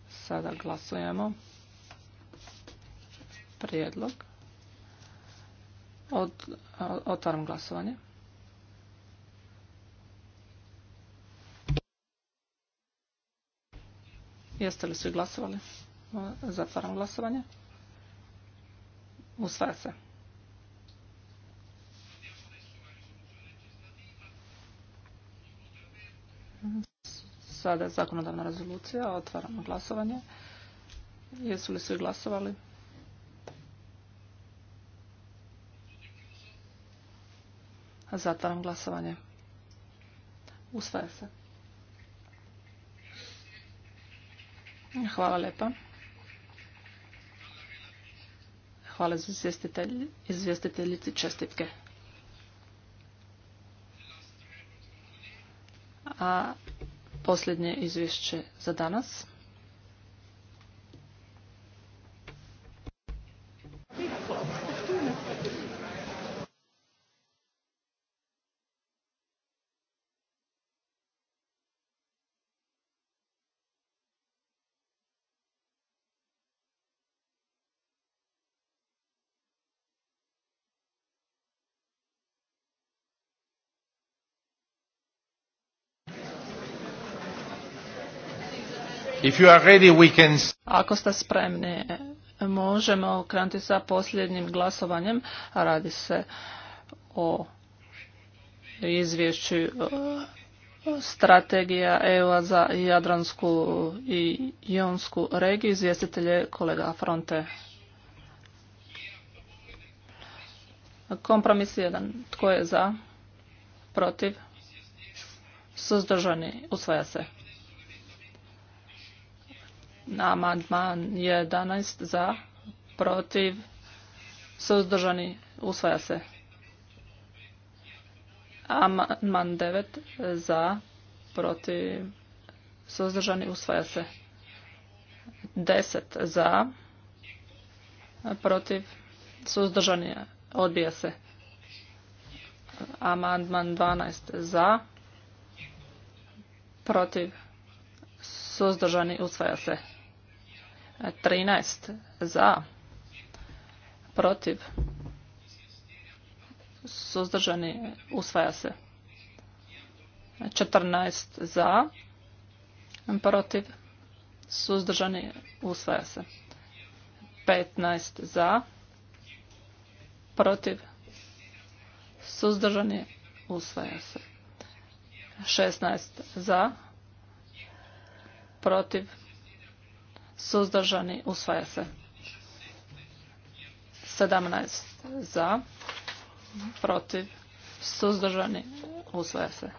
Sada glasujemo prijedlog. otvaram glasovanje. Jeste li svi glasovali? Zatvaram glasovanje. Usvaja se. Sada je zakonodavna rezolucija. Otvaramo glasovanje. Jesu li svi glasovali? Zatvaram glasovanje. Usvaja se. Hvala lijepa. Hvala za izvjestiteljici čestitke. A posljednje izvješće za danas. Ako ste spremni, možemo krenuti sa posljednjim glasovanjem. Radi se o izvješću strategija EU-a za Jadransku i Jonsku regiju. Izvjestitelj je kolega Fronte. Kompromis jedan, Tko je za? Protiv? Suzdržani. Usvaja se. Amandman 11 za, protiv, suzdržani, usvaja se. Amandman 9 za, protiv, suzdržani, usvaja se. 10 za, protiv, suzdržani, odbija se. Amandman 12 za, protiv, suzdržani, usvaja se. 13 za, protiv, suzdržani, usvaja se. 14 za, protiv, suzdržani, usvaja se. 15 za, protiv, suzdržani, usvaja se. 16 za, protiv, suzdržani, usvaja se. 17 za, protiv, suzdržani, usvaja se.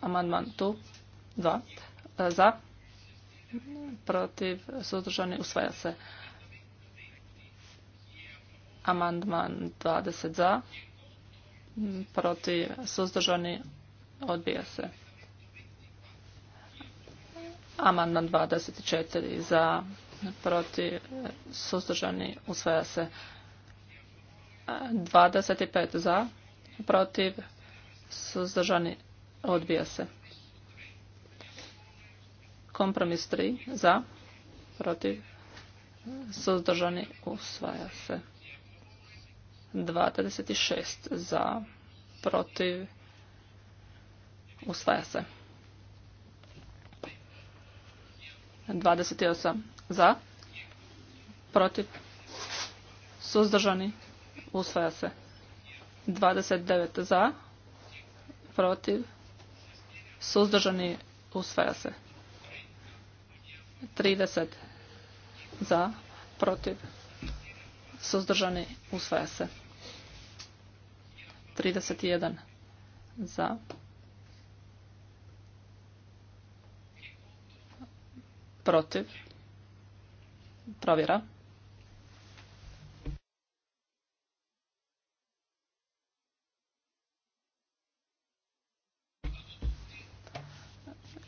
Amandman tu, 2 e, za, protiv, suzdržani, usvaja se. Amandman 20 za, protiv, suzdržani, odbija se. Amandman 24 za protiv suzdržani usvaja se 25 za protiv suzdržani odbija se kompromis 3 za protiv suzdržani usvaja se 26 za protiv usvaja se 28 za, protiv, suzdržani, usvaja se. 29 za, protiv, suzdržani, usvaja se. 30 za, protiv, suzdržani, usvaja se. 31 za, protiv Protiv? Provjera.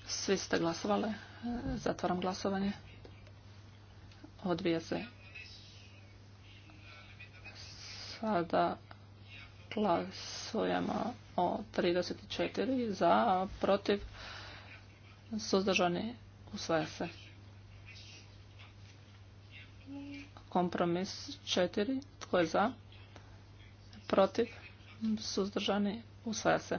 Svi ste glasovali. Zatvaram glasovanje. Odvije se. Sada glasujemo o 34 za, protiv, suzdržani, usvaja se. Kompromis četiri, Tko je za? Protiv? Suzdržani? Usvaja se.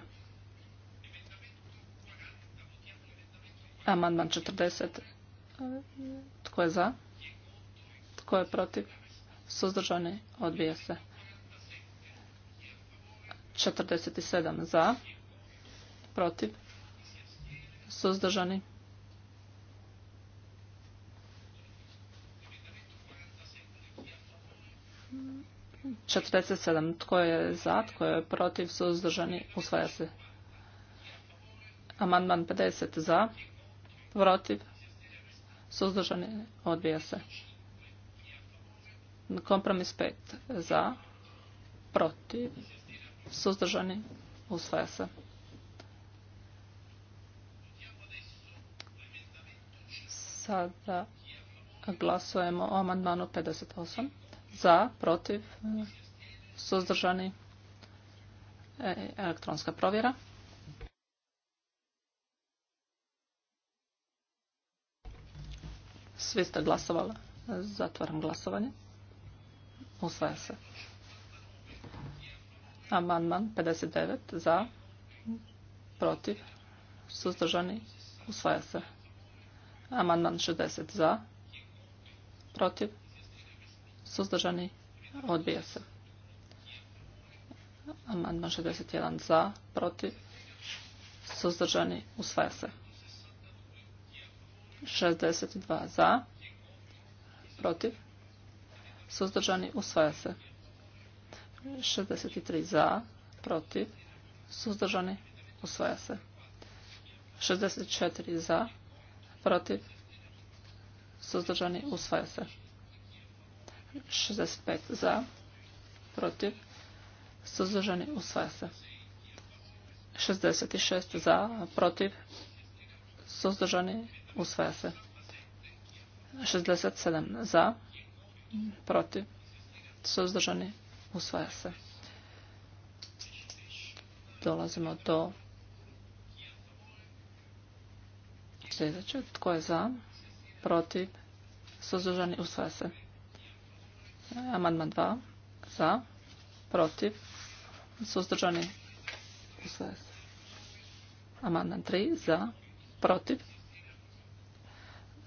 Amandman četrdeset, Tko je za? Tko je protiv? Suzdržani? Odbija se. Četrdeset sedam, za. Protiv? Suzdržani? 47. Tko je za? Tko je protiv? Suzdržani? Usvaja se. Amandman 50. Za? Protiv? Suzdržani? Odbija se. Kompromis 5. Za? Protiv? Suzdržani? Usvaja se. Sada glasujemo o amandmanu 58 za, protiv, suzdržani, e, elektronska provjera. Svi ste glasovali. Zatvaram glasovanje. Usvaja se. Amandman 59 za, protiv, suzdržani, usvaja se. Amandman 60 za, protiv, Suzdržani? Odbija se. Amandman 61 za, protiv, suzdržani, usvaja se. 62 za, protiv, suzdržani, usvaja se. 63 za, protiv, suzdržani, usvaja se. 64 za, protiv, suzdržani, usvaja se. 65 za, protiv, suzdržani, usvaja se. 66 za, protiv, suzdržani, usvaja se. 67 za, protiv, suzdržani, usvaja se. Dolazimo do sljedećeg. Tko je za, protiv, suzdržani, usvaja se. Amandman 2. Za. Protiv. Suzdržani. Usvaja se. Amandman 3. Za. Protiv.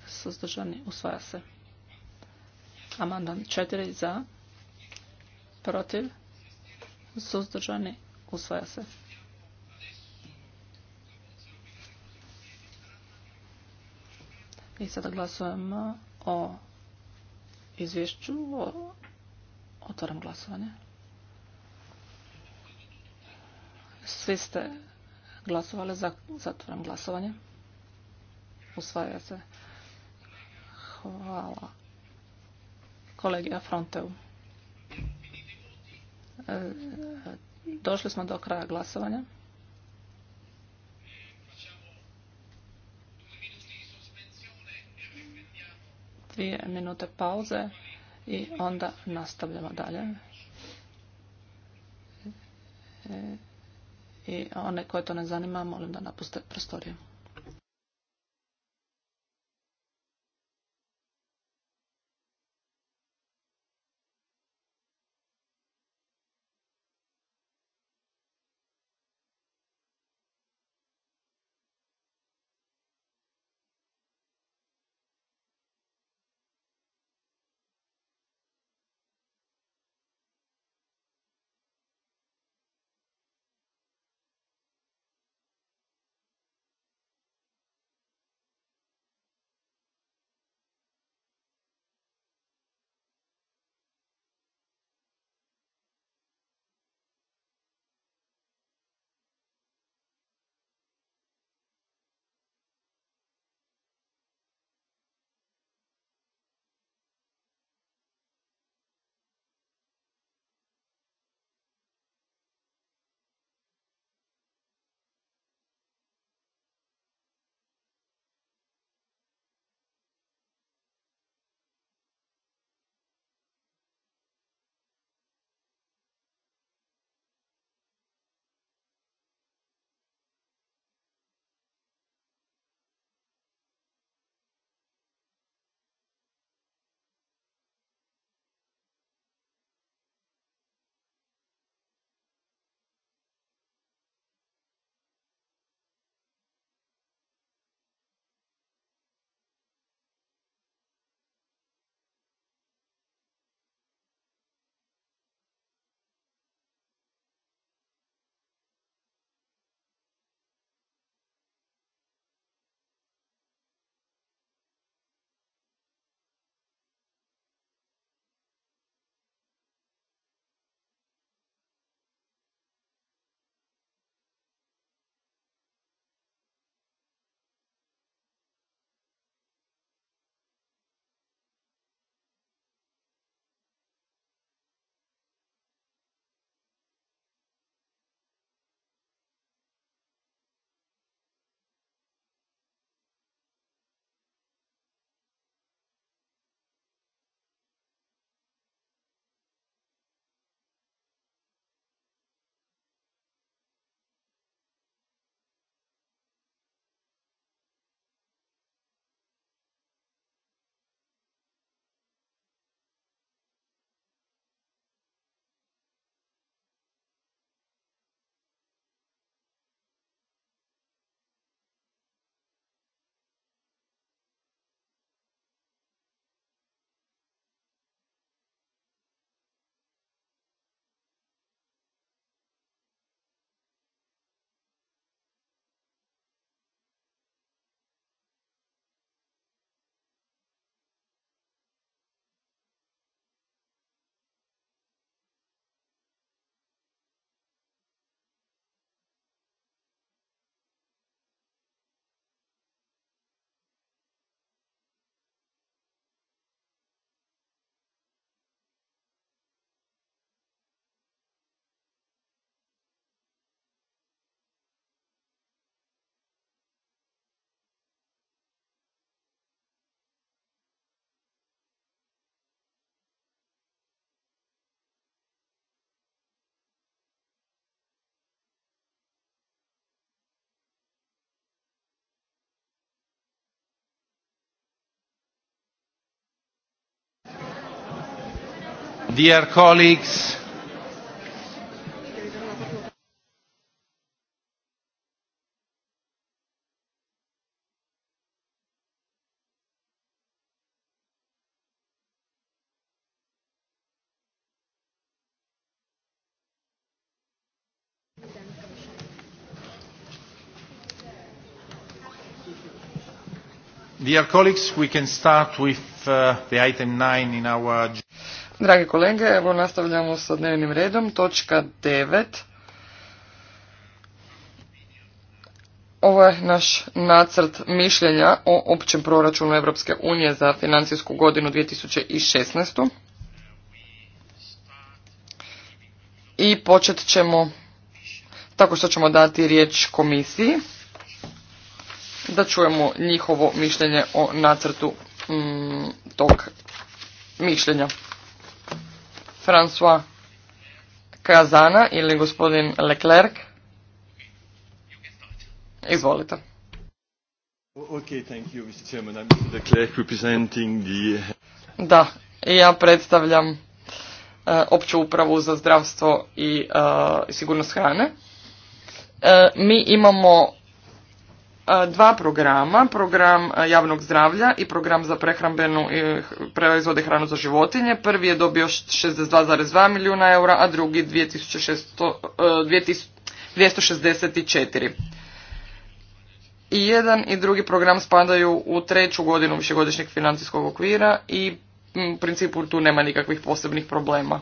Suzdržani. Usvaja se. Amandman 4. Za. Protiv. Suzdržani. Usvaja se. I sada glasujemo o izvješću. Otvaram glasovanje. Svi ste glasovali, zatvaram glasovanje. Usvaja se. Hvala kolegi Afronteu. E, došli smo do kraja glasovanja. dvije minute pauze i onda nastavljamo dalje. E, I one koje to ne zanima, molim da napuste prostoriju. Dear colleagues, Dear colleagues, we can start with uh, the item 9 in our agenda. Dragi kolege, evo nastavljamo sa dnevnim redom. Točka 9. Ovo je naš nacrt mišljenja o općem proračunu Europske unije za financijsku godinu 2016. I počet ćemo tako što ćemo dati riječ komisiji da čujemo njihovo mišljenje o nacrtu mm, tog mišljenja. François Kazana ili gospodin Leclerc. Izvolite. Okay, thank you, Mr. Chairman. I'm Mr. Leclerc representing the... Da, ja predstavljam uh, opću upravu za zdravstvo i uh, sigurnost hrane. Uh, mi imamo E, dva programa, program e, javnog zdravlja i program za prehrambenu i proizvode hranu za životinje. Prvi je dobio 62,2 milijuna eura, a drugi 2664. E, I jedan i drugi program spadaju u treću godinu višegodišnjeg financijskog okvira i u principu tu nema nikakvih posebnih problema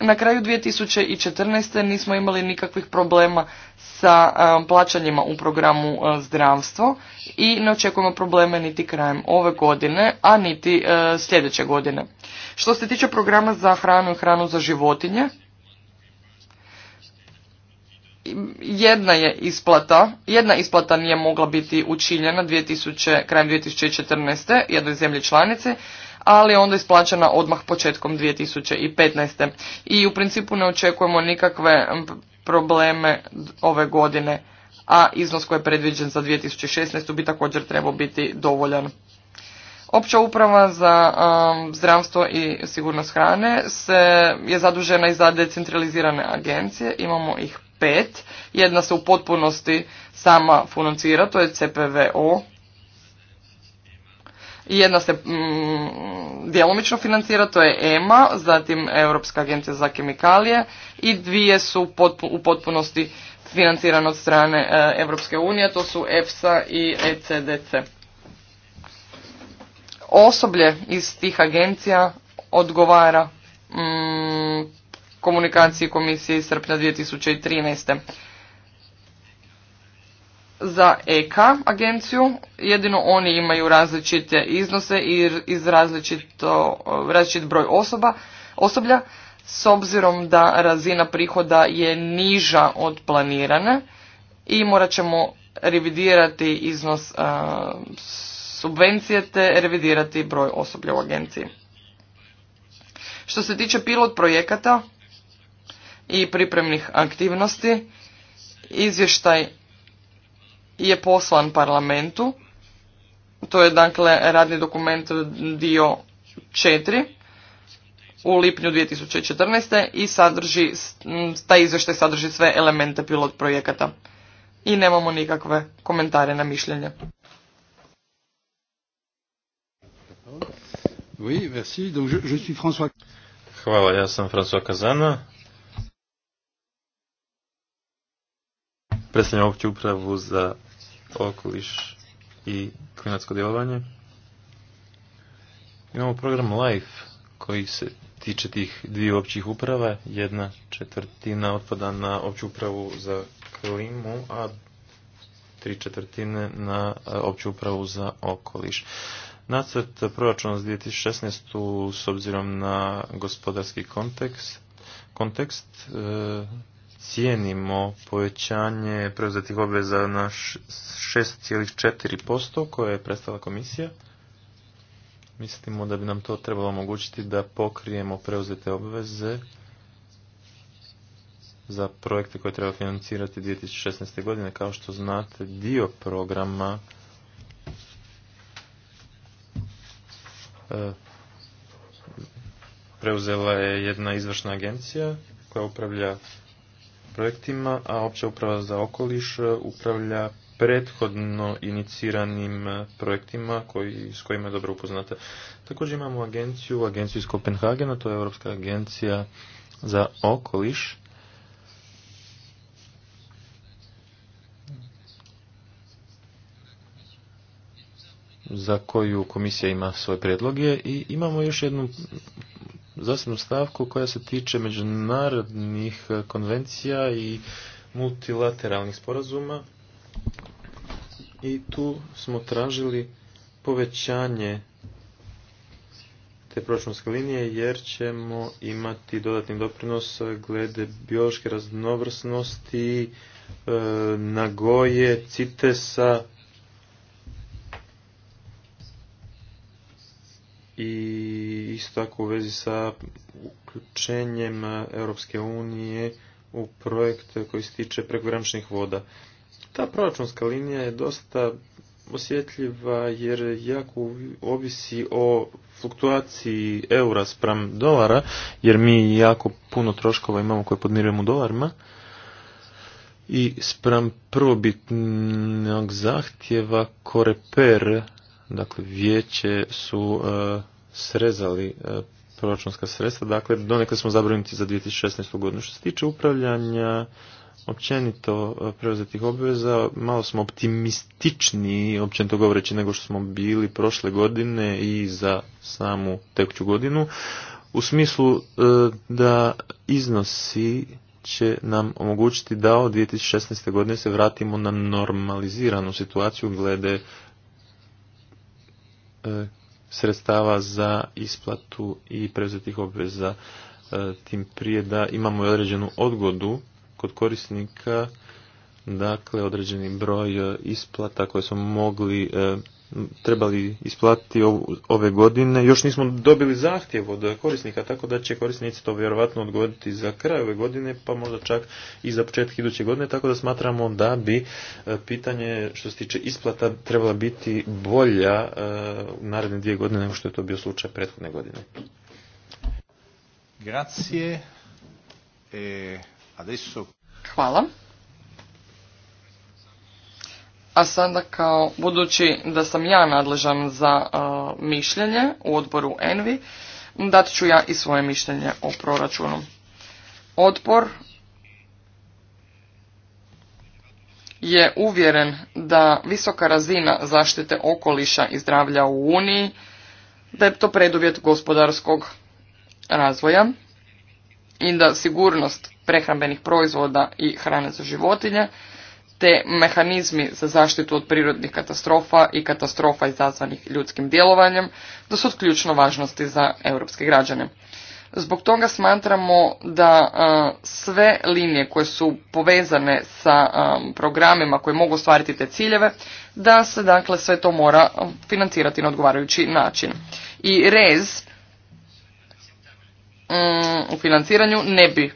na kraju 2014. nismo imali nikakvih problema sa um, plaćanjima u programu uh, zdravstvo i ne očekujemo probleme niti krajem ove godine, a niti uh, sljedeće godine. Što se tiče programa za hranu i hranu za životinje, jedna je isplata, jedna isplata nije mogla biti učinjena krajem 2014. jednoj zemlji članice ali je onda isplaćena odmah početkom 2015. I u principu ne očekujemo nikakve probleme ove godine, a iznos koji je predviđen za 2016. bi također trebao biti dovoljan. Opća uprava za zdravstvo i sigurnost hrane se je zadužena i za decentralizirane agencije. Imamo ih pet. Jedna se u potpunosti sama financira, to je CPVO jedna se mm, djelomično financira, to je EMA, zatim Europska agencija za kemikalije i dvije su u potpunosti financirane od strane e, Europske unije, to su EFSA i ECDC. Osoblje iz tih agencija odgovara mm, komunikaciji komisije iz srpnja 2013 za EK agenciju, jedino oni imaju različite iznose i iz različito, različit broj osoba, osoblja, s obzirom da razina prihoda je niža od planirane i morat ćemo revidirati iznos subvencije te revidirati broj osoblja u agenciji. Što se tiče pilot projekata i pripremnih aktivnosti, izvještaj je poslan parlamentu. To je dakle radni dokument dio 4 u lipnju 2014. i sadrži, taj izvještaj sadrži sve elemente pilot projekata. I nemamo nikakve komentare na mišljenje. Oui, merci. Donc je, je suis François. Hvala, ja sam François Kazana. Predstavljam opću upravu za okoliš i klimatsko djelovanje. Imamo program LIFE koji se tiče tih dvije općih uprava. Jedna četvrtina otpada na opću upravu za klimu, a tri četvrtine na opću upravu za okoliš. Nacrt proračuna za 2016. s obzirom na gospodarski kontekst, kontekst e, cijenimo povećanje preuzetih obveza na 6,4% koje je predstavila komisija. Mislimo da bi nam to trebalo omogućiti da pokrijemo preuzete obveze za projekte koje treba financirati 2016. godine. Kao što znate, dio programa e, preuzela je jedna izvršna agencija koja upravlja projektima, a opća uprava za okoliš e, upravlja prethodno iniciranim e, projektima koji, s kojima je dobro upoznate. Također imamo agenciju, agenciju iz Kopenhagena, to je Europska agencija za okoliš. za koju komisija ima svoje predloge i imamo još jednu zasebnu stavku koja se tiče međunarodnih e, konvencija i multilateralnih sporazuma i tu smo tražili povećanje te proračunske linije jer ćemo imati dodatni doprinos glede biološke raznovrsnosti, e, nagoje, citesa, i isto tako u vezi sa uključenjem Europske unije u projekt koji se tiče prekograničnih voda. Ta proračunska linija je dosta osjetljiva jer jako ovisi o fluktuaciji eura spram dolara, jer mi jako puno troškova imamo koje podmirujemo dolarima. I spram prvobitnog zahtjeva koreper dakle vijeće su e, srezali e, proračunska sredstva, dakle donekle smo zabrinuti za 2016. godinu. Što se tiče upravljanja općenito e, preuzetih obveza, malo smo optimistični, općenito govoreći, nego što smo bili prošle godine i za samu tekuću godinu, u smislu da iznosi će nam omogućiti da od 2016. godine se vratimo na normaliziranu situaciju glede E, sredstava za isplatu i preuzetih obveza e, tim prije da imamo određenu odgodu kod korisnika dakle određeni broj e, isplata koje smo mogli trebali isplatiti ove godine. Još nismo dobili zahtjev od korisnika, tako da će korisnici to vjerovatno odgoditi za kraj ove godine, pa možda čak i za početak iduće godine, tako da smatramo da bi e, pitanje što se tiče isplata trebala biti bolja u e, naredne dvije godine nego što je to bio slučaj prethodne godine. Grazie. E, Hvala. A sada kao, budući da sam ja nadležan za uh, mišljenje u odboru Envi, dat ću ja i svoje mišljenje o proračunu. Odbor je uvjeren da visoka razina zaštite okoliša i zdravlja u Uniji, da je to preduvjet gospodarskog razvoja i da sigurnost prehrambenih proizvoda i hrane za životinje te mehanizmi za zaštitu od prirodnih katastrofa i katastrofa izazvanih ljudskim djelovanjem da su od ključno važnosti za europske građane. Zbog toga smatramo da sve linije koje su povezane sa programima koji mogu ostvariti te ciljeve, da se dakle sve to mora financirati na odgovarajući način. I rez mm, u financiranju ne bi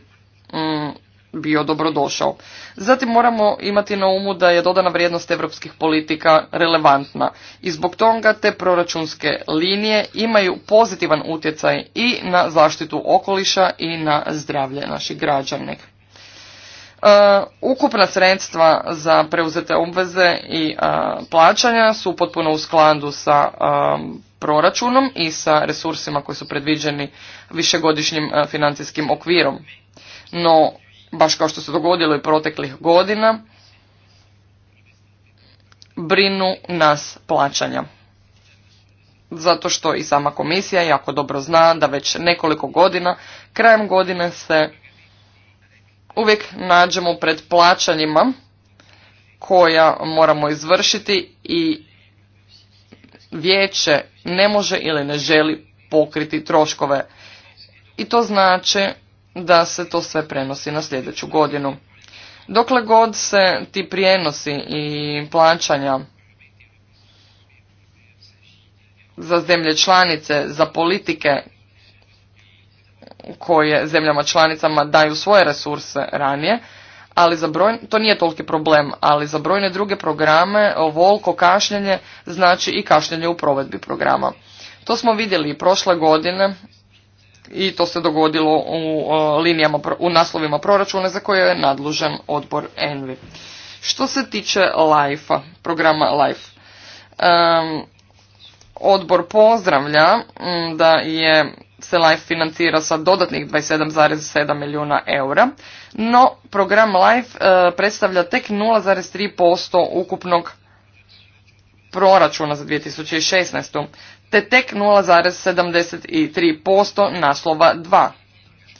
mm, bio dobrodošao. Zatim moramo imati na umu da je dodana vrijednost europskih politika relevantna i zbog toga te proračunske linije imaju pozitivan utjecaj i na zaštitu okoliša i na zdravlje naših građana. E, ukupna sredstva za preuzete obveze i e, plaćanja su potpuno u skladu sa e, proračunom i sa resursima koji su predviđeni višegodišnjim financijskim okvirom. No, baš kao što se dogodilo i proteklih godina, brinu nas plaćanja. Zato što i sama komisija jako dobro zna da već nekoliko godina, krajem godine se uvijek nađemo pred plaćanjima koja moramo izvršiti i vijeće ne može ili ne želi pokriti troškove. I to znači da se to sve prenosi na sljedeću godinu. Dokle god se ti prijenosi i plaćanja za zemlje članice, za politike koje zemljama članicama daju svoje resurse ranije, ali za broj, to nije toliki problem, ali za brojne druge programe volko, kašnjenje znači i kašnjenje u provedbi programa. To smo vidjeli i prošle godine i to se dogodilo u e, linijama, u naslovima proračuna za koje je nadlužen odbor Envi. Što se tiče life programa Life, um, odbor pozdravlja da je se Life financira sa dodatnih 27,7 milijuna eura, no program Life e, predstavlja tek 0,3% ukupnog proračuna za 2016 te tek 0,73% naslova 2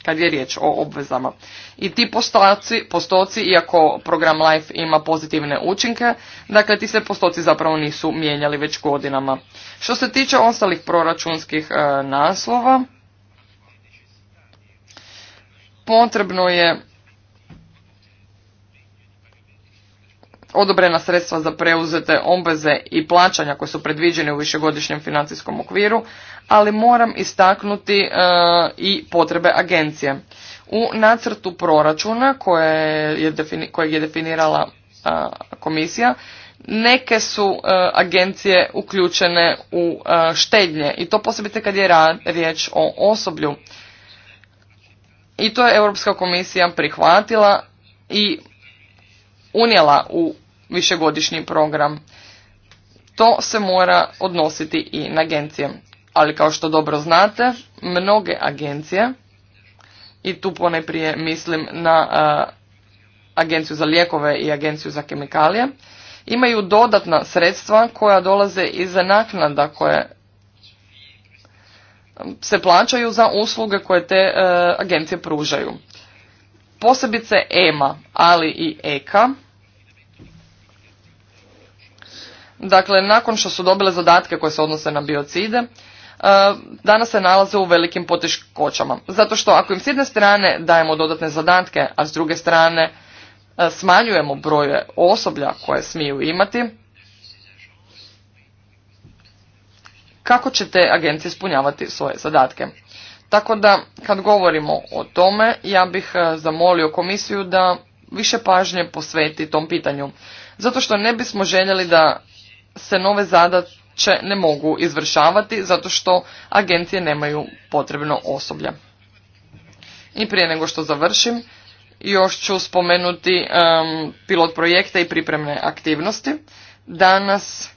kad je riječ o obvezama. I ti postoci, postoci, iako program LIFE ima pozitivne učinke, dakle ti se postoci zapravo nisu mijenjali već godinama. Što se tiče ostalih proračunskih e, naslova, potrebno je odobrena sredstva za preuzete obveze i plaćanja koje su predviđene u višegodišnjem financijskom okviru, ali moram istaknuti e, i potrebe agencije. U nacrtu proračuna koje je kojeg je definirala e, komisija, neke su e, agencije uključene u štednje i to posebite kad je riječ o osoblju. I to je Europska komisija prihvatila i unijela u višegodišnji program. To se mora odnositi i na agencije. Ali kao što dobro znate, mnoge agencije, i tu poneprije mislim na agenciju za lijekove i agenciju za kemikalije, imaju dodatna sredstva koja dolaze iz naknada koje se plaćaju za usluge koje te e, agencije pružaju. Posebice EMA, ali i EKA, Dakle, nakon što su dobile zadatke koje se odnose na biocide, e, danas se nalaze u velikim poteškoćama. Zato što ako im s jedne strane dajemo dodatne zadatke, a s druge strane e, smanjujemo broje osoblja koje smiju imati, kako će te agencije ispunjavati svoje zadatke. Tako da, kad govorimo o tome, ja bih e, zamolio komisiju da više pažnje posveti tom pitanju. Zato što ne bismo željeli da se nove zadaće ne mogu izvršavati zato što agencije nemaju potrebno osoblja. I prije nego što završim, još ću spomenuti pilot projekte i pripremne aktivnosti. Danas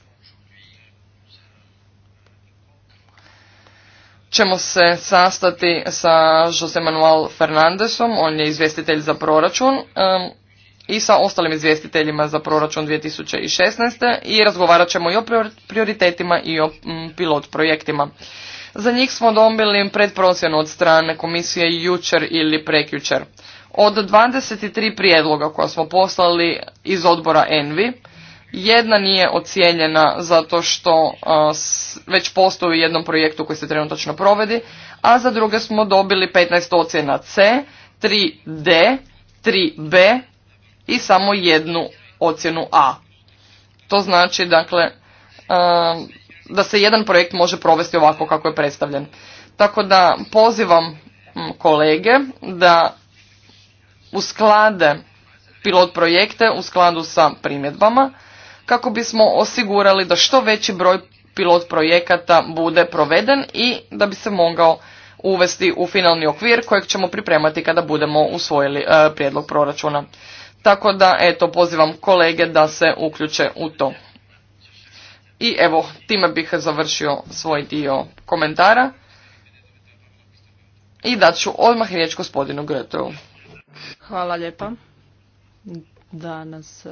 ćemo se sastati sa Jose Manuel Fernandesom, on je izvjestitelj za proračun. Um, i sa ostalim izvjestiteljima za proračun 2016. i razgovarat ćemo i o prioritetima i o mm, pilot projektima. Za njih smo dobili pretprocjenu od strane komisije jučer ili prekjučer. Od 23 prijedloga koja smo poslali iz odbora Envi, jedna nije ocijenjena zato što već postoji u jednom projektu koji se trenutačno provodi, a za druge smo dobili 15 ocjena C, 3D, 3B i samo jednu ocjenu A. To znači dakle um, da se jedan projekt može provesti ovako kako je predstavljen. Tako da pozivam mm, kolege da usklade pilot projekte u skladu sa primjedbama kako bismo osigurali da što veći broj pilot projekata bude proveden i da bi se mogao uvesti u finalni okvir kojeg ćemo pripremati kada budemo usvojili e, prijedlog proračuna. Tako da, eto, pozivam kolege da se uključe u to. I evo, time bih završio svoj dio komentara i daću ću odmah riječ gospodinu Gretu. Hvala lijepa. Danas e,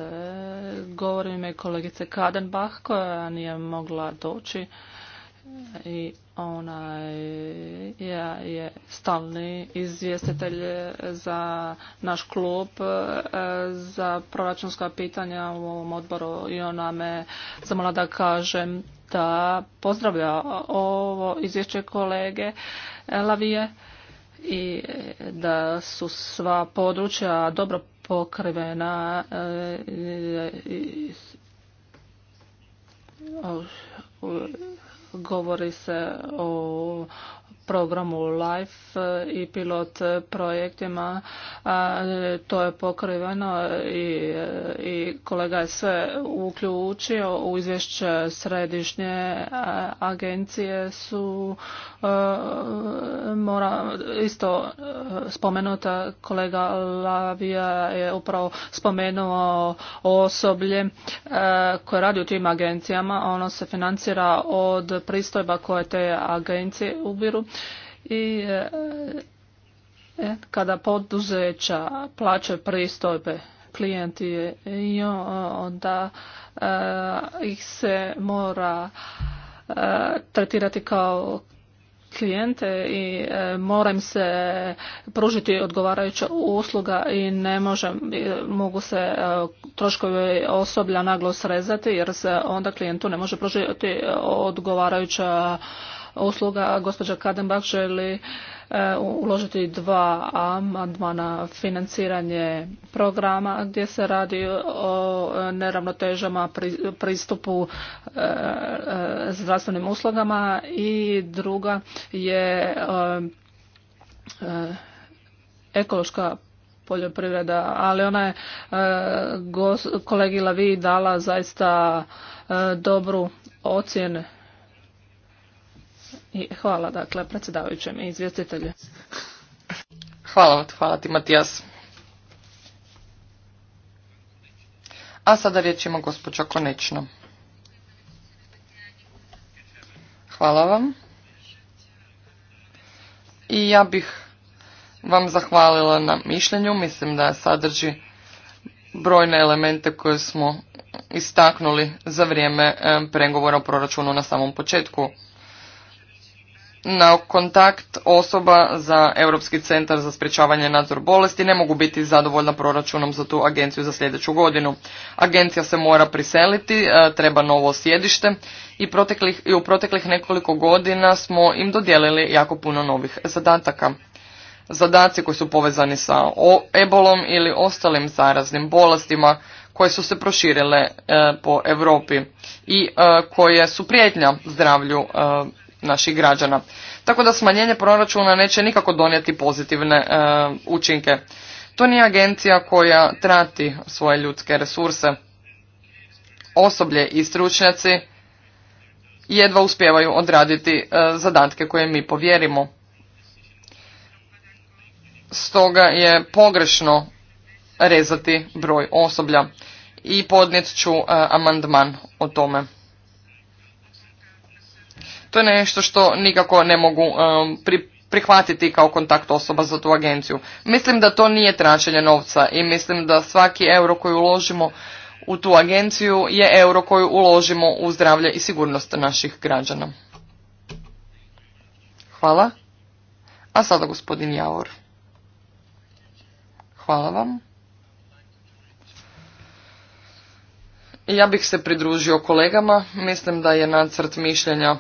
govorim ime kolegice Kadenbach koja nije mogla doći i ona je, je stalni izvjestitelj za naš klub e, za proračunska pitanja u ovom odboru i ona me zamola da kažem da pozdravlja ovo izvješće kolege Lavije i da su sva područja dobro pokrivena e, govori se o programu LIFE e, i pilot projektima e, to je pokriveno e, i, kolega je sve uključio u izvješće središnje agencije su mora isto spomenuta kolega Lavija je upravo spomenuo osoblje koje radi u tim agencijama ono se financira od pristojba koje te agencije ubiru i e, e, kada poduzeća plaćaju pristojbe klijenti i onda e, ih se mora tretirati kao klijente i mora se pružiti odgovarajuća usluga i ne može, mogu se troškovi osoblja naglo srezati jer se onda klijentu ne može pružiti odgovarajuća usluga. Gospođa Kadenbach želi e, uložiti dva amandmana financiranje programa gdje se radi o e, neravnotežama pristupu e, zdravstvenim uslugama i druga je ekološka poljoprivreda, ali ona je kolegi Lavi dala zaista dobru ocjenu i hvala, dakle, predsjedavajućem i izvjestitelju. Hvala, hvala ti, Matijas. A sada riječ ima gospođa Konečno. Hvala vam. I ja bih vam zahvalila na mišljenju. Mislim da sadrži brojne elemente koje smo istaknuli za vrijeme pregovora o proračunu na samom početku na kontakt osoba za Europski centar za sprječavanje nadzor bolesti ne mogu biti zadovoljna proračunom za tu agenciju za sljedeću godinu. Agencija se mora priseliti, e, treba novo sjedište i, proteklih, i u proteklih nekoliko godina smo im dodijelili jako puno novih zadataka. Zadaci koji su povezani sa ebolom ili ostalim zaraznim bolestima koje su se proširile e, po Europi i e, koje su prijetnja zdravlju naših građana. Tako da smanjenje proračuna neće nikako donijeti pozitivne e, učinke. To nije agencija koja trati svoje ljudske resurse. Osoblje i stručnjaci jedva uspijevaju odraditi e, zadatke koje mi povjerimo. Stoga je pogrešno rezati broj osoblja i podnijet ću e, amandman o tome. To je nešto što nikako ne mogu um, prihvatiti kao kontakt osoba za tu agenciju. Mislim da to nije tračenje novca i mislim da svaki euro koji uložimo u tu agenciju je euro koju uložimo u zdravlje i sigurnost naših građana. Hvala. A sada gospodin Javor. Hvala vam. Ja bih se pridružio kolegama. Mislim da je nacrt mišljenja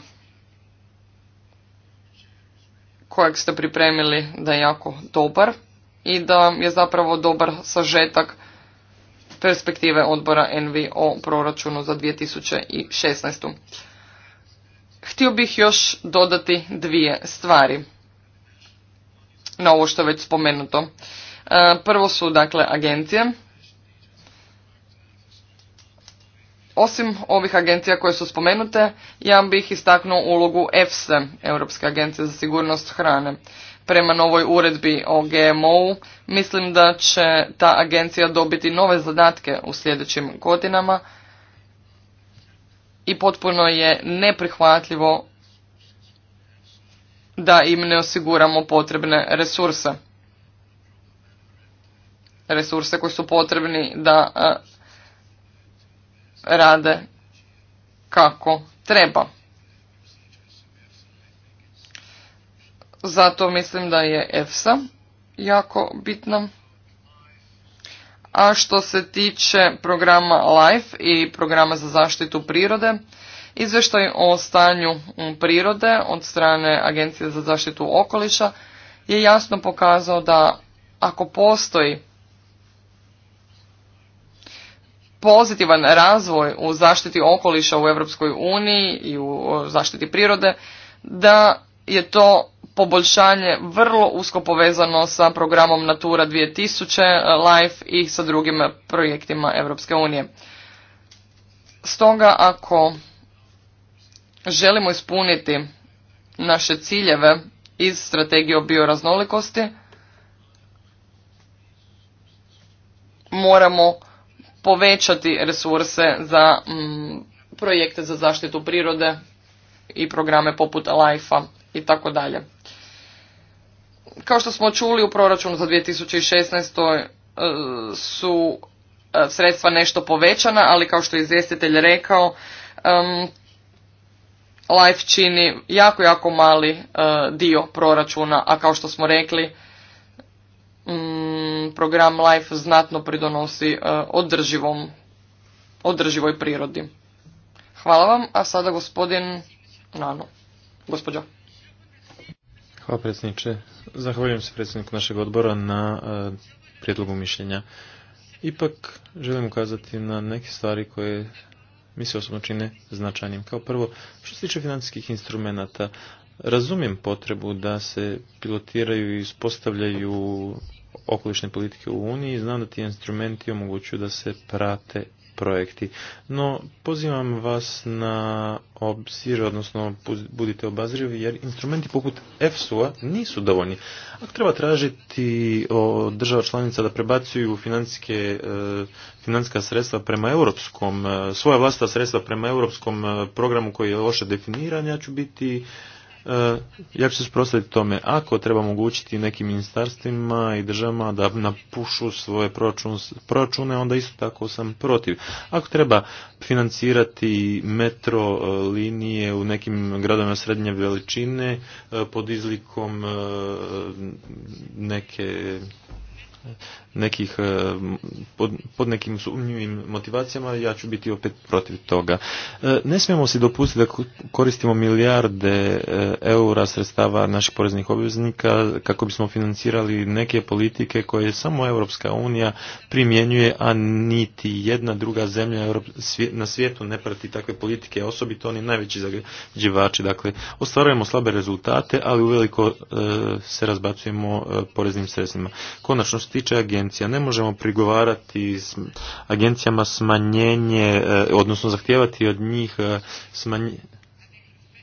kojeg ste pripremili da je jako dobar i da je zapravo dobar sažetak perspektive odbora NV o proračunu za 2016. Htio bih još dodati dvije stvari na ovo što je već spomenuto. E, prvo su dakle agencije. Osim ovih agencija koje su spomenute, ja bih istaknuo ulogu EFSA, Europske agencije za sigurnost hrane. Prema novoj uredbi o GMO-u, mislim da će ta agencija dobiti nove zadatke u sljedećim godinama i potpuno je neprihvatljivo da im ne osiguramo potrebne resurse. Resurse koji su potrebni da rade kako treba. Zato mislim da je EFSA jako bitna. A što se tiče programa LIFE i programa za zaštitu prirode, izvještaj o stanju prirode od strane Agencije za zaštitu okoliša je jasno pokazao da ako postoji pozitivan razvoj u zaštiti okoliša u Europskoj uniji i u zaštiti prirode, da je to poboljšanje vrlo usko povezano sa programom Natura 2000, e, LIFE i sa drugim projektima Europske unije. Stoga ako želimo ispuniti naše ciljeve iz strategije o bioraznolikosti, moramo povećati resurse za mm, projekte za zaštitu prirode i programe poput Life-a i tako dalje. Kao što smo čuli u proračunu za 2016. E, su e, sredstva nešto povećana, ali kao što je izvjestitelj rekao, Life čini jako, jako mali e, dio proračuna, a kao što smo rekli, Mm, program LIFE znatno pridonosi e, održivom, održivoj prirodi. Hvala vam, a sada gospodin Nano. Gospodja. Hvala predsjedniče. Zahvaljujem se predsjedniku našeg odbora na e, prijedlogu mišljenja. Ipak želim ukazati na neke stvari koje mi se osobno čine značajnim. Kao prvo, što se tiče financijskih instrumenata, razumijem potrebu da se pilotiraju i uspostavljaju okolišne politike u Uniji. Znam da ti instrumenti omogućuju da se prate projekti. No, pozivam vas na obzir, odnosno budite obazrivi, jer instrumenti poput EFSU-a nisu dovoljni. Ako treba tražiti od država članica da prebacuju financijske, e, financijska sredstva prema europskom, e, svoja vlasta sredstva prema europskom e, programu koji je loše definiran, ja ću biti E, ja ću se suprotstaviti tome. Ako treba omogućiti nekim ministarstvima i državama da napušu svoje proračune, onda isto tako sam protiv. Ako treba financirati metro e, linije u nekim gradovima srednje veličine e, pod izlikom neke nekih, e, pod, pod nekim sumnjivim motivacijama, ja ću biti opet protiv toga. E, ne smijemo se dopustiti da koristimo milijarde e, eura sredstava naših poreznih obveznika kako bismo financirali neke politike koje samo Europska unija primjenjuje, a niti jedna druga zemlja na svijetu ne prati takve politike, osobito oni najveći zagađivači. Dakle, ostvarujemo slabe rezultate, ali uveliko se razbacujemo poreznim sredstvima. Konačno, tiče agencija, ne možemo prigovarati s agencijama smanjenje, e, odnosno zahtijevati od njih e, smanjenje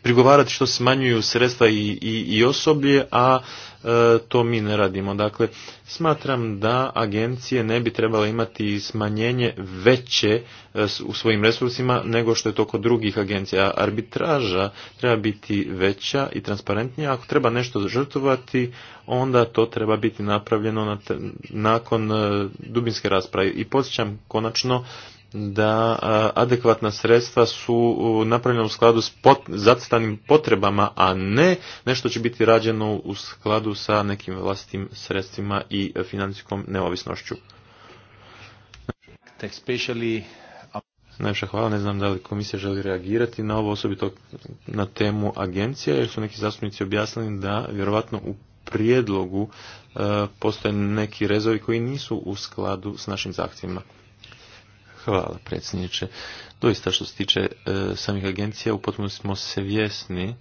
prigovarati što smanjuju sredstva i, i, osoblje, a e, to mi ne radimo. Dakle, smatram da agencije ne bi trebale imati smanjenje veće e, u svojim resursima nego što je to kod drugih agencija. Arbitraža treba biti veća i transparentnija. Ako treba nešto žrtvovati, onda to treba biti napravljeno nakon e, dubinske rasprave. I podsjećam konačno da adekvatna sredstva su napravljena u skladu s pot, potrebama, a ne nešto će biti rađeno u skladu sa nekim vlastitim sredstvima i financijskom neovisnošću. Um, Najviše hvala, ne znam da li komisija želi reagirati na ovo, osobito na temu agencije, jer su neki zastupnici objasnili da vjerovatno u prijedlogu e, postoje neki rezovi koji nisu u skladu s našim zahtjevima. Hvala predsjedniče. Doista što se tiče e, samih agencija, upotpuno smo svjesni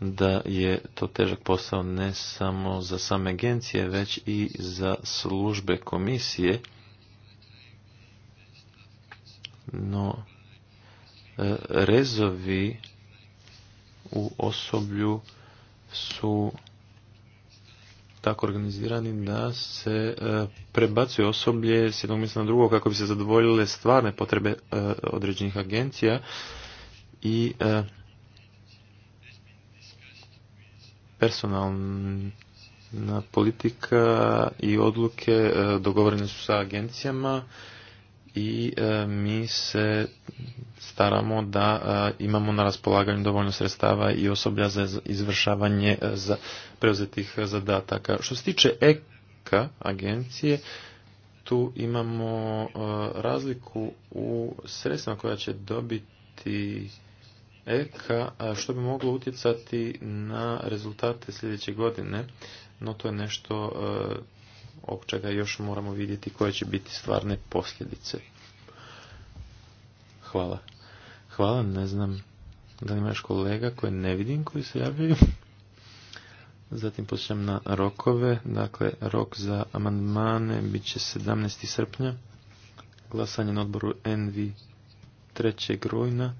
da je to težak posao ne samo za same agencije, već i za službe komisije. No, e, rezovi u osoblju su tako organizirani da se e, prebacuje osoblje s jednog mjesta na drugo kako bi se zadovoljile stvarne potrebe e, određenih agencija i e, personalna politika i odluke dogovorene su sa agencijama i e, mi se staramo da e, imamo na raspolaganju dovoljno sredstava i osoblja za izvršavanje e, za preuzetih zadataka. Što se tiče EKA agencije, tu imamo razliku u sredstvima koja će dobiti EKA, što bi moglo utjecati na rezultate sljedeće godine, no to je nešto ovog čega još moramo vidjeti koje će biti stvarne posljedice. Hvala. Hvala, ne znam da li imaš kolega koje ne vidim koji se javljaju. Zatim poslijem na rokove. Dakle, rok za amandmane bit će 17. srpnja. Glasanje na odboru NV 3. rujna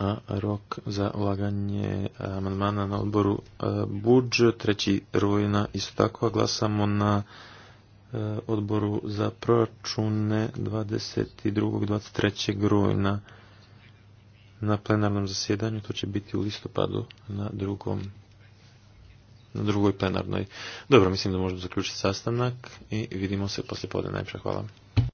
a rok za ulaganje e, amandmana na odboru e, Budž, treći rujna, isto tako, a glasamo na e, odboru za proračune 22. 23. rujna na plenarnom zasjedanju, to će biti u listopadu na drugom na drugoj plenarnoj. Dobro, mislim da možemo zaključiti sastanak i vidimo se poslije podne. hvala.